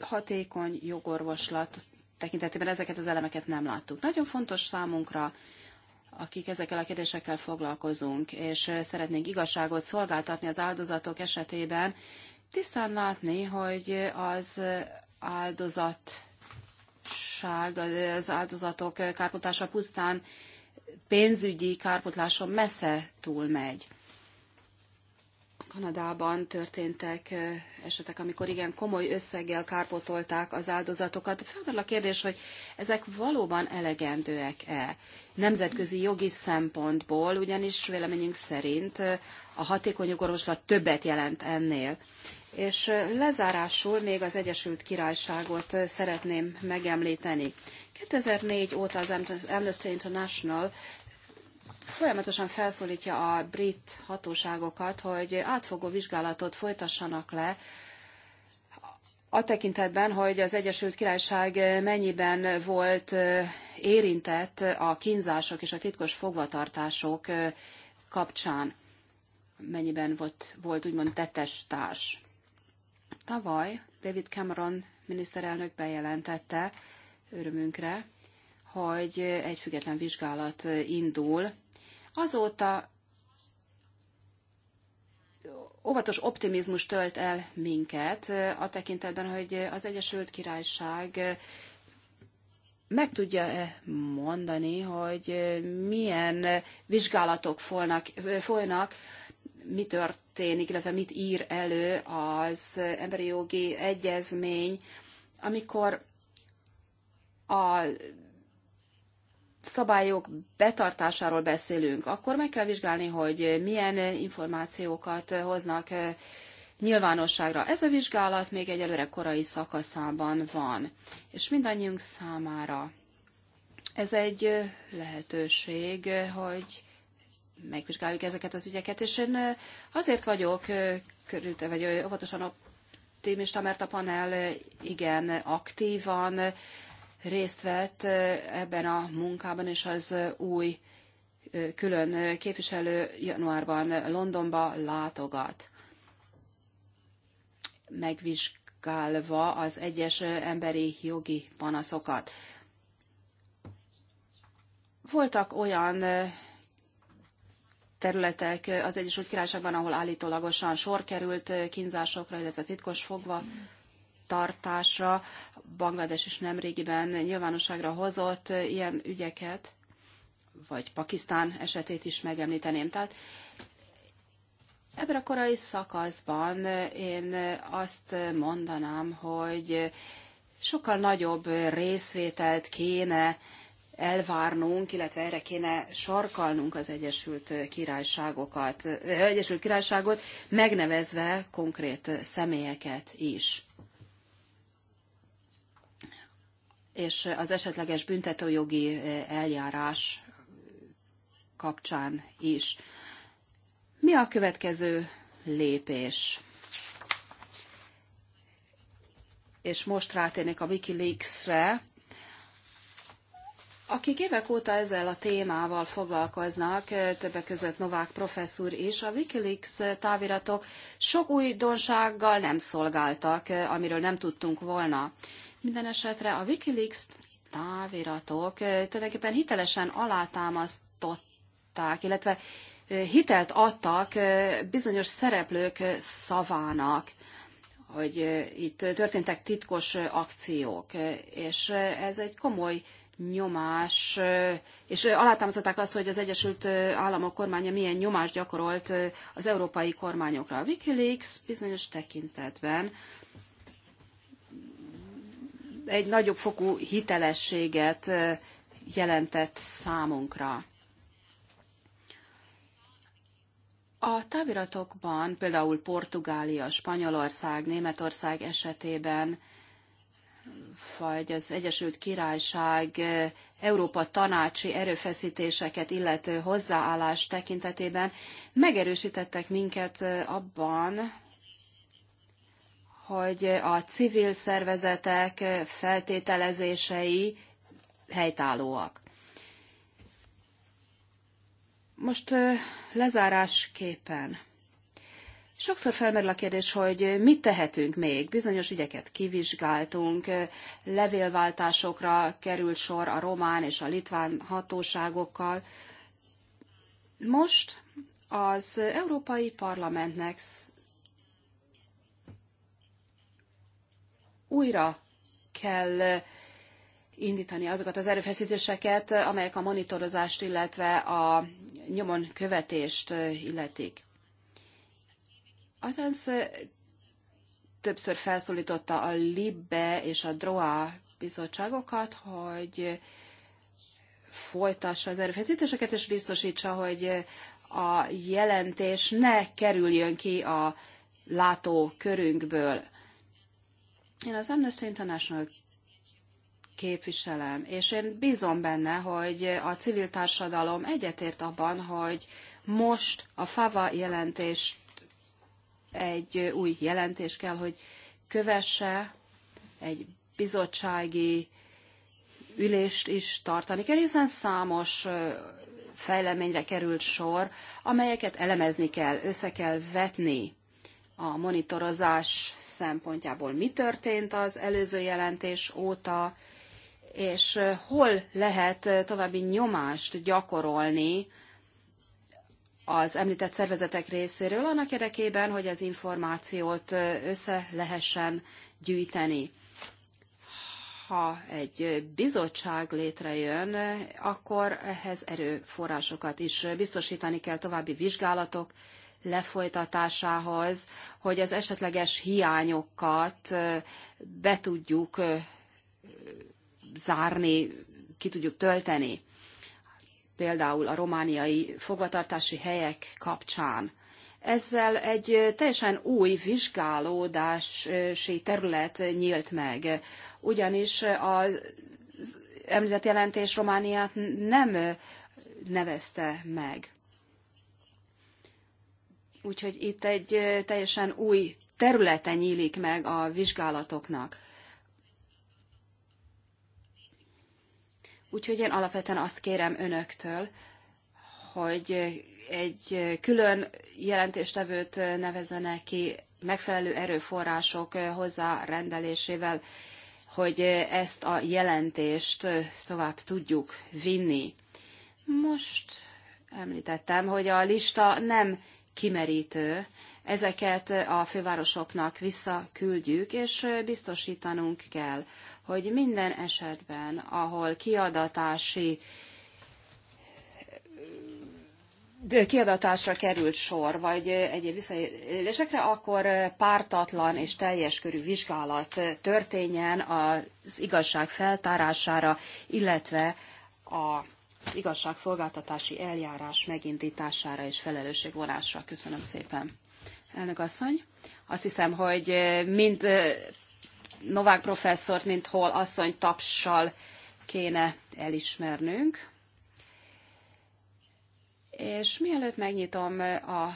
Speaker 1: hatékony jogorvoslat tekintetében ezeket az elemeket nem láttuk. Nagyon fontos számunkra, akik ezekkel a kérdésekkel foglalkozunk, és szeretnénk igazságot szolgáltatni az áldozatok esetében, tisztán látni, hogy az áldozat az áldozatok kárpotlása pusztán pénzügyi kárpotláson messze túlmegy. Kanadában történtek eh, esetek, amikor igen komoly összeggel kárpotolták az áldozatokat. Felmerül a kérdés, hogy ezek valóban elegendőek-e nemzetközi jogi szempontból, ugyanis véleményünk szerint eh, a hatékony jogorvoslat többet jelent ennél. És lezárásul még az Egyesült Királyságot szeretném megemlíteni. 2004 óta az Amnesty International folyamatosan felszólítja a brit hatóságokat, hogy átfogó vizsgálatot folytassanak le a tekintetben, hogy az Egyesült Királyság mennyiben volt érintett a kínzások és a titkos fogvatartások kapcsán, mennyiben volt, volt úgymond tettes társ. Tavaly David Cameron miniszterelnök bejelentette örömünkre, hogy egy független vizsgálat indul. Azóta óvatos optimizmus tölt el minket a tekintetben, hogy az Egyesült Királyság meg tudja -e mondani, hogy milyen vizsgálatok folynak, folynak mi történik, illetve mit ír elő az emberi jogi egyezmény, amikor a szabályok betartásáról beszélünk, akkor meg kell vizsgálni, hogy milyen információkat hoznak eh, nyilvánosságra. Ez a vizsgálat még egyelőre korai szakaszában van, és mindannyiunk számára ez egy eh, lehetőség, eh, hogy megvizsgáljuk ezeket az ügyeket, és én azért vagyok körülte, vagy óvatosan optimista, mert a panel igen aktívan részt vett ebben a munkában, és az új külön képviselő januárban Londonba látogat, megvizsgálva az egyes emberi jogi panaszokat. Voltak olyan területek az Egyesült Királyságban, ahol állítólagosan sor került kínzásokra, illetve titkos fogva tartásra. Banglades is nemrégiben nyilvánosságra hozott ilyen ügyeket, vagy Pakisztán esetét is megemlíteném. Tehát ebben a korai szakaszban én azt mondanám, hogy sokkal nagyobb részvételt kéne elvárnunk, illetve erre kéne sarkalnunk az Egyesült, Királyságokat, Egyesült Királyságot, megnevezve konkrét személyeket is. És az esetleges büntetőjogi eljárás kapcsán is. Mi a következő lépés? És most rátérnék a Wikileaks-re. Akik évek óta ezzel a témával foglalkoznak, többek között Novák professzúr is, a Wikileaks táviratok sok újdonsággal nem szolgáltak, amiről nem tudtunk volna. Minden esetre a Wikileaks táviratok tulajdonképpen hitelesen alátámasztották, illetve hitelt adtak bizonyos szereplők szavának, hogy itt történtek titkos akciók, és ez egy komoly nyomás, és alátámasztották azt, hogy az Egyesült Államok kormánya milyen nyomást gyakorolt az európai kormányokra. A Wikileaks bizonyos tekintetben egy nagyobb fokú hitelességet jelentett számunkra. A táviratokban, például Portugália, Spanyolország, Németország esetében vagy az Egyesült Királyság eh, Európa tanácsi erőfeszítéseket illető hozzáállás tekintetében megerősítettek minket eh, abban, hogy a civil szervezetek eh, feltételezései helytállóak. Most lezárásképpen Sokszor felmerül a kérdés, hogy mit tehetünk még. Bizonyos ügyeket kivizsgáltunk, levélváltásokra került sor a román és a litván hatóságokkal. Most az Európai Parlamentnek újra kell indítani azokat az erőfeszítéseket, amelyek a monitorozást, illetve a nyomon követést illetik. Azaz többször felszólította a LIBE és a DROA bizottságokat, hogy folytassa az erőfeszítéseket, és biztosítsa, hogy a jelentés ne kerüljön ki a látó körünkből. Én az Amnesty International képviselem, és én bízom benne, hogy a civil társadalom egyetért abban, hogy most a FAVA jelentés egy új jelentés kell, hogy kövesse, egy bizottsági ülést is tartani kell, hiszen számos fejleményre került sor, amelyeket elemezni kell, össze kell vetni a monitorozás szempontjából. Mi történt az előző jelentés óta, és hol lehet további nyomást gyakorolni az említett szervezetek részéről annak érdekében, hogy az információt össze lehessen gyűjteni. Ha egy bizottság létrejön, akkor ehhez erőforrásokat is biztosítani kell további vizsgálatok lefolytatásához, hogy az esetleges hiányokat be tudjuk zárni, ki tudjuk tölteni például a romániai fogvatartási helyek kapcsán. Ezzel egy teljesen új vizsgálódási terület nyílt meg, ugyanis az említett jelentés Romániát nem nevezte meg. Úgyhogy itt egy teljesen új területe nyílik meg a vizsgálatoknak. Úgyhogy én alapvetően azt kérem önöktől, hogy egy külön jelentéstevőt nevezzenek ki megfelelő erőforrások hozzárendelésével, hogy ezt a jelentést tovább tudjuk vinni. Most említettem, hogy a lista nem kimerítő. Ezeket a fővárosoknak visszaküldjük, és biztosítanunk kell, hogy minden esetben, ahol kiadatási kiadatásra került sor, vagy egyéb visszaélésekre, akkor pártatlan és teljes körű vizsgálat történjen az igazság feltárására, illetve a az igazságszolgáltatási eljárás megindítására és felelősségvonásra. Köszönöm szépen. Elnök asszony, azt hiszem, hogy mind Novák professzort, mint Hol asszony tapssal kéne elismernünk. És mielőtt megnyitom a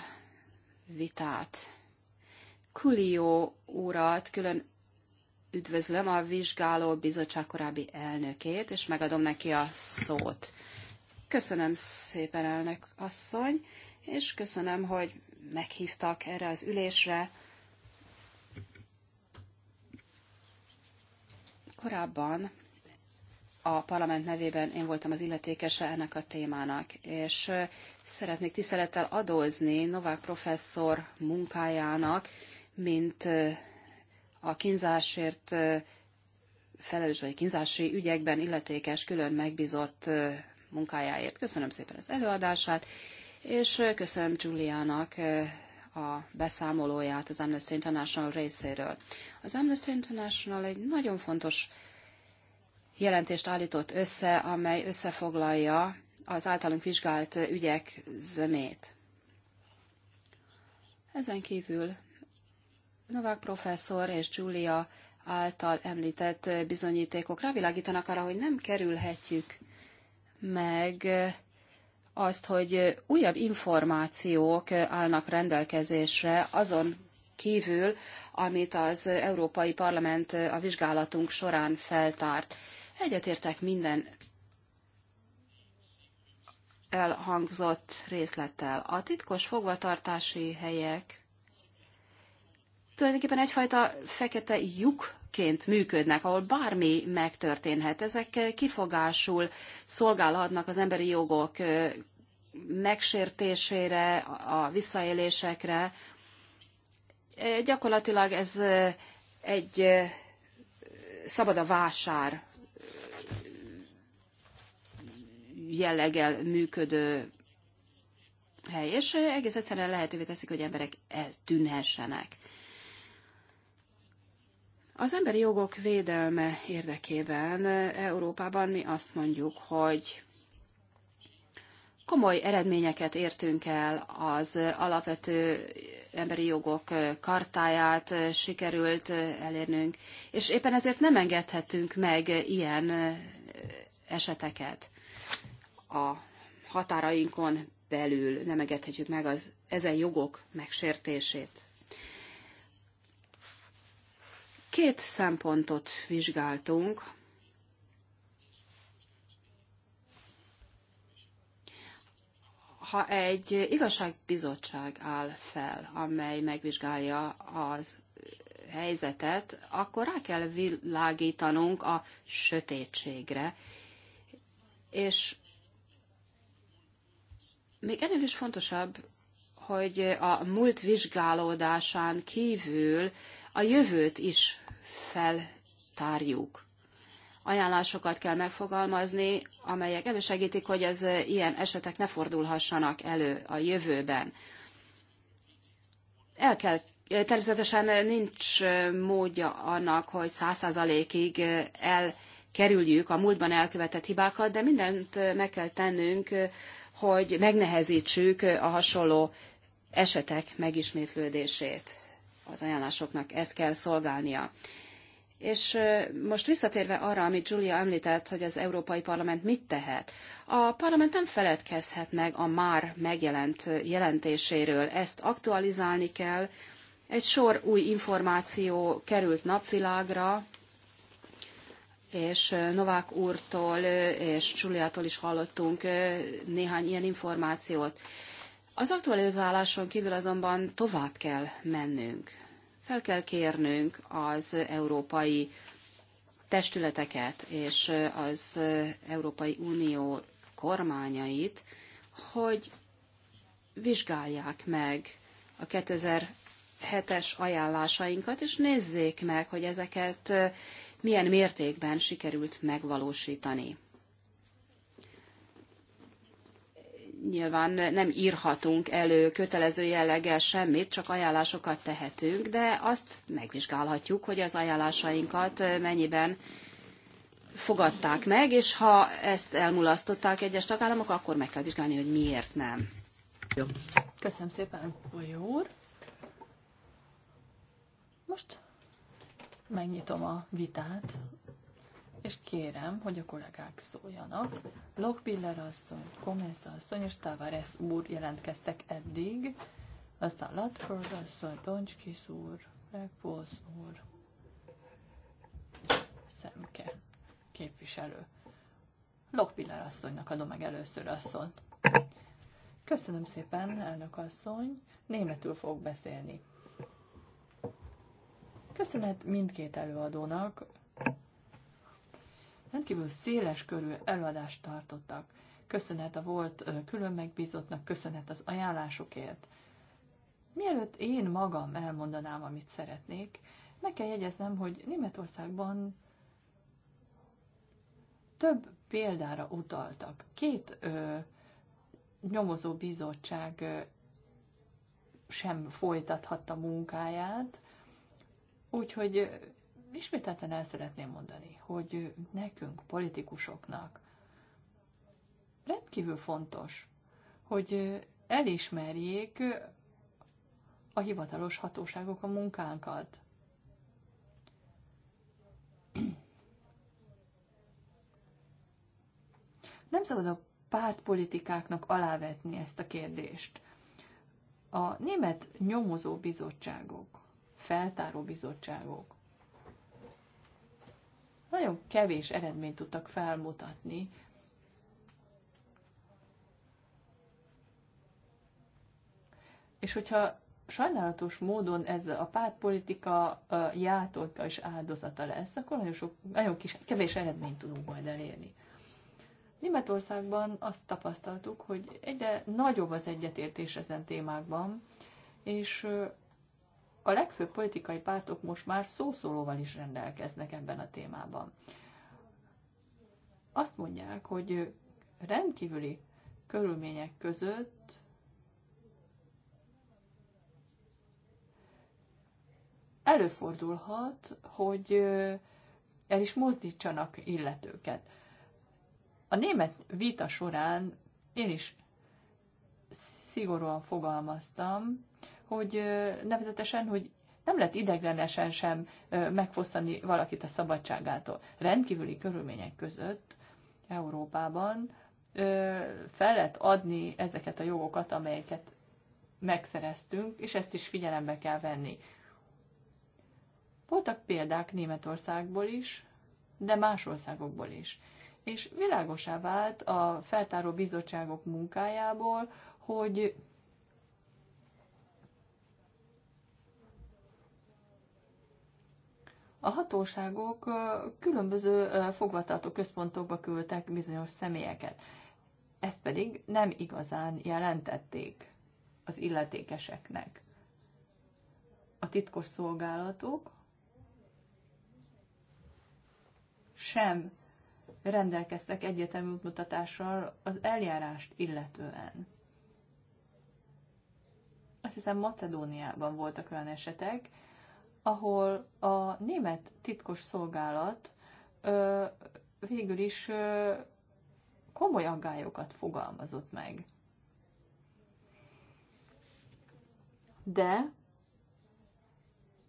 Speaker 1: vitát, Kulió úrat külön üdvözlöm a vizsgáló bizottság korábbi elnökét, és megadom neki a szót. Köszönöm szépen, elnök asszony, és köszönöm, hogy meghívtak erre az ülésre. Korábban a parlament nevében én voltam az illetékese ennek a témának, és szeretnék tisztelettel adózni Novák professzor munkájának, mint a kínzásért felelős vagy kínzási ügyekben illetékes külön megbízott munkájáért. Köszönöm szépen az előadását, és köszönöm Juliának eh, a beszámolóját az Amnesty International részéről. Az Amnesty International egy nagyon fontos jelentést állított össze, amely összefoglalja az általunk vizsgált ügyek zömét. Ezen kívül Novák professzor és Julia által említett bizonyítékok rávilágítanak arra, hogy nem kerülhetjük meg azt, hogy újabb információk állnak rendelkezésre azon kívül, amit az Európai Parlament a vizsgálatunk során feltárt. Egyetértek minden elhangzott részlettel. A titkos fogvatartási helyek tulajdonképpen egyfajta fekete lyuk ként működnek, ahol bármi megtörténhet. Ezek kifogásul szolgálhatnak az emberi jogok megsértésére, a visszaélésekre. Gyakorlatilag ez egy szabad a vásár jelleggel működő hely, és egész egyszerűen lehetővé teszik, hogy emberek eltűnhessenek. Az emberi jogok védelme érdekében eh, Európában mi azt mondjuk, hogy komoly eredményeket értünk el az eh, alapvető eh, emberi jogok kartáját sikerült elérnünk, és éppen ezért nem engedhetünk meg ilyen eseteket a határainkon belül, nem engedhetjük meg az ezen jogok megsértését. Két szempontot vizsgáltunk. Ha egy igazságbizottság áll fel, amely megvizsgálja az helyzetet, akkor rá kell világítanunk a sötétségre. És még ennél is fontosabb, hogy a múlt vizsgálódásán kívül a jövőt is feltárjuk. Ajánlásokat kell megfogalmazni, amelyek elősegítik, hogy ez ilyen esetek ne fordulhassanak elő a jövőben. El kell Természetesen nincs módja annak, hogy száz százalékig elkerüljük a múltban elkövetett hibákat, de mindent meg kell tennünk, hogy megnehezítsük a hasonló esetek megismétlődését az ajánlásoknak ezt kell szolgálnia. És most visszatérve arra, amit Julia említett, hogy az Európai Parlament mit tehet. A parlament nem feledkezhet meg a már megjelent jelentéséről. Ezt aktualizálni kell. Egy sor új információ került napvilágra, és Novák úrtól és Giuliától is hallottunk néhány ilyen információt. Az aktualizáláson kívül azonban tovább kell mennünk. Fel kell kérnünk az európai testületeket és az Európai Unió kormányait, hogy vizsgálják meg a 2007-es ajánlásainkat, és nézzék meg, hogy ezeket milyen mértékben sikerült megvalósítani. nyilván nem írhatunk elő kötelező jelleggel semmit, csak ajánlásokat tehetünk, de azt megvizsgálhatjuk, hogy az ajánlásainkat mennyiben fogadták meg, és ha ezt elmulasztották egyes tagállamok, akkor meg kell vizsgálni, hogy miért nem. Jó.
Speaker 2: Köszönöm szépen, Bolyó úr. Most megnyitom a vitát és kérem, hogy a kollégák szóljanak. Lockpiller asszony, Gomez asszony és Tavares úr jelentkeztek eddig, aztán Latford asszony, Doncskis úr, Rekpolsz úr, Szemke képviselő. Lockpiller asszonynak adom meg először a szót. Köszönöm szépen, elnök asszony. Németül fog beszélni. Köszönet mindkét előadónak, rendkívül széles körű előadást tartottak. Köszönet a volt külön megbízottnak, köszönet az ajánlásokért. Mielőtt én magam elmondanám, amit szeretnék, meg kell jegyeznem, hogy Németországban több példára utaltak. Két ö, nyomozó bizottság ö, sem folytathatta munkáját, úgyhogy ismételten el szeretném mondani, hogy nekünk, politikusoknak rendkívül fontos, hogy elismerjék a hivatalos hatóságok a munkánkat. Nem szabad a pártpolitikáknak alávetni ezt a kérdést. A német nyomozó bizottságok, feltáró bizottságok nagyon kevés eredményt tudtak felmutatni. És hogyha sajnálatos módon ez a pártpolitika játolka és áldozata lesz, akkor nagyon, sok, nagyon kis, kevés eredményt tudunk majd elérni. Németországban azt tapasztaltuk, hogy egyre nagyobb az egyetértés ezen témákban, és a legfőbb politikai pártok most már szószólóval is rendelkeznek ebben a témában. Azt mondják, hogy rendkívüli körülmények között előfordulhat, hogy el is mozdítsanak illetőket. A német vita során én is szigorúan fogalmaztam, hogy nevezetesen, hogy nem lehet ideglenesen sem megfosztani valakit a szabadságától. Rendkívüli körülmények között Európában fel lehet adni ezeket a jogokat, amelyeket megszereztünk, és ezt is figyelembe kell venni. Voltak példák Németországból is, de más országokból is. És világosá vált a feltáró bizottságok munkájából, hogy a hatóságok különböző fogvatartó központokba küldtek bizonyos személyeket. Ezt pedig nem igazán jelentették az illetékeseknek. A titkos szolgálatok sem rendelkeztek egyetemű útmutatással az eljárást illetően. Azt hiszem Macedóniában voltak olyan esetek, ahol a német titkos szolgálat ö, végül is ö, komoly aggályokat fogalmazott meg. De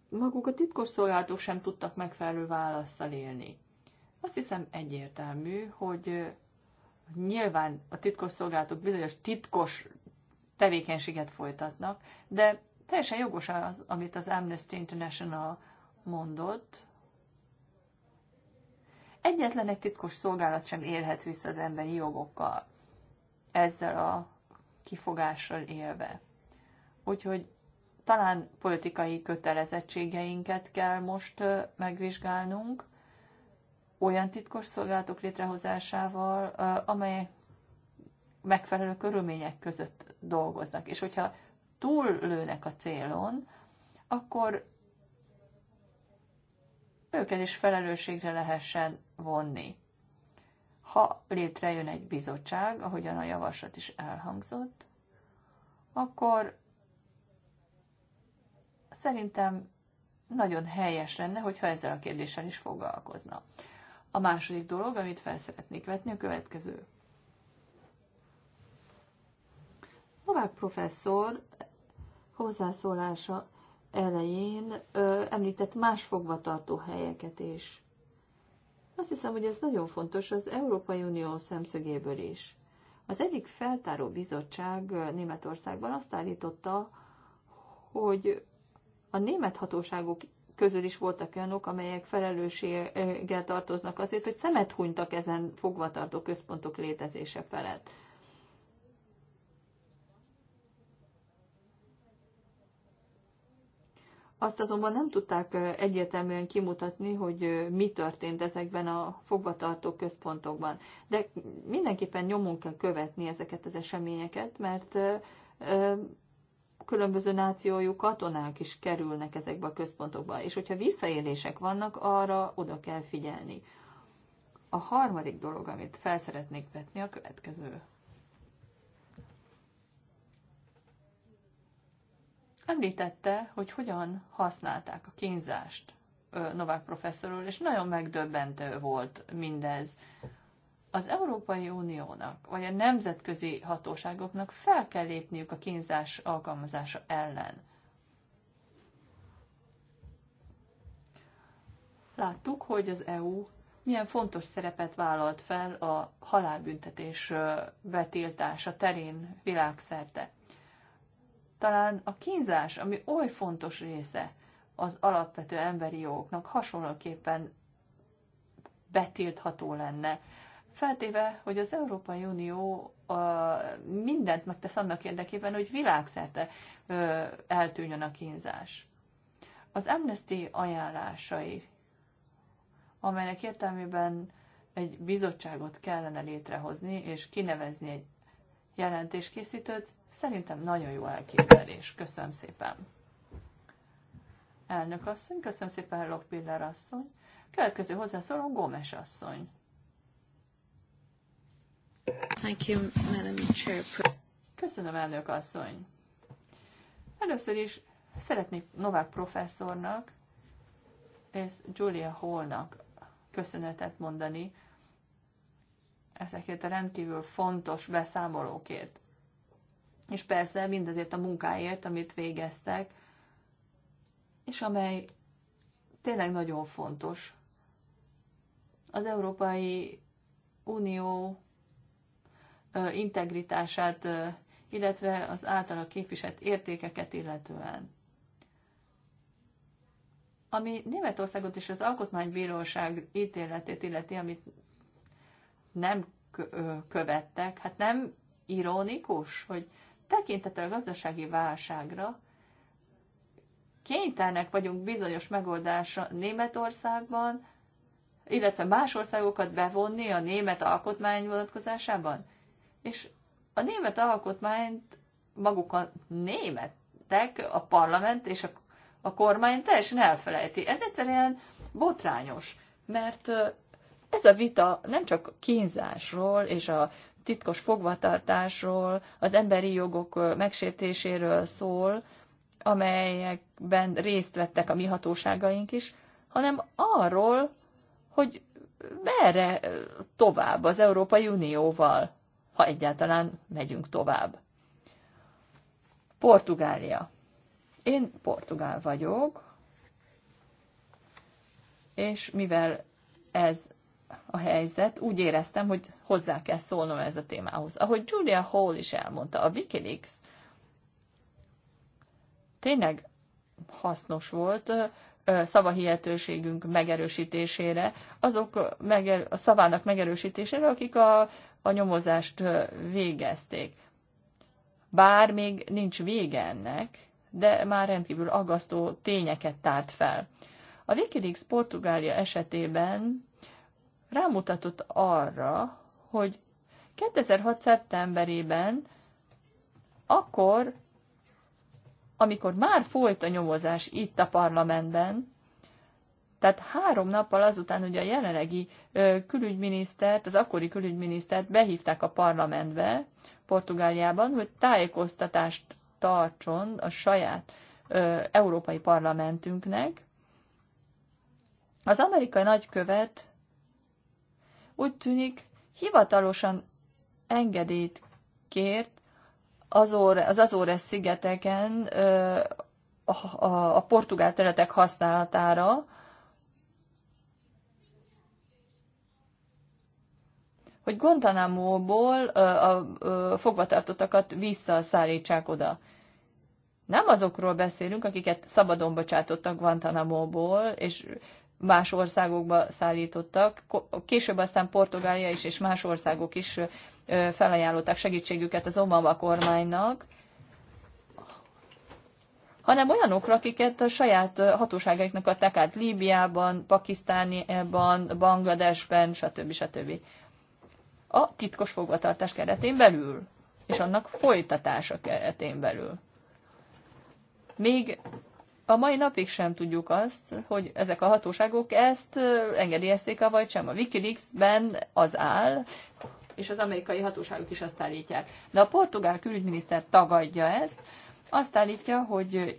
Speaker 2: maguk a titkos szolgálatok sem tudtak megfelelő válaszsal élni. Azt hiszem egyértelmű, hogy nyilván a titkos szolgálatok bizonyos titkos tevékenységet folytatnak, de Teljesen jogos az, amit az Amnesty International mondott. Egyetlen egy titkos szolgálat sem élhet vissza az emberi jogokkal, ezzel a kifogással élve. Úgyhogy talán politikai kötelezettségeinket kell most megvizsgálnunk, olyan titkos szolgálatok létrehozásával, amelyek megfelelő körülmények között dolgoznak. És hogyha túllőnek a célon, akkor őket is felelősségre lehessen vonni. Ha létrejön egy bizottság, ahogyan a javaslat is elhangzott, akkor szerintem nagyon helyes lenne, hogyha ezzel a kérdéssel is foglalkozna. A második dolog, amit fel szeretnék vetni, a következő. Novák professzor hozzászólása elején ö, említett más fogvatartó helyeket is. Azt hiszem, hogy ez nagyon fontos az Európai Unió szemszögéből is. Az egyik feltáró bizottság Németországban azt állította, hogy a német hatóságok közül is voltak olyanok, amelyek felelősséggel tartoznak azért, hogy szemet hunytak ezen fogvatartó központok létezése felett. Azt azonban nem tudták egyértelműen kimutatni, hogy mi történt ezekben a fogvatartó központokban. De mindenképpen nyomon kell követni ezeket az eseményeket, mert különböző nációjú katonák is kerülnek ezekbe a központokba, és hogyha visszaélések vannak, arra oda kell figyelni. A harmadik dolog, amit felszeretnék vetni, a következő. Említette, hogy hogyan használták a kínzást Novák professzor úr, és nagyon megdöbbentő volt mindez. Az Európai Uniónak, vagy a nemzetközi hatóságoknak fel kell lépniük a kínzás alkalmazása ellen. Láttuk, hogy az EU milyen fontos szerepet vállalt fel a halálbüntetés betiltása terén világszerte. Talán a kínzás, ami oly fontos része az alapvető emberi jogoknak, hasonlóképpen betiltható lenne. Feltéve, hogy az Európai Unió mindent megtesz annak érdekében, hogy világszerte eltűnjön a kínzás. Az Amnesty ajánlásai, amelynek értelmében egy bizottságot kellene létrehozni, és kinevezni egy jelentéskészítőt. Szerintem nagyon jó elképzelés. Köszönöm szépen. Elnök asszony, köszönöm szépen Lokpiller asszony. Következő hozzászóló Gómez asszony.
Speaker 1: Thank you, Madam
Speaker 2: Chair. Köszönöm, elnök asszony. Először is szeretnék Novák professzornak és Julia Hallnak köszönetet mondani ezekért a rendkívül fontos beszámolókért. És persze mindazért a munkáért, amit végeztek, és amely tényleg nagyon fontos. Az Európai Unió integritását, illetve az általa képviselt értékeket illetően. Ami Németországot és az Alkotmánybíróság ítéletét illeti, amit nem követtek. Hát nem irónikus, hogy tekintettel a gazdasági válságra kénytelnek vagyunk bizonyos megoldásra Németországban, illetve más országokat bevonni a német alkotmány vonatkozásában. És a német alkotmányt maguk a németek, a parlament és a, a kormány teljesen elfelejti. Ez egyszerűen botrányos, mert ez a vita nem csak kínzásról és a titkos fogvatartásról, az emberi jogok megsértéséről szól, amelyekben részt vettek a mi hatóságaink is, hanem arról, hogy merre tovább az Európai Unióval, ha egyáltalán megyünk tovább. Portugália. Én portugál vagyok, és mivel ez a helyzet, úgy éreztem, hogy hozzá kell szólnom ez a témához. Ahogy Julia Hall is elmondta, a Wikileaks tényleg hasznos volt szavahihetőségünk megerősítésére, azok meger, a szavának megerősítésére, akik a, a nyomozást végezték. Bár még nincs vége ennek, de már rendkívül agasztó tényeket tárt fel. A Wikileaks Portugália esetében rámutatott arra, hogy 2006. szeptemberében, akkor, amikor már folyt a nyomozás itt a parlamentben, tehát három nappal azután, hogy a jelenlegi külügyminisztert, az akkori külügyminisztert behívták a parlamentbe, Portugáliában, hogy tájékoztatást tartson a saját ö, európai parlamentünknek. Az amerikai nagykövet úgy tűnik hivatalosan engedélyt kért Azore, az Azores szigeteken a, a, a portugál területek használatára, hogy Guantanamo-ból a fogvatartottakat visszaszállítsák oda. Nem azokról beszélünk, akiket szabadon bocsátottak Guantanamo-ból, és más országokba szállítottak. Később aztán Portugália is és más országok is felajánlották segítségüket az Obama kormánynak, hanem olyanokra, akiket a saját hatóságaiknak adták át Líbiában, Pakisztániában, Bangladesben, stb. stb. A titkos fogvatartás keretén belül, és annak folytatása keretén belül. Még a mai napig sem tudjuk azt, hogy ezek a hatóságok ezt engedélyezték-e vagy sem. A Wikileaks-ben az áll, és az amerikai hatóságok is azt állítják. De a portugál külügyminiszter tagadja ezt, azt állítja, hogy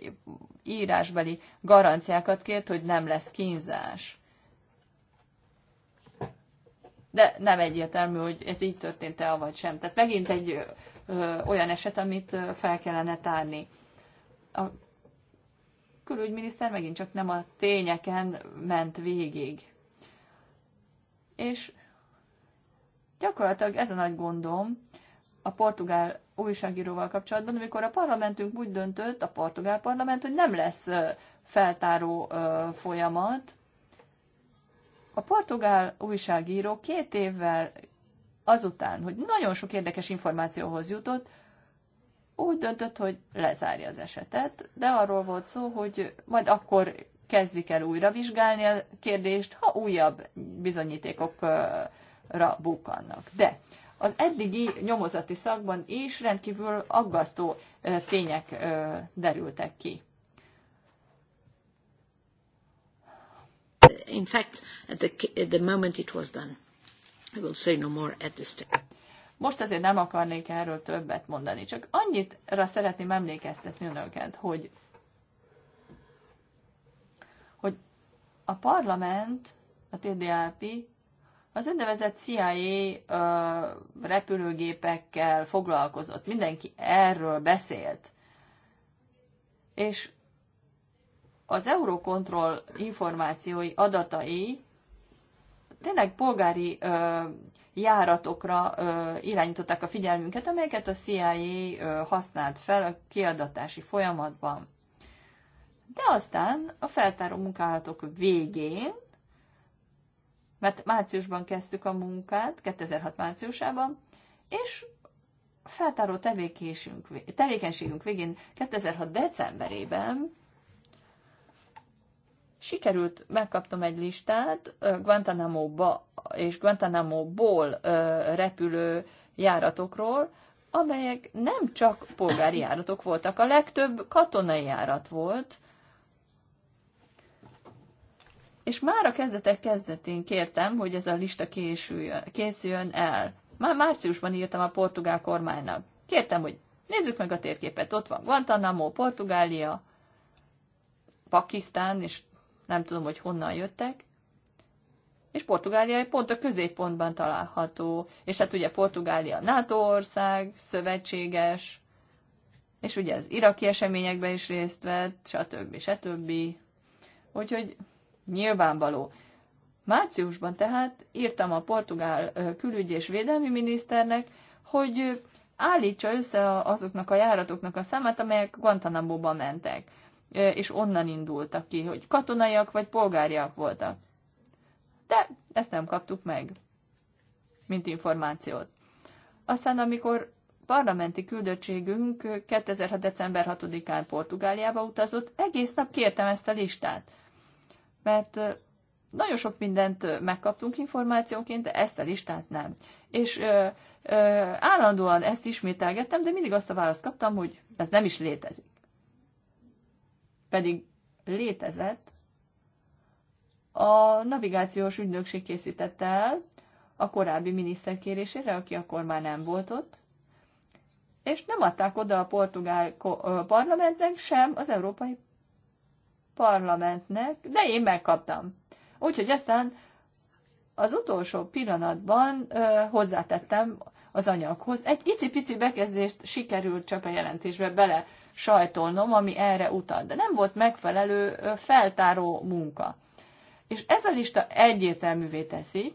Speaker 2: írásbeli garanciákat kért, hogy nem lesz kínzás. De nem egyértelmű, hogy ez így történt-e, vagy sem. Tehát megint egy ö, olyan eset, amit fel kellene tárni. A külügyminiszter megint csak nem a tényeken ment végig. És gyakorlatilag ez a nagy gondom a portugál újságíróval kapcsolatban, amikor a parlamentünk úgy döntött, a portugál parlament, hogy nem lesz feltáró folyamat. A portugál újságíró két évvel azután, hogy nagyon sok érdekes információhoz jutott, úgy döntött, hogy lezárja az esetet, de arról volt szó, hogy majd akkor kezdik el újra vizsgálni a kérdést, ha újabb bizonyítékokra bukannak. De az eddigi nyomozati szakban is rendkívül aggasztó tények derültek ki. In fact, at the, at the moment it was done. I will say no more at this time. Most azért nem akarnék erről többet mondani, csak annyitra szeretném emlékeztetni önöket, hogy, hogy a parlament, a TDAP az úgynevezett CIA ö, repülőgépekkel foglalkozott. Mindenki erről beszélt. És az Eurocontrol információi, adatai tényleg polgári ö, járatokra irányították a figyelmünket, amelyeket a CIA használt fel a kiadatási folyamatban. De aztán a feltáró munkálatok végén, mert márciusban kezdtük a munkát, 2006 márciusában, és feltáró tevékenységünk végén, 2006 decemberében sikerült, megkaptam egy listát Guantanamo-ba és Guantanamo-ból repülő járatokról, amelyek nem csak polgári járatok voltak, a legtöbb katonai járat volt, és már a kezdetek kezdetén kértem, hogy ez a lista készüljön, készüljön el. Már márciusban írtam a portugál kormánynak. Kértem, hogy nézzük meg a térképet, ott van Guantanamo, Portugália, Pakisztán és nem tudom, hogy honnan jöttek, és Portugália pont a középpontban található, és hát ugye Portugália NATO ország, szövetséges, és ugye az iraki eseményekben is részt vett, stb. stb. Úgyhogy nyilvánvaló. Márciusban tehát írtam a portugál külügy és védelmi miniszternek, hogy állítsa össze azoknak a járatoknak a számát, amelyek Guantanamo-ba mentek és onnan indultak ki, hogy katonaiak vagy polgáriak voltak. De ezt nem kaptuk meg, mint információt. Aztán, amikor parlamenti küldöttségünk 2006. december 6-án Portugáliába utazott, egész nap kértem ezt a listát. Mert nagyon sok mindent megkaptunk információként, de ezt a listát nem. És ö, ö, állandóan ezt ismételgettem, de mindig azt a választ kaptam, hogy ez nem is létezik pedig létezett, a navigációs ügynökség készítette el a korábbi miniszter kérésére, aki akkor már nem volt ott, és nem adták oda a portugál parlamentnek, sem az európai parlamentnek, de én megkaptam. Úgyhogy aztán az utolsó pillanatban ö, hozzátettem az anyaghoz. Egy icipici bekezdést sikerült csak a jelentésbe bele sajtolnom, ami erre utal, de nem volt megfelelő feltáró munka. És ez a lista egyértelművé teszi,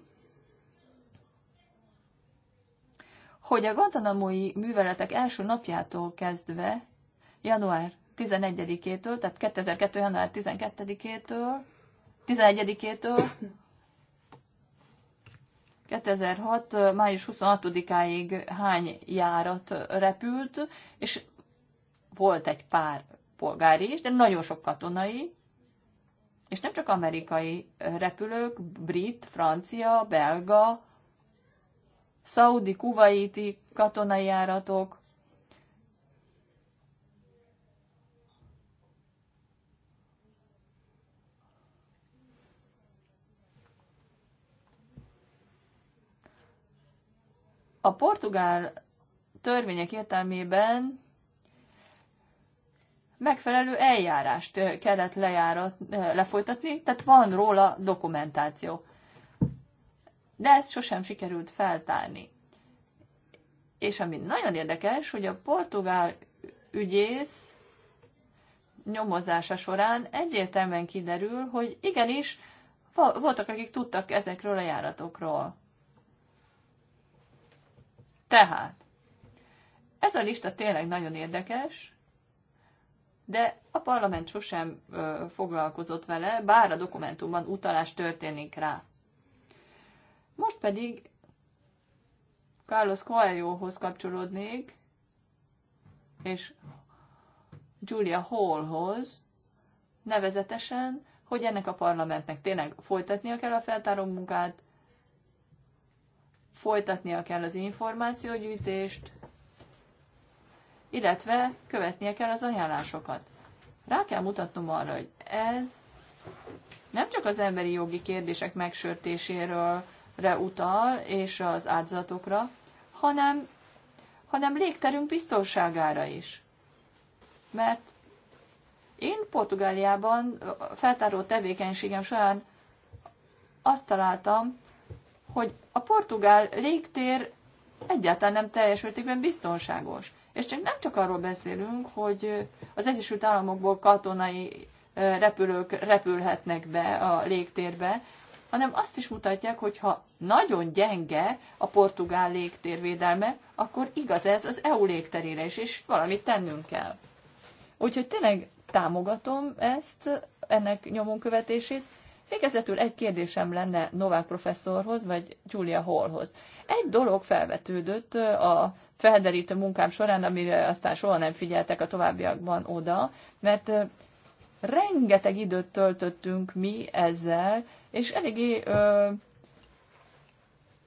Speaker 2: hogy a guantanamoi műveletek első napjától kezdve, január 11-től, tehát 2002. január 12-től, 11-től 2006. május 26-áig hány járat repült, és volt egy pár polgári is, de nagyon sok katonai, és nem csak amerikai repülők, brit, francia, belga, szaudi, kuvaiti katonai járatok, A portugál törvények értelmében megfelelő eljárást kellett lejárat, lefolytatni, tehát van róla dokumentáció. De ezt sosem sikerült feltárni. És ami nagyon érdekes, hogy a portugál ügyész nyomozása során egyértelműen kiderül, hogy igenis voltak, akik tudtak ezekről a járatokról. Tehát, ez a lista tényleg nagyon érdekes, de a parlament sosem ö, foglalkozott vele, bár a dokumentumban utalás történik rá. Most pedig Carlos Coelhohoz kapcsolódnék, és Julia Hallhoz, nevezetesen, hogy ennek a parlamentnek tényleg folytatnia kell a feltáró munkát, folytatnia kell az információgyűjtést, illetve követnie kell az ajánlásokat. Rá kell mutatnom arra, hogy ez nem csak az emberi jogi kérdések megsörtéséről utal, és az áldozatokra, hanem, hanem légterünk biztonságára is. Mert én Portugáliában feltáró tevékenységem során azt találtam, hogy a portugál légtér egyáltalán nem teljes mértékben biztonságos. És csak nem csak arról beszélünk, hogy az Egyesült Államokból katonai repülők repülhetnek be a légtérbe, hanem azt is mutatják, hogy ha nagyon gyenge a portugál légtérvédelme, akkor igaz ez az EU légterére is, és valamit tennünk kell. Úgyhogy tényleg támogatom ezt, ennek nyomon követését, Végezetül egy kérdésem lenne Novák professzorhoz, vagy Julia Hallhoz. Egy dolog felvetődött a felderítő munkám során, amire aztán soha nem figyeltek a továbbiakban oda, mert rengeteg időt töltöttünk mi ezzel, és eléggé ö,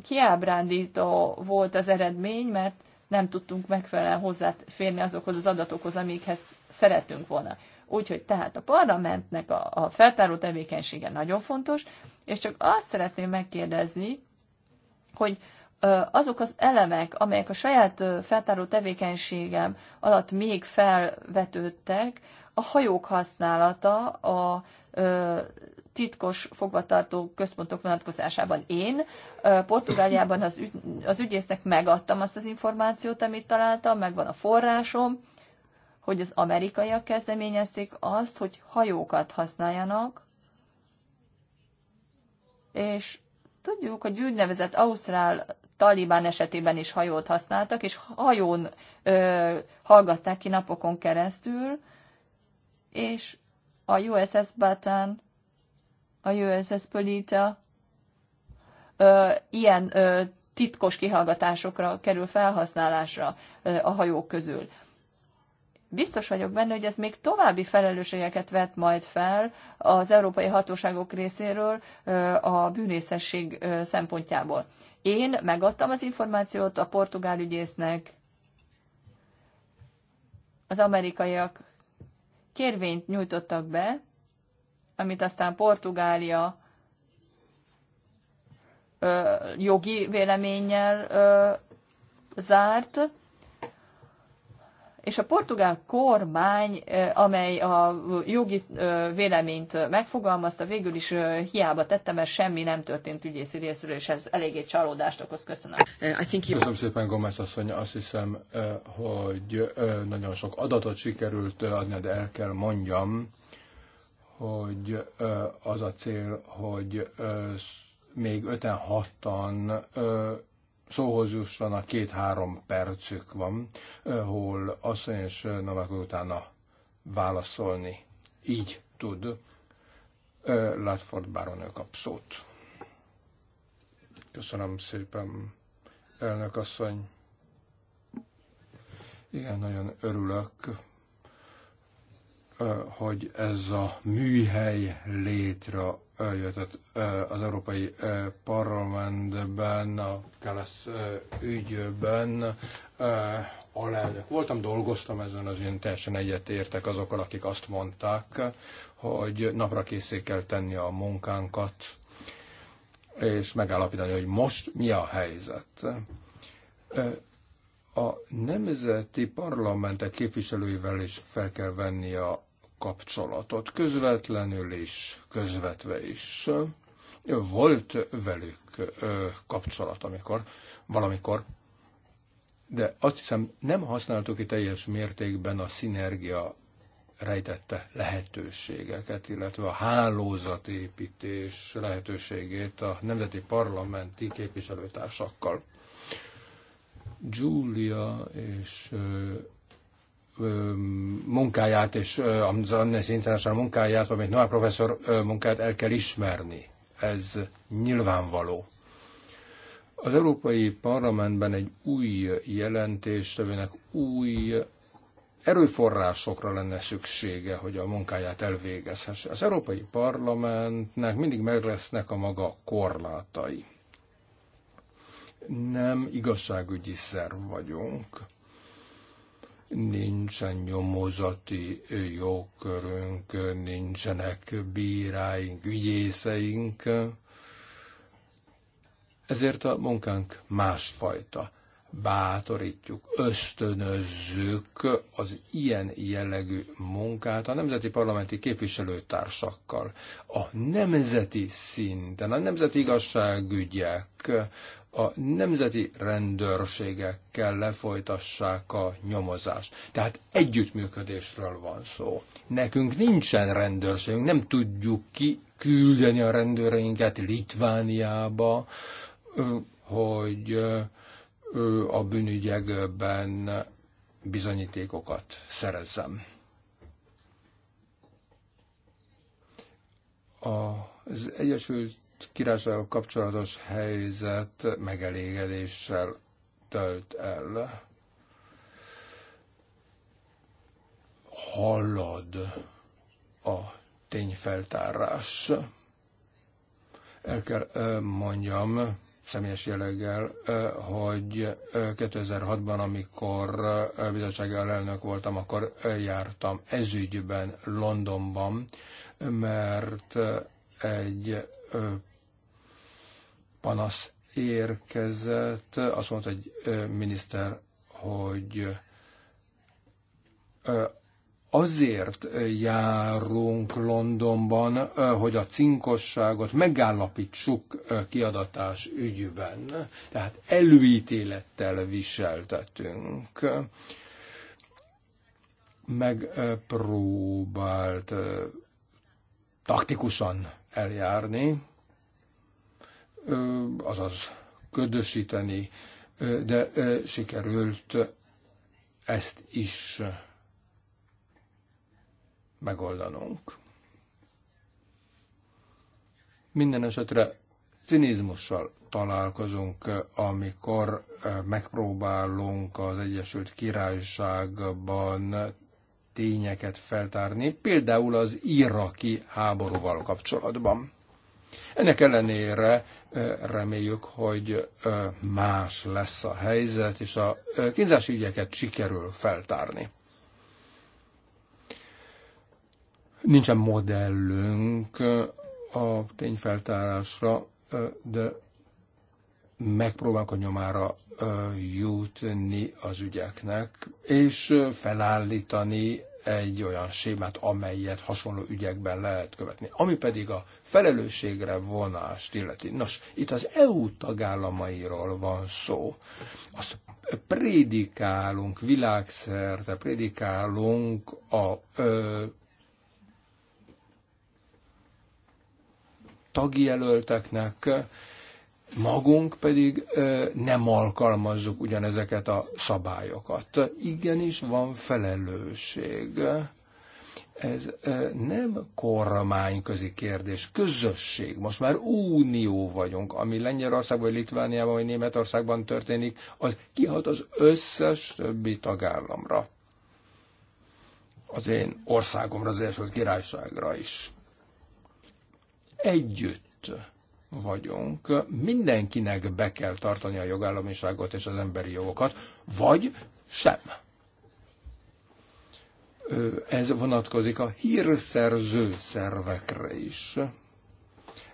Speaker 2: kiábrándító volt az eredmény, mert nem tudtunk megfelelően hozzáférni azokhoz az adatokhoz, amikhez szeretünk volna. Úgyhogy tehát a parlamentnek a, a feltáró tevékenysége nagyon fontos, és csak azt szeretném megkérdezni, hogy azok az elemek, amelyek a saját feltáró tevékenységem alatt még felvetődtek, a hajók használata, a titkos fogvatartó központok vonatkozásában én. Portugáliában az, ügy, az ügyésznek megadtam azt az információt, amit találtam, megvan a forrásom, hogy az amerikaiak kezdeményezték azt, hogy hajókat használjanak, és tudjuk, hogy úgynevezett Ausztrál Talibán esetében is hajót használtak, és hajón ö, hallgatták ki napokon keresztül, és a USS Bataan, a USS Polita ö, ilyen ö, titkos kihallgatásokra kerül felhasználásra ö, a hajók közül biztos vagyok benne, hogy ez még további felelősségeket vet majd fel az európai hatóságok részéről a bűnészesség szempontjából. Én megadtam az információt a portugál ügyésznek, az amerikaiak kérvényt nyújtottak be, amit aztán Portugália jogi véleménnyel zárt, és a portugál kormány, amely a jogi véleményt megfogalmazta, végül is hiába tette, mert semmi nem történt ügyészi részről, és ez eléggé csalódást okoz. Köszönöm.
Speaker 3: Köszönöm szépen, Gomez asszony. Azt hiszem, hogy nagyon sok adatot sikerült adni, de el kell mondjam, hogy az a cél, hogy még 5-6-an szóhoz a két-három percük van, hol asszony és Novák utána válaszolni. Így tud Latford Baronő kap szót. Köszönöm szépen, elnök asszony. Igen, nagyon örülök hogy ez a műhely létre jött az Európai Parlamentben, a Kelesz ügyben alelnök voltam, dolgoztam ezen az én teljesen egyetértek azokkal, akik azt mondták, hogy napra készé kell tenni a munkánkat, és megállapítani, hogy most mi a helyzet. A nemzeti parlamentek képviselőivel is fel kell venni a kapcsolatot, közvetlenül is, közvetve is. Volt velük kapcsolat, amikor, valamikor, de azt hiszem nem használtuk ki teljes mértékben a szinergia rejtette lehetőségeket, illetve a hálózatépítés lehetőségét a nemzeti parlamenti képviselőtársakkal. Julia és munkáját és az Amnesty International munkáját, valamint Noah professzor munkáját el kell ismerni. Ez nyilvánvaló. Az Európai Parlamentben egy új jelentés jelentéstevőnek új erőforrásokra lenne szüksége, hogy a munkáját elvégezhesse. Az Európai Parlamentnek mindig meg lesznek a maga korlátai. Nem igazságügyi szerv vagyunk nincsen nyomozati jogkörünk, nincsenek bíráink, ügyészeink, ezért a munkánk másfajta. Bátorítjuk, ösztönözzük az ilyen jellegű munkát a nemzeti parlamenti képviselőtársakkal, a nemzeti szinten, a nemzeti igazságügyek, a nemzeti rendőrségekkel lefolytassák a nyomozást. Tehát együttműködésről van szó. Nekünk nincsen rendőrségünk, nem tudjuk ki küldeni a rendőreinket Litvániába, hogy a bűnügyekben bizonyítékokat szerezzem. Az Egyesült Királysággal kapcsolatos helyzet megelégedéssel tölt el. Hallad a tényfeltárás. El kell mondjam, személyes jelleggel, hogy 2006-ban, amikor bizottsági alelnök voltam, akkor jártam ezügyben Londonban, mert egy panasz érkezett. Azt mondta egy miniszter, hogy azért járunk Londonban, hogy a cinkosságot megállapítsuk kiadatás ügyben. Tehát előítélettel viseltetünk. Megpróbált taktikusan eljárni, azaz ködösíteni, de sikerült ezt is megoldanunk. Minden esetre cinizmussal találkozunk, amikor megpróbálunk az Egyesült Királyságban tényeket feltárni, például az iraki háborúval kapcsolatban. Ennek ellenére reméljük, hogy más lesz a helyzet, és a kínzási ügyeket sikerül feltárni. Nincsen modellünk a tényfeltárásra, de megpróbálunk a nyomára jutni az ügyeknek, és felállítani egy olyan sémát, amelyet hasonló ügyekben lehet követni. Ami pedig a felelősségre vonást illeti. Nos, itt az EU tagállamairól van szó. Azt prédikálunk világszerte, prédikálunk a ö, tagjelölteknek, magunk pedig nem alkalmazzuk ugyanezeket a szabályokat. Igenis van felelősség. Ez nem kormányközi kérdés, közösség. Most már unió vagyunk, ami Lengyelországban, vagy Litvániában, vagy Németországban történik, az kihat az összes többi tagállamra. Az én országomra, az első királyságra is. Együtt vagyunk, mindenkinek be kell tartani a jogállamiságot és az emberi jogokat, vagy sem. Ez vonatkozik a hírszerző szervekre is.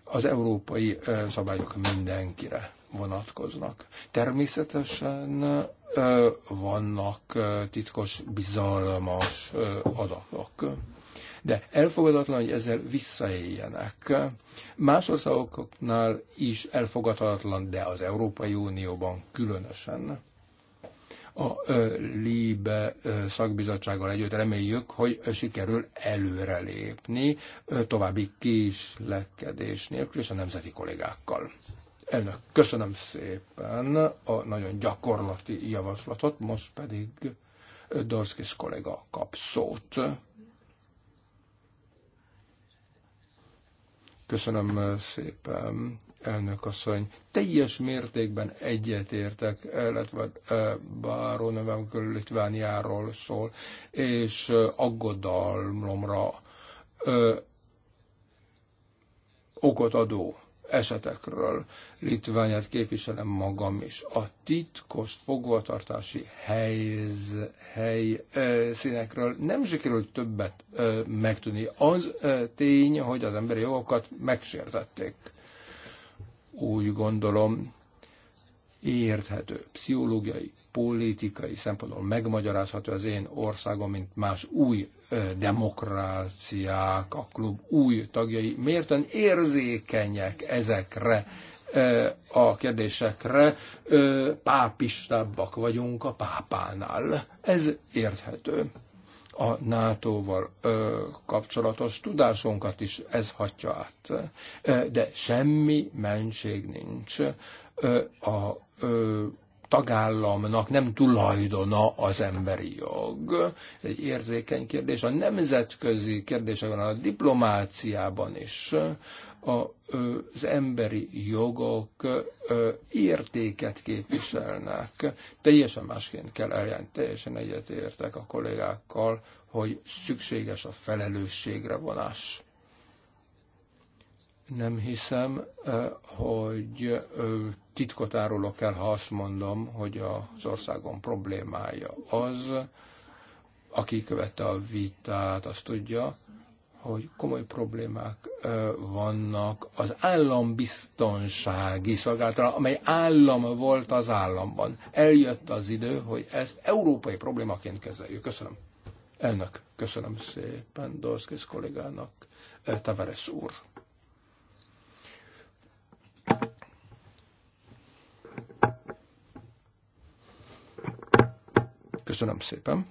Speaker 3: Az európai szabályok mindenkire vonatkoznak. Természetesen vannak titkos, bizalmas adatok de elfogadatlan, hogy ezzel visszaéljenek. Más országoknál is elfogadhatatlan, de az Európai Unióban különösen. A LIBE szakbizottsággal együtt reméljük, hogy sikerül előrelépni további kislekedés nélkül és a nemzeti kollégákkal. Elnök, köszönöm szépen a nagyon gyakorlati javaslatot, most pedig Dorskis kollega kap szót. Köszönöm eh, szépen, elnök asszony. Teljes mértékben egyetértek, illetve eh, Báró nevem Litvániáról szól, és eh, aggodalomra okot adó esetekről. Litványát képviselem magam is. A titkos fogvatartási helyz, hely színekről nem sikerült többet ö, megtudni. Az ö, tény, hogy az emberi jogokat megsértették. Úgy gondolom, érthető pszichológiai politikai szempontból megmagyarázható az én országom, mint más új demokráciák, a klub új tagjai olyan érzékenyek ezekre a kérdésekre, pápistábbak vagyunk a pápánál. Ez érthető. A NATO-val kapcsolatos tudásunkat is ez hatja át. De semmi mentség nincs a tagállamnak nem tulajdona az emberi jog. Ez egy érzékeny kérdés. A nemzetközi kérdésekben, a diplomáciában is az emberi jogok értéket képviselnek. Teljesen másként kell eljárni, teljesen egyetértek a kollégákkal, hogy szükséges a felelősségre vonás nem hiszem, eh, hogy eh, titkot árulok el, ha azt mondom, hogy az országon problémája az, aki követte a vitát, azt tudja, hogy komoly problémák eh, vannak az állambiztonsági szolgálatra, amely állam volt az államban. Eljött az idő, hogy ezt európai problémaként kezeljük. Köszönöm. Elnök, köszönöm szépen Dorszkész kollégának, Tavares úr. Köszönöm szépen.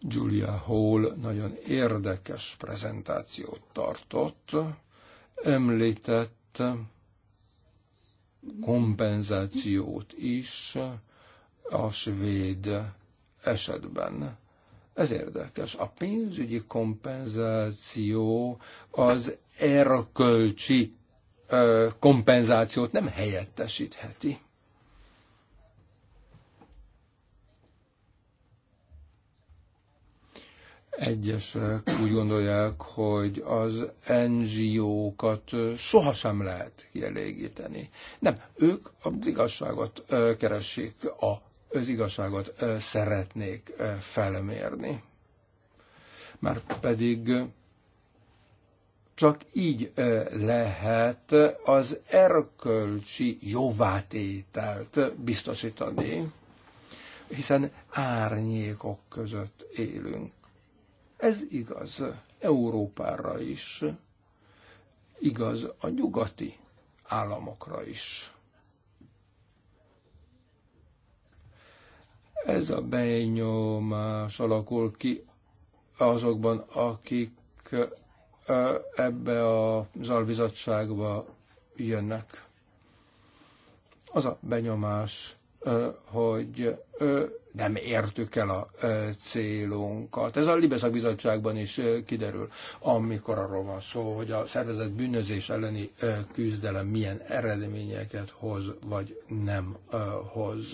Speaker 3: Julia Hall nagyon érdekes prezentációt tartott, említett kompenzációt is a svéd esetben. Ez érdekes. A pénzügyi kompenzáció az erkölcsi kompenzációt nem helyettesítheti. Egyesek úgy gondolják, hogy az NGO-kat sohasem lehet kielégíteni. Nem, ők az igazságot keresik, az igazságot szeretnék felmérni. mert pedig csak így lehet az erkölcsi jóvátételt biztosítani, hiszen árnyékok között élünk. Ez igaz Európára is, igaz a nyugati államokra is. Ez a benyomás alakul ki azokban, akik ebbe a zalbizottságba jönnek. Az a benyomás, hogy nem értük el a célunkat. Ez a Libeszak Bizottságban is kiderül, amikor arról van szó, hogy a szervezet bűnözés elleni küzdelem milyen eredményeket hoz, vagy nem hoz.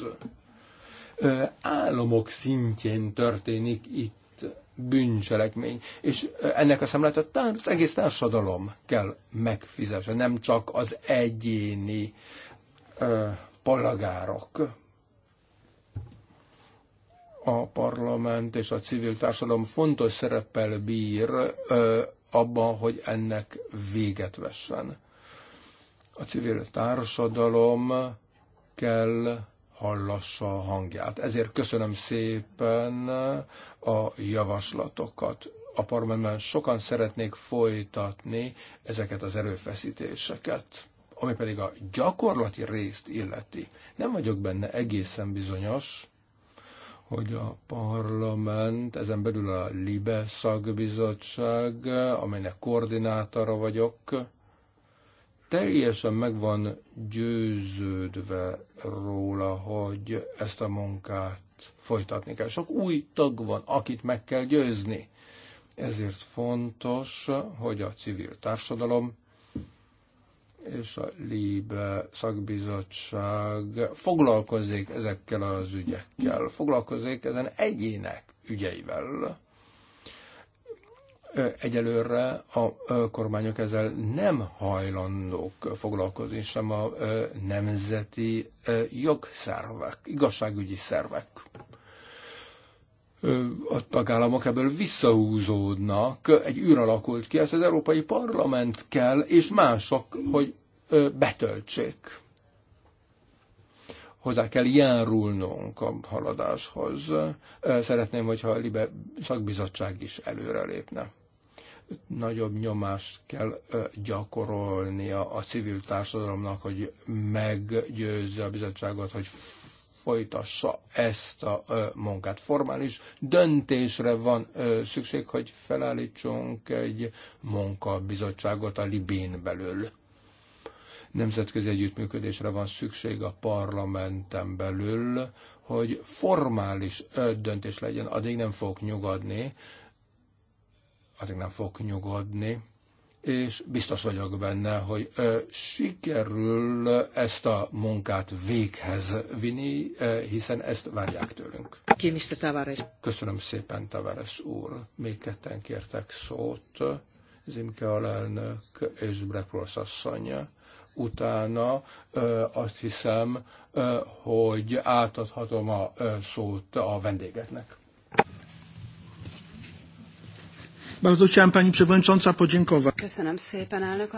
Speaker 3: Álomok szintjén történik itt bűncselekmény, és ennek a szemletet az egész társadalom kell megfizesse, nem csak az egyéni ö, polgárok a parlament és a civil társadalom fontos szereppel bír abban, hogy ennek véget vessen. A civil társadalom kell hallassa a hangját. Ezért köszönöm szépen a javaslatokat. A parlamentben sokan szeretnék folytatni ezeket az erőfeszítéseket. Ami pedig a gyakorlati részt illeti. Nem vagyok benne egészen bizonyos, hogy a parlament, ezen belül a LIBE szakbizottság, amelynek koordinátora vagyok, teljesen meg van győződve róla, hogy ezt a munkát folytatni kell. Sok új tag van, akit meg kell győzni. Ezért fontos, hogy a civil társadalom és a LIBE szakbizottság foglalkozik ezekkel az ügyekkel, foglalkozik ezen egyének ügyeivel. Egyelőre a kormányok ezzel nem hajlandók foglalkozni, sem a nemzeti jogszervek, igazságügyi szervek a tagállamok ebből visszahúzódnak, egy űr alakult ki, ezt az Európai Parlament kell, és mások, hogy betöltsék. Hozzá kell járulnunk a haladáshoz. Szeretném, hogyha a Libe szakbizottság is előrelépne. Nagyobb nyomást kell gyakorolnia a civil társadalomnak, hogy meggyőzze a bizottságot, hogy folytassa ezt a munkát. Formális döntésre van szükség, hogy felállítsunk egy munkabizottságot a Libén belül nemzetközi együttműködésre van szükség a parlamenten belül, hogy formális döntés legyen, addig nem fogok nyugodni, addig nem fogok nyugodni, és biztos vagyok benne, hogy sikerül ezt a munkát véghez vinni, hiszen ezt várják tőlünk. Köszönöm szépen, Tavares úr. Még ketten kértek szót. Zimke alelnök és Breprosz asszonya. Utána azt hiszem, hogy átadhatom a szót a vendégeknek. Bardzo chciałem pani przewodnicząca podziękować.
Speaker 1: Köszönöm szépen,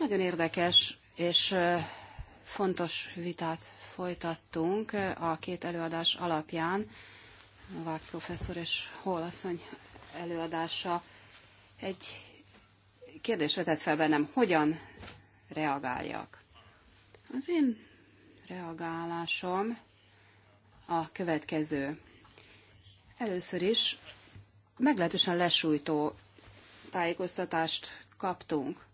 Speaker 1: Nagyon érdekes és fontos vitát folytattunk a két előadás alapján. Novák professzor és Hol asszony előadása egy kérdés vetett fel bennem, hogyan reagáljak. Az én reagálásom a következő. Először is meglehetősen lesújtó tájékoztatást kaptunk.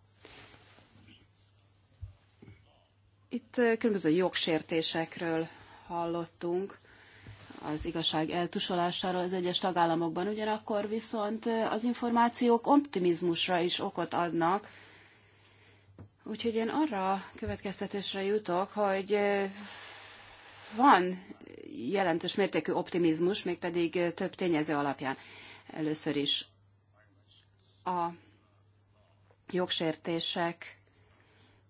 Speaker 1: Itt eh, különböző jogsértésekről hallottunk, az igazság eltusolásáról az egyes tagállamokban, ugyanakkor viszont eh, az információk optimizmusra is okot adnak, Úgyhogy én arra következtetésre jutok, hogy eh, van jelentős mértékű optimizmus, mégpedig több tényező alapján. Először is a jogsértések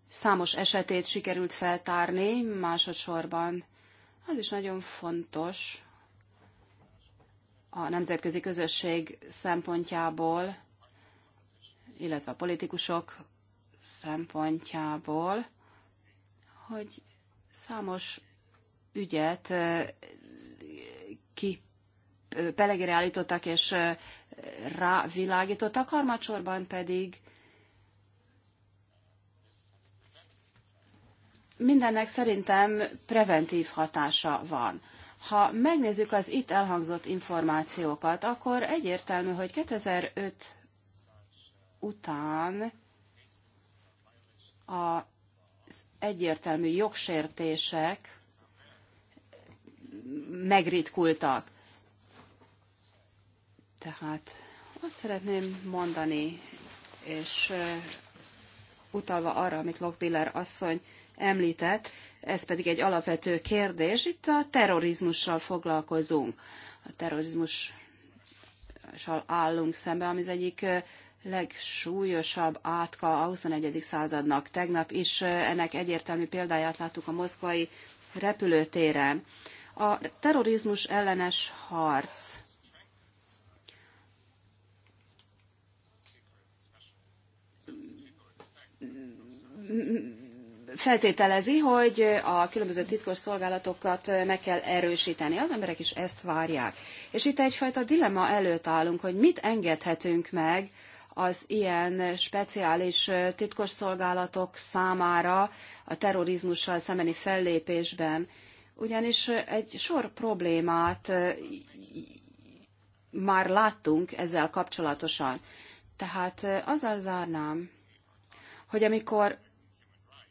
Speaker 1: számos esetét sikerült feltárni, másodszorban az is nagyon fontos a nemzetközi közösség szempontjából, illetve a politikusok szempontjából, hogy számos ügyet ki pelegére állítottak és rávilágítottak, harmadsorban pedig mindennek szerintem preventív hatása van. Ha megnézzük az itt elhangzott információkat, akkor egyértelmű, hogy 2005 után az egyértelmű jogsértések megritkultak. Tehát azt szeretném mondani, és utalva arra, amit Lockbiller asszony említett, ez pedig egy alapvető kérdés, itt a terrorizmussal foglalkozunk. A terrorizmussal állunk szembe, ami az egyik legsúlyosabb átka a XXI. századnak. Tegnap is ennek egyértelmű példáját láttuk a moszkvai repülőtéren. A terrorizmus ellenes harc. feltételezi, hogy a különböző titkos szolgálatokat meg kell erősíteni. Az emberek is ezt várják. És itt egyfajta dilema előtt állunk, hogy mit engedhetünk meg az ilyen speciális titkos szolgálatok számára a terrorizmussal szembeni fellépésben ugyanis egy sor problémát már láttunk ezzel kapcsolatosan. Tehát azzal zárnám, hogy amikor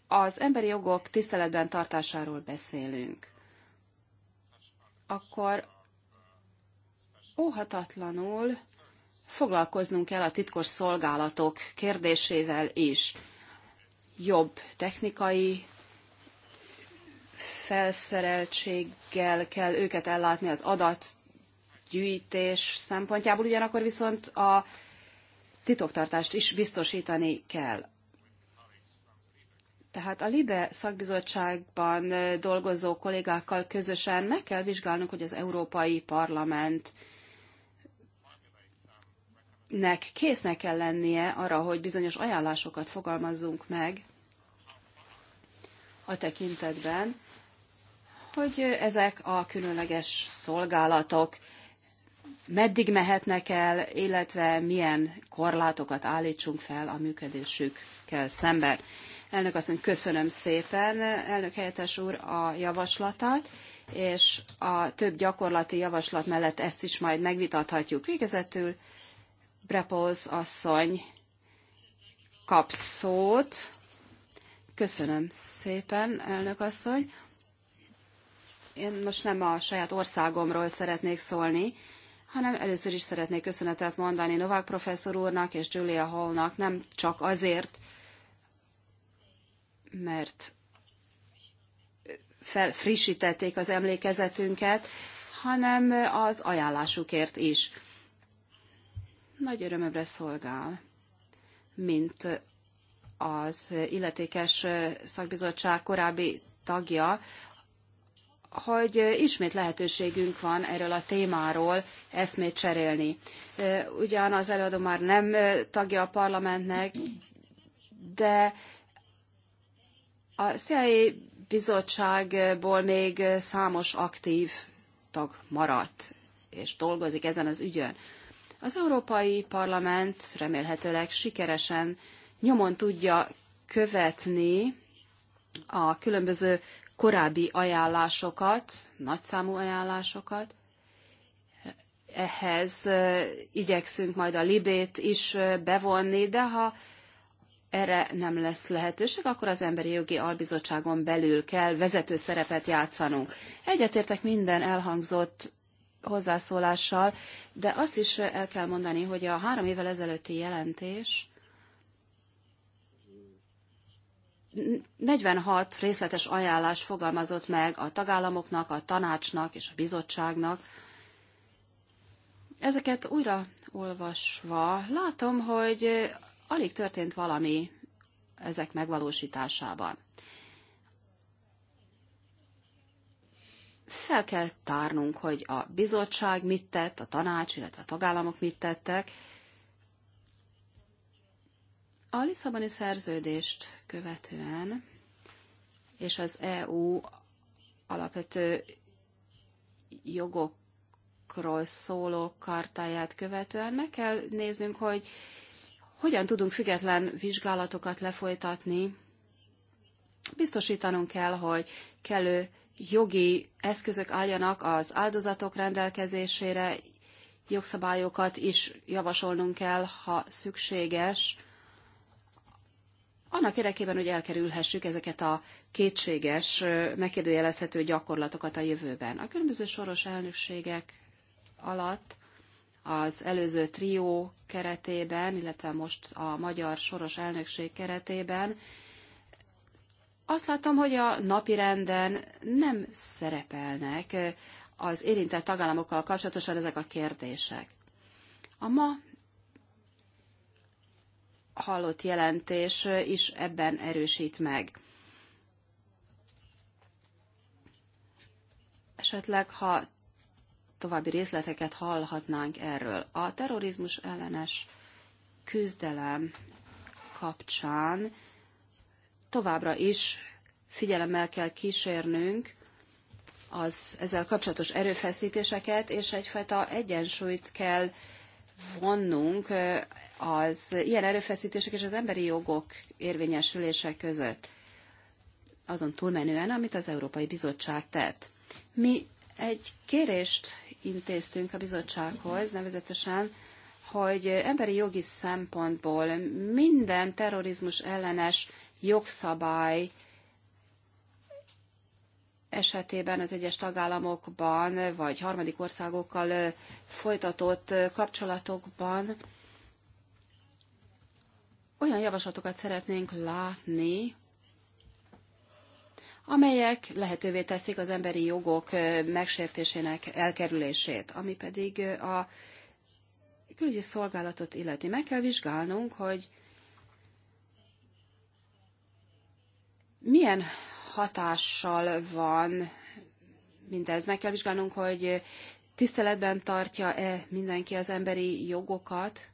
Speaker 1: az emberi jogok tiszteletben tartásáról beszélünk, akkor óhatatlanul foglalkoznunk kell a titkos szolgálatok kérdésével is. Jobb technikai felszereltséggel kell őket ellátni az adatgyűjtés szempontjából, ugyanakkor viszont a titoktartást is biztosítani kell. Tehát a LIBE szakbizottságban dolgozó kollégákkal közösen meg kell vizsgálnunk, hogy az Európai Parlament nek késznek kell lennie arra, hogy bizonyos ajánlásokat fogalmazzunk meg a tekintetben, hogy ezek a különleges szolgálatok meddig mehetnek el, illetve milyen korlátokat állítsunk fel a működésükkel szemben. Elnök asszony, köszönöm szépen, elnök helyettes úr, a javaslatát, és a több gyakorlati javaslat mellett ezt is majd megvitathatjuk. Végezetül Brepolz asszony kap szót. Köszönöm szépen, elnök asszony. Én most nem a saját országomról szeretnék szólni, hanem először is szeretnék köszönetet mondani Novák professzor úrnak és Julia Hallnak, nem csak azért, mert felfrissítették az emlékezetünket, hanem az ajánlásukért is. Nagy örömömre szolgál, mint az illetékes szakbizottság korábbi tagja, hogy ismét lehetőségünk van erről a témáról eszmét cserélni. Ugyan az előadó már nem tagja a parlamentnek, de a CIA bizottságból még számos aktív tag maradt, és dolgozik ezen az ügyön. Az Európai Parlament remélhetőleg sikeresen nyomon tudja követni a különböző korábbi ajánlásokat, nagyszámú ajánlásokat. Ehhez igyekszünk majd a libét is bevonni, de ha erre nem lesz lehetőség, akkor az Emberi Jogi Albizottságon belül kell vezető szerepet játszanunk. Egyetértek minden elhangzott hozzászólással, de azt is el kell mondani, hogy a három évvel ezelőtti jelentés 46 részletes ajánlást fogalmazott meg a tagállamoknak, a tanácsnak és a bizottságnak. Ezeket újra olvasva látom, hogy alig történt valami ezek megvalósításában. Fel kell tárnunk, hogy a bizottság mit tett, a tanács, illetve a tagállamok mit tettek, a Lisszaboni szerződést követően és az EU alapvető jogokról szóló kartáját követően meg kell néznünk, hogy hogyan tudunk független vizsgálatokat lefolytatni. Biztosítanunk kell, hogy kellő jogi eszközök álljanak az áldozatok rendelkezésére, jogszabályokat is javasolnunk kell, ha szükséges annak érdekében, hogy elkerülhessük ezeket a kétséges, megkérdőjelezhető gyakorlatokat a jövőben. A különböző soros elnökségek alatt az előző trió keretében, illetve most a magyar soros elnökség keretében azt látom, hogy a renden nem szerepelnek az érintett tagállamokkal kapcsolatosan ezek a kérdések. A ma hallott jelentés is ebben erősít meg. Esetleg, ha további részleteket hallhatnánk erről. A terrorizmus ellenes küzdelem kapcsán továbbra is figyelemmel kell kísérnünk az ezzel kapcsolatos erőfeszítéseket, és egyfajta egyensúlyt kell vonnunk az ilyen erőfeszítések és az emberi jogok érvényesülése között, azon túlmenően, amit az Európai Bizottság tett. Mi egy kérést intéztünk a bizottsághoz, nevezetesen, hogy emberi jogi szempontból minden terrorizmus ellenes jogszabály esetében az egyes tagállamokban vagy harmadik országokkal folytatott kapcsolatokban olyan javaslatokat szeretnénk látni, amelyek lehetővé teszik az emberi jogok megsértésének elkerülését, ami pedig a külügyi szolgálatot illeti. Meg kell vizsgálnunk, hogy milyen hatással van mindez. Meg kell vizsgálnunk, hogy tiszteletben tartja-e mindenki az emberi jogokat,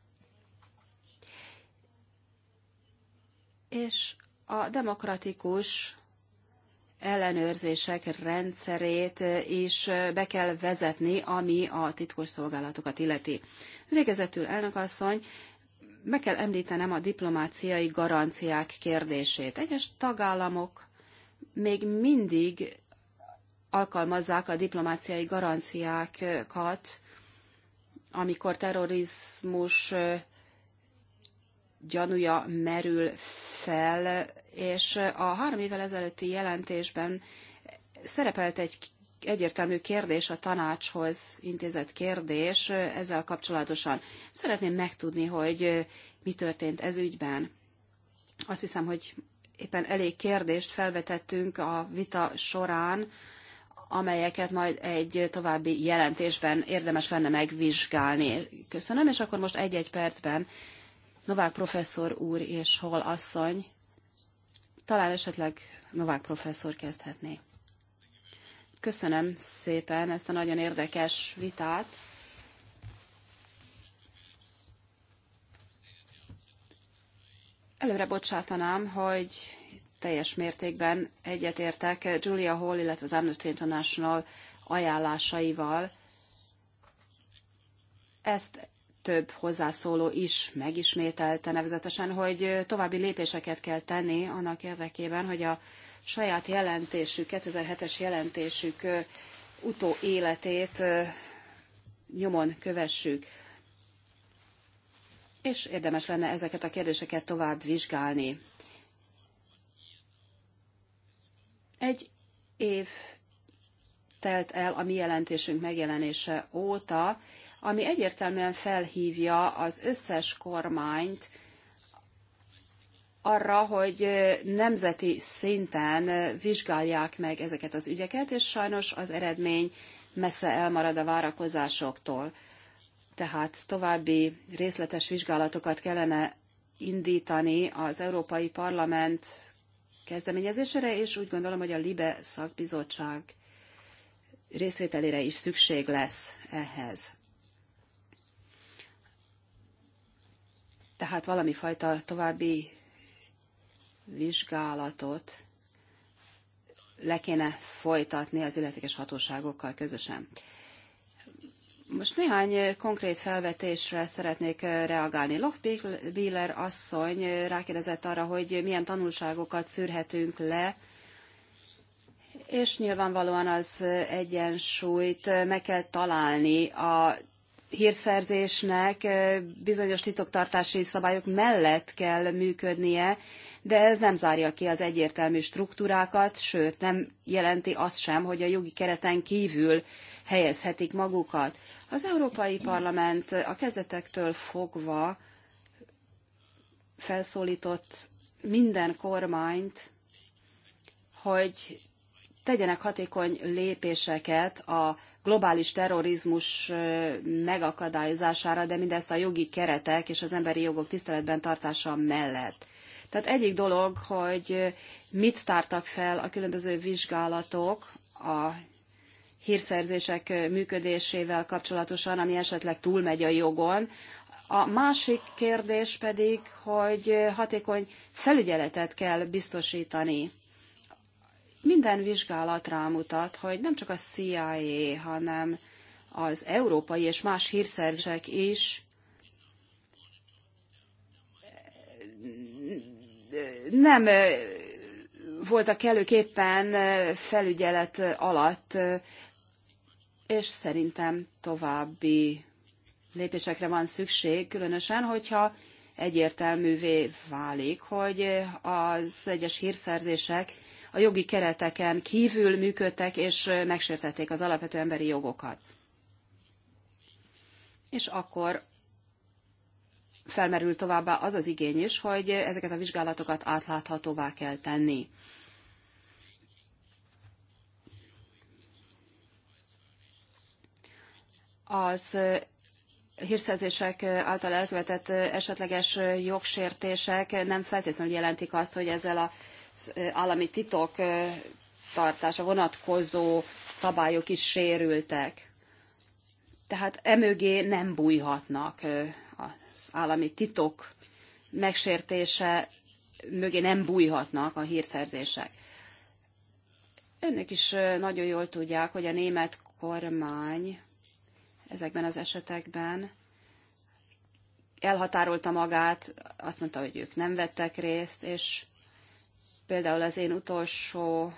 Speaker 1: és a demokratikus ellenőrzések rendszerét is be kell vezetni, ami a titkos szolgálatokat illeti. Végezetül, elnökasszony, meg kell említenem a diplomáciai garanciák kérdését. Egyes tagállamok még mindig alkalmazzák a diplomáciai garanciákat, amikor terrorizmus gyanúja merül fel, és a három évvel ezelőtti jelentésben szerepelt egy egyértelmű kérdés a tanácshoz intézett kérdés ezzel kapcsolatosan. Szeretném megtudni, hogy mi történt ez ügyben. Azt hiszem, hogy éppen elég kérdést felvetettünk a vita során, amelyeket majd egy további jelentésben érdemes lenne megvizsgálni. Köszönöm, és akkor most egy-egy percben Novák professzor úr és Hol asszony, talán esetleg Novák professzor kezdhetné. Köszönöm szépen ezt a nagyon érdekes vitát. Előre bocsátanám, hogy teljes mértékben egyetértek Julia Hall, illetve az Amnesty International ajánlásaival. Ezt több hozzászóló is megismételte nevezetesen, hogy további lépéseket kell tenni annak érdekében, hogy a saját jelentésük, 2007-es jelentésük utóéletét nyomon kövessük és érdemes lenne ezeket a kérdéseket tovább vizsgálni. Egy év telt el a mi jelentésünk megjelenése óta, ami egyértelműen felhívja az összes kormányt arra, hogy nemzeti szinten vizsgálják meg ezeket az ügyeket, és sajnos az eredmény messze elmarad a várakozásoktól tehát további részletes vizsgálatokat kellene indítani az Európai Parlament kezdeményezésére, és úgy gondolom, hogy a LIBE szakbizottság részvételére is szükség lesz ehhez. Tehát valami fajta további vizsgálatot le kéne folytatni az illetékes hatóságokkal közösen. Most néhány konkrét felvetésre szeretnék reagálni. Lochbiller asszony rákérdezett arra, hogy milyen tanulságokat szűrhetünk le, és nyilvánvalóan az egyensúlyt meg kell találni a hírszerzésnek bizonyos titoktartási szabályok mellett kell működnie, de ez nem zárja ki az egyértelmű struktúrákat, sőt nem jelenti azt sem, hogy a jogi kereten kívül helyezhetik magukat. Az Európai Parlament a kezdetektől fogva felszólított minden kormányt, hogy tegyenek hatékony lépéseket a globális terrorizmus megakadályozására, de mindezt a jogi keretek és az emberi jogok tiszteletben tartása mellett. Tehát egyik dolog, hogy mit tártak fel a különböző vizsgálatok a hírszerzések működésével kapcsolatosan, ami esetleg túlmegy a jogon. A másik kérdés pedig, hogy hatékony felügyeletet kell biztosítani minden vizsgálat rámutat, hogy nem csak a CIA, hanem az európai és más hírszerzések is nem voltak előképpen felügyelet alatt, és szerintem további lépésekre van szükség, különösen, hogyha egyértelművé válik, hogy az egyes hírszerzések a jogi kereteken kívül működtek, és megsértették az alapvető emberi jogokat. És akkor felmerül továbbá az az igény is, hogy ezeket a vizsgálatokat átláthatóvá kell tenni. Az hírszerzések által elkövetett esetleges jogsértések nem feltétlenül jelentik azt, hogy ezzel a állami titok tartása vonatkozó szabályok is sérültek. Tehát emögé nem bújhatnak az állami titok megsértése mögé nem bújhatnak a hírszerzések. Önök is nagyon jól tudják, hogy a német kormány ezekben az esetekben elhatárolta magát, azt mondta, hogy ők nem vettek részt, és Például az én utolsó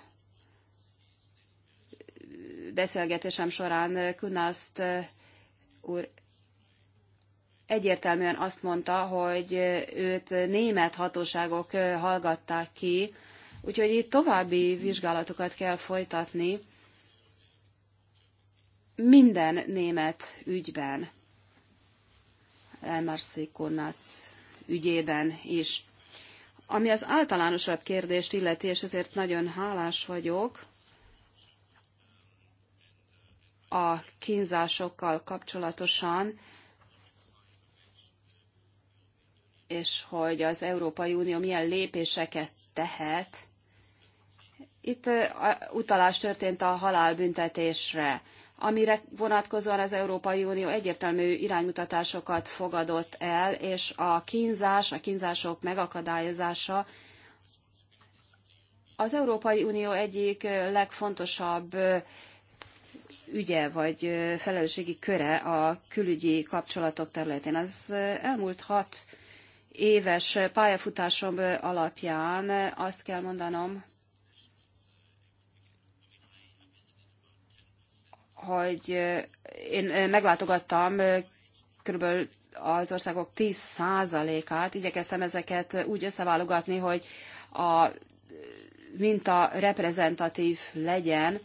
Speaker 1: beszélgetésem során Kunaszt úr egyértelműen azt mondta, hogy őt német hatóságok hallgatták ki, úgyhogy itt további vizsgálatokat kell folytatni minden német ügyben, Elmarsi Kornác ügyében is. Ami az általánosabb kérdést illeti, és ezért nagyon hálás vagyok, a kínzásokkal kapcsolatosan, és hogy az Európai Unió milyen lépéseket tehet. Itt utalás történt a halálbüntetésre amire vonatkozóan az Európai Unió egyértelmű iránymutatásokat fogadott el, és a kínzás, a kínzások megakadályozása az Európai Unió egyik legfontosabb ügye vagy felelősségi köre a külügyi kapcsolatok területén. Az elmúlt hat éves pályafutásom alapján azt kell mondanom, hogy én meglátogattam körülbelül az országok 10%-át, igyekeztem ezeket úgy összeválogatni, hogy a minta reprezentatív legyen.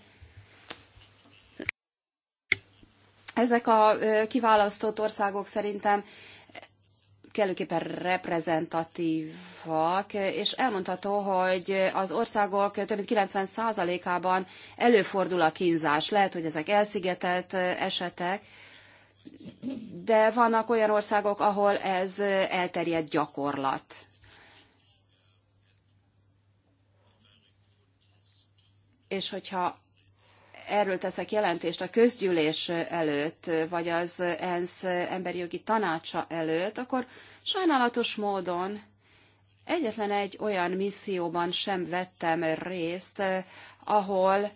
Speaker 1: Ezek a kiválasztott országok szerintem kellőképpen reprezentatívak, és elmondható, hogy az országok több mint 90%-ában előfordul a kínzás. Lehet, hogy ezek elszigetelt esetek, de vannak olyan országok, ahol ez elterjedt gyakorlat. És hogyha erről teszek jelentést a közgyűlés előtt, vagy az ENSZ emberi jogi tanácsa előtt, akkor sajnálatos módon egyetlen egy olyan misszióban sem vettem részt, ahol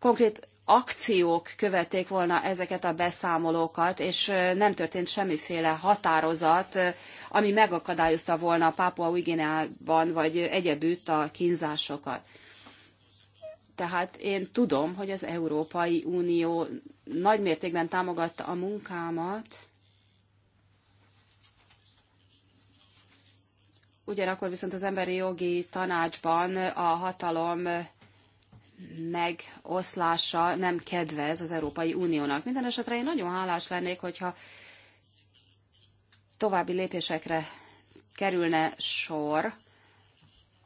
Speaker 1: konkrét akciók követték volna ezeket a beszámolókat, és nem történt semmiféle határozat, ami megakadályozta volna Pápua Ugineában vagy egyebütt a kínzásokat. Tehát én tudom, hogy az Európai Unió nagy mértékben támogatta a munkámat, ugyanakkor viszont az emberi jogi tanácsban a hatalom megoszlása nem kedvez az Európai Uniónak. Minden esetre én nagyon hálás lennék, hogyha további lépésekre kerülne sor,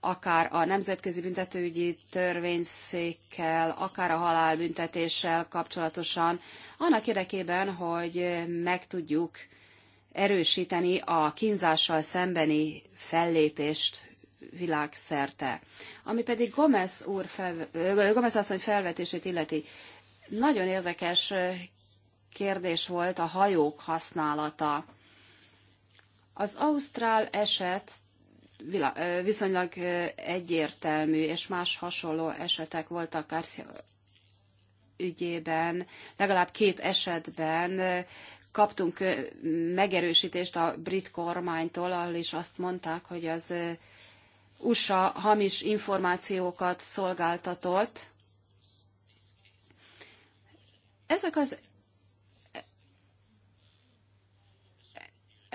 Speaker 1: akár a Nemzetközi Büntetőügyi Törvényszékkel, akár a halálbüntetéssel kapcsolatosan, annak érdekében, hogy meg tudjuk erősíteni a kínzással szembeni fellépést világszerte. Ami pedig Gomez, úr fel, Gomez asszony felvetését illeti, nagyon érdekes kérdés volt a hajók használata. Az Ausztrál eset viszonylag egyértelmű, és más hasonló esetek voltak Garcia ügyében. Legalább két esetben kaptunk megerősítést a brit kormánytól, ahol is azt mondták, hogy az USA hamis információkat szolgáltatott. Ezek az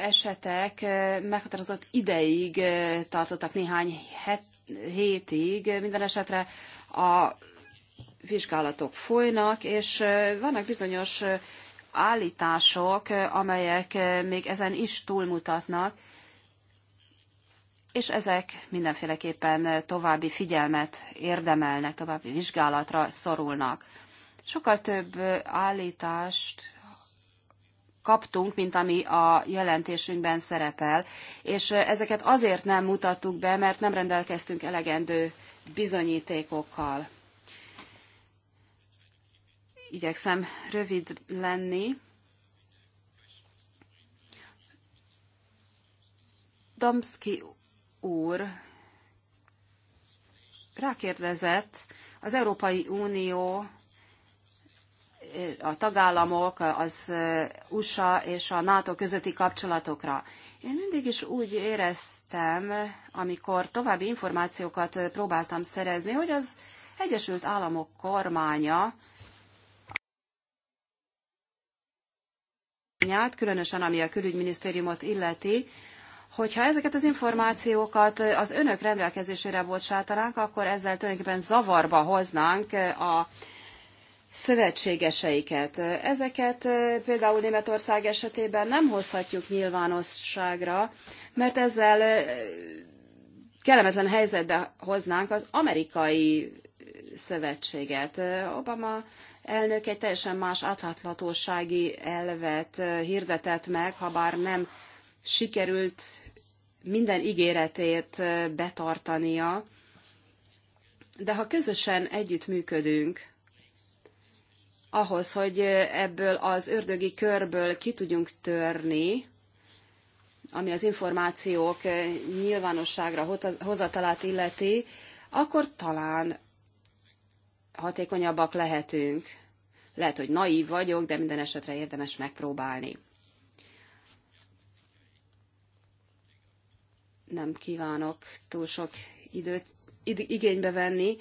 Speaker 1: esetek meghatározott ideig tartottak néhány het, hétig, minden esetre a vizsgálatok folynak, és vannak bizonyos állítások, amelyek még ezen is túlmutatnak, és ezek mindenféleképpen további figyelmet érdemelnek, további vizsgálatra szorulnak. Sokkal több állítást kaptunk, mint ami a jelentésünkben szerepel, és ezeket azért nem mutattuk be, mert nem rendelkeztünk elegendő bizonyítékokkal. Igyekszem rövid lenni. Domszki úr rákérdezett az Európai Unió a tagállamok, az USA és a NATO közötti kapcsolatokra. Én mindig is úgy éreztem, amikor további információkat próbáltam szerezni, hogy az Egyesült Államok kormánya különösen ami a külügyminisztériumot illeti, hogyha ezeket az információkat az önök rendelkezésére bocsátanánk, akkor ezzel tulajdonképpen zavarba hoznánk a szövetségeseiket. Ezeket például Németország esetében nem hozhatjuk nyilvánosságra, mert ezzel kellemetlen helyzetbe hoznánk az amerikai szövetséget. Obama elnök egy teljesen más átláthatósági elvet hirdetett meg, ha bár nem sikerült minden ígéretét betartania. De ha közösen együttműködünk, ahhoz, hogy ebből az ördögi körből ki tudjunk törni, ami az információk nyilvánosságra hozatalát illeti, akkor talán hatékonyabbak lehetünk. Lehet, hogy naív vagyok, de minden esetre érdemes megpróbálni. Nem kívánok túl sok időt igénybe venni,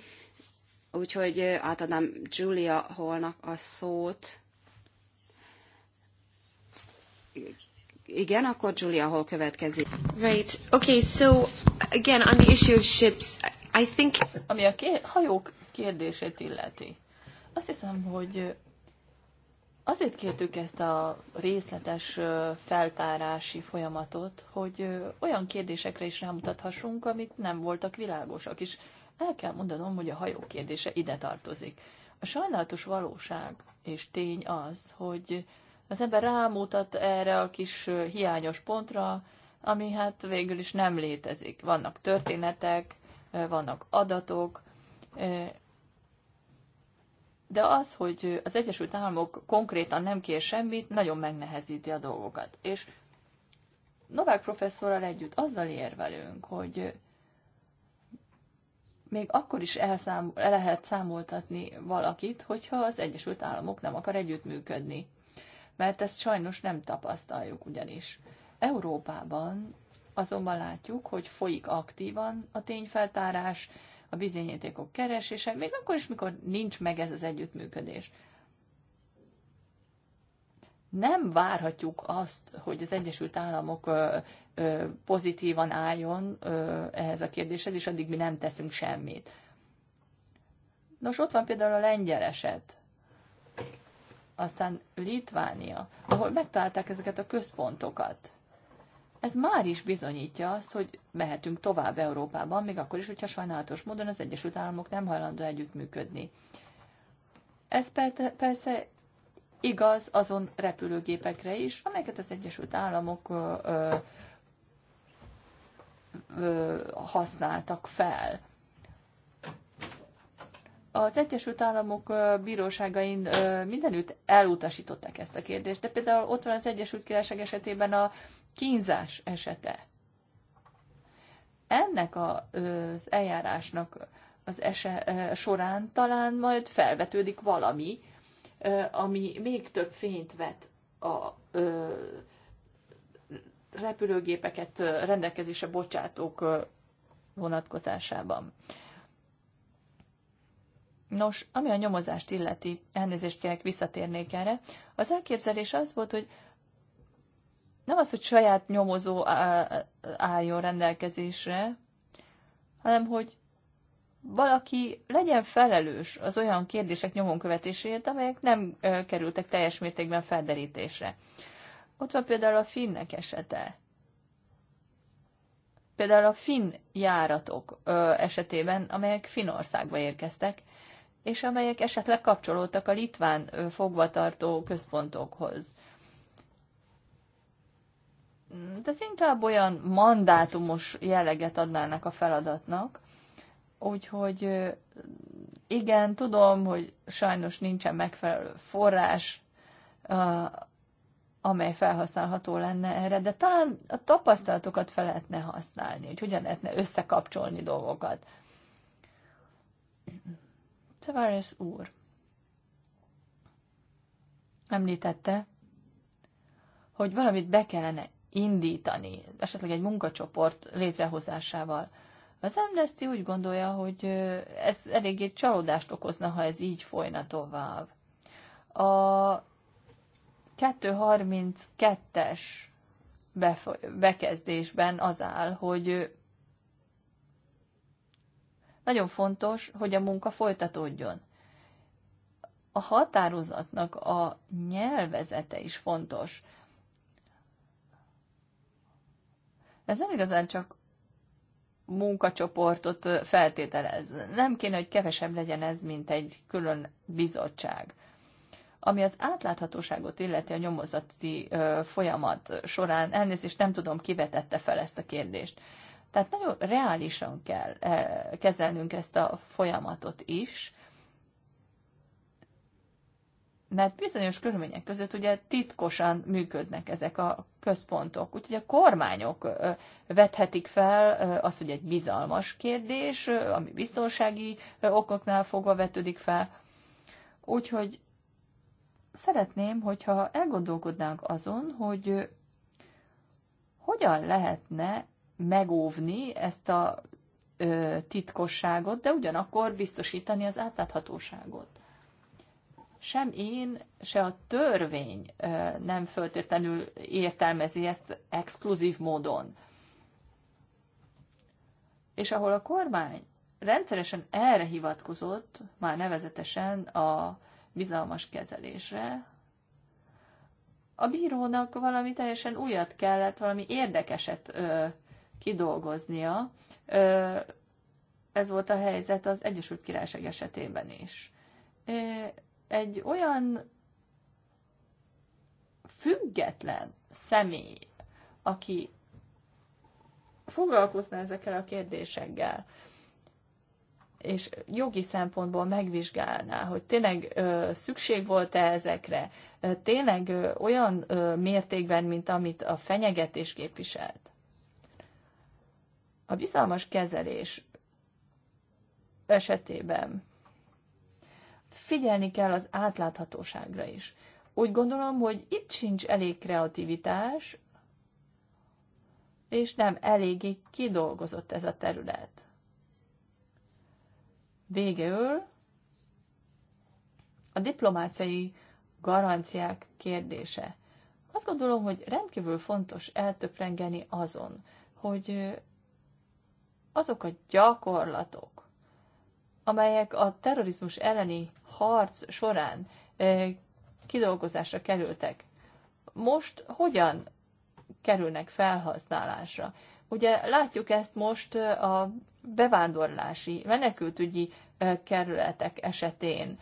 Speaker 1: Úgyhogy átadnám Julia Holnak a szót. Igen, akkor Julia hol következik. Right. Okay, so again on the issue of ships, I think... Ami a
Speaker 2: hajók kérdését illeti. Azt hiszem, hogy azért kértük ezt a részletes feltárási folyamatot, hogy olyan kérdésekre is rámutathassunk, amik nem voltak világosak, és el kell mondanom, hogy a hajó kérdése ide tartozik. A sajnálatos valóság és tény az, hogy az ember rámutat erre a kis hiányos pontra, ami hát végül is nem létezik. Vannak történetek, vannak adatok, de az, hogy az Egyesült Államok konkrétan nem kér semmit, nagyon megnehezíti a dolgokat. És Novák professzorral együtt azzal érvelünk, hogy még akkor is elszám, el lehet számoltatni valakit, hogyha az Egyesült Államok nem akar együttműködni. Mert ezt sajnos nem tapasztaljuk ugyanis. Európában azonban látjuk, hogy folyik aktívan a tényfeltárás, a bizonyítékok keresése, még akkor is, mikor nincs meg ez az együttműködés nem várhatjuk azt, hogy az Egyesült Államok pozitívan álljon ehhez a kérdéshez, és addig mi nem teszünk semmit. Nos, ott van például a lengyel eset, aztán Litvánia, ahol megtalálták ezeket a központokat. Ez már is bizonyítja azt, hogy mehetünk tovább Európában, még akkor is, hogyha sajnálatos módon az Egyesült Államok nem hajlandó együttműködni. Ez persze igaz azon repülőgépekre is, amelyeket az Egyesült Államok ö, ö, ö, használtak fel. Az Egyesült Államok bíróságain mindenütt elutasították ezt a kérdést, de például ott van az Egyesült Királyság esetében a kínzás esete. Ennek a, az eljárásnak az ese, során talán majd felvetődik valami, ami még több fényt vet a repülőgépeket rendelkezésre bocsátók vonatkozásában. Nos, ami a nyomozást illeti, elnézést kérek, visszatérnék erre. Az elképzelés az volt, hogy nem az, hogy saját nyomozó álljon rendelkezésre, hanem hogy valaki legyen felelős az olyan kérdések nyomon követéséért, amelyek nem kerültek teljes mértékben felderítésre. Ott van például a finnek esete. Például a finn járatok ö, esetében, amelyek Finországba érkeztek, és amelyek esetleg kapcsolódtak a litván ö, fogvatartó központokhoz. De ez inkább olyan mandátumos jelleget adnának a feladatnak, Úgyhogy igen, tudom, hogy sajnos nincsen megfelelő forrás, amely felhasználható lenne erre, de talán a tapasztalatokat fel lehetne használni, hogy hogyan lehetne összekapcsolni dolgokat. Tavares úr említette, hogy valamit be kellene indítani, esetleg egy munkacsoport létrehozásával – az Amnesty úgy gondolja, hogy ez eléggé csalódást okozna, ha ez így folyna tovább. A 232-es bekezdésben az áll, hogy nagyon fontos, hogy a munka folytatódjon. A határozatnak a nyelvezete is fontos. Ez nem igazán csak munkacsoportot feltételez. Nem kéne, hogy kevesebb legyen ez, mint egy külön bizottság. Ami az átláthatóságot illeti a nyomozati ö, folyamat során, elnézést nem tudom, kivetette fel ezt a kérdést. Tehát nagyon reálisan kell kezelnünk ezt a folyamatot is, mert bizonyos körülmények között ugye titkosan működnek ezek a központok. Úgyhogy a kormányok vethetik fel azt, hogy egy bizalmas kérdés, ami biztonsági okoknál fogva vetődik fel. Úgyhogy szeretném, hogyha elgondolkodnánk azon, hogy hogyan lehetne megóvni ezt a titkosságot, de ugyanakkor biztosítani az átláthatóságot sem én, se a törvény nem föltétlenül értelmezi ezt exkluzív módon. És ahol a kormány rendszeresen erre hivatkozott, már nevezetesen a bizalmas kezelésre, a bírónak valami teljesen újat kellett, valami érdekeset ö, kidolgoznia. Ö, ez volt a helyzet az Egyesült Királyság esetében is egy olyan független személy, aki foglalkozna ezekkel a kérdésekkel, és jogi szempontból megvizsgálná, hogy tényleg ö, szükség volt-e ezekre, ö, tényleg ö, olyan ö, mértékben, mint amit a fenyegetés képviselt. A bizalmas kezelés esetében figyelni kell az átláthatóságra is. Úgy gondolom, hogy itt sincs elég kreativitás, és nem eléggé kidolgozott ez a terület. Végül a diplomáciai garanciák kérdése. Azt gondolom, hogy rendkívül fontos eltöprengeni azon, hogy azok a gyakorlatok, amelyek a terrorizmus elleni harc során kidolgozásra kerültek, most hogyan kerülnek felhasználásra? Ugye látjuk ezt most a bevándorlási, menekültügyi kerületek esetén,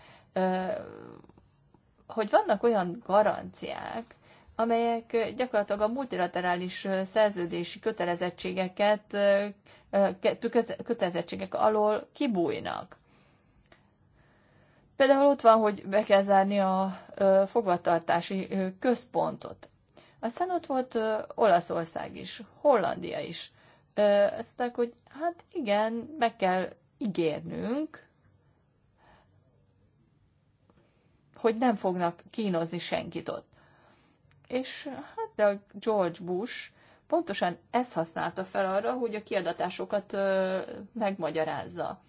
Speaker 2: hogy vannak olyan garanciák, amelyek gyakorlatilag a multilaterális szerződési kötelezettségeket, kötelezettségek alól kibújnak. Például ott van, hogy be kell zárni a fogvatartási központot. Aztán ott volt Olaszország is, Hollandia is. Azt mondták, hogy hát igen, meg kell ígérnünk, hogy nem fognak kínozni senkit ott. És hát de George Bush pontosan ezt használta fel arra, hogy a kiadatásokat megmagyarázza.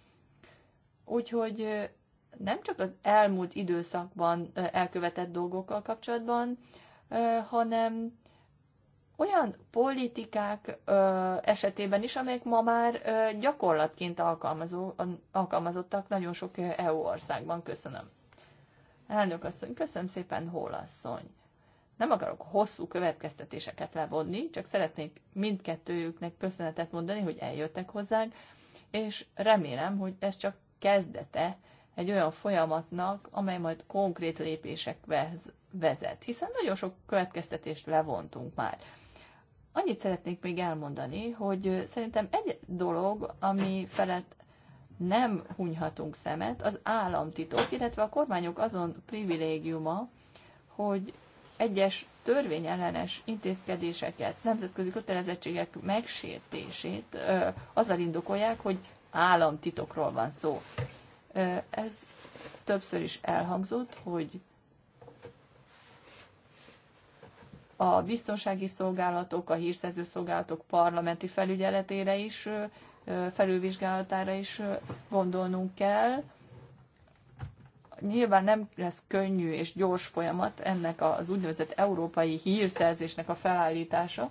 Speaker 2: Úgyhogy nem csak az elmúlt időszakban elkövetett dolgokkal kapcsolatban, hanem olyan politikák esetében is, amelyek ma már gyakorlatként alkalmazó, alkalmazottak nagyon sok EU országban. Köszönöm. Elnök asszony, köszönöm szépen, Hólasszony. Nem akarok hosszú következtetéseket levonni, csak szeretnék mindkettőjüknek köszönetet mondani, hogy eljöttek hozzánk, és remélem, hogy ez csak kezdete egy olyan folyamatnak, amely majd konkrét lépésekbe vezet, hiszen nagyon sok következtetést levontunk már. Annyit szeretnék még elmondani, hogy szerintem egy dolog, ami felett nem hunyhatunk szemet, az államtitok, illetve a kormányok azon privilégiuma, hogy egyes törvényellenes intézkedéseket, nemzetközi kötelezettségek megsértését azzal indokolják, hogy államtitokról van szó. Ez többször is elhangzott, hogy a biztonsági szolgálatok, a hírszerző szolgálatok parlamenti felügyeletére is, felülvizsgálatára is gondolnunk kell, nyilván nem lesz könnyű és gyors folyamat ennek az úgynevezett európai hírszerzésnek a felállítása,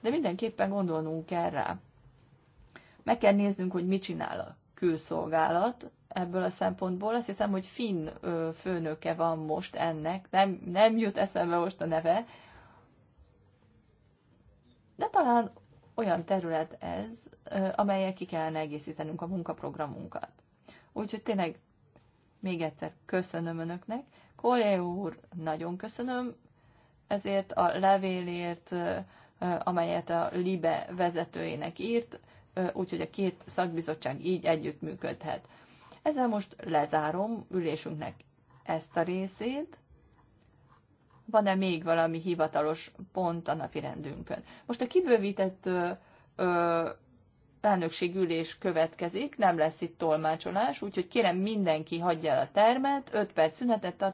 Speaker 2: de mindenképpen gondolnunk kell rá. Meg kell néznünk, hogy mit csinál a külszolgálat ebből a szempontból. Azt hiszem, hogy finn főnöke van most ennek, nem, nem jut eszembe most a neve, de talán olyan terület ez, amelyek ki kellene egészítenünk a munkaprogramunkat. Úgyhogy tényleg még egyszer köszönöm Önöknek. Kolé úr, nagyon köszönöm ezért a levélért, amelyet a LIBE vezetőjének írt, úgyhogy a két szakbizottság így együttműködhet. Ezzel most lezárom ülésünknek ezt a részét. Van-e még valami hivatalos pont a napi rendünkön? Most a kibővített elnökség ülés következik, nem lesz itt tolmácsolás, úgyhogy kérem mindenki hagyja el a termet, 5 perc szünetet tart.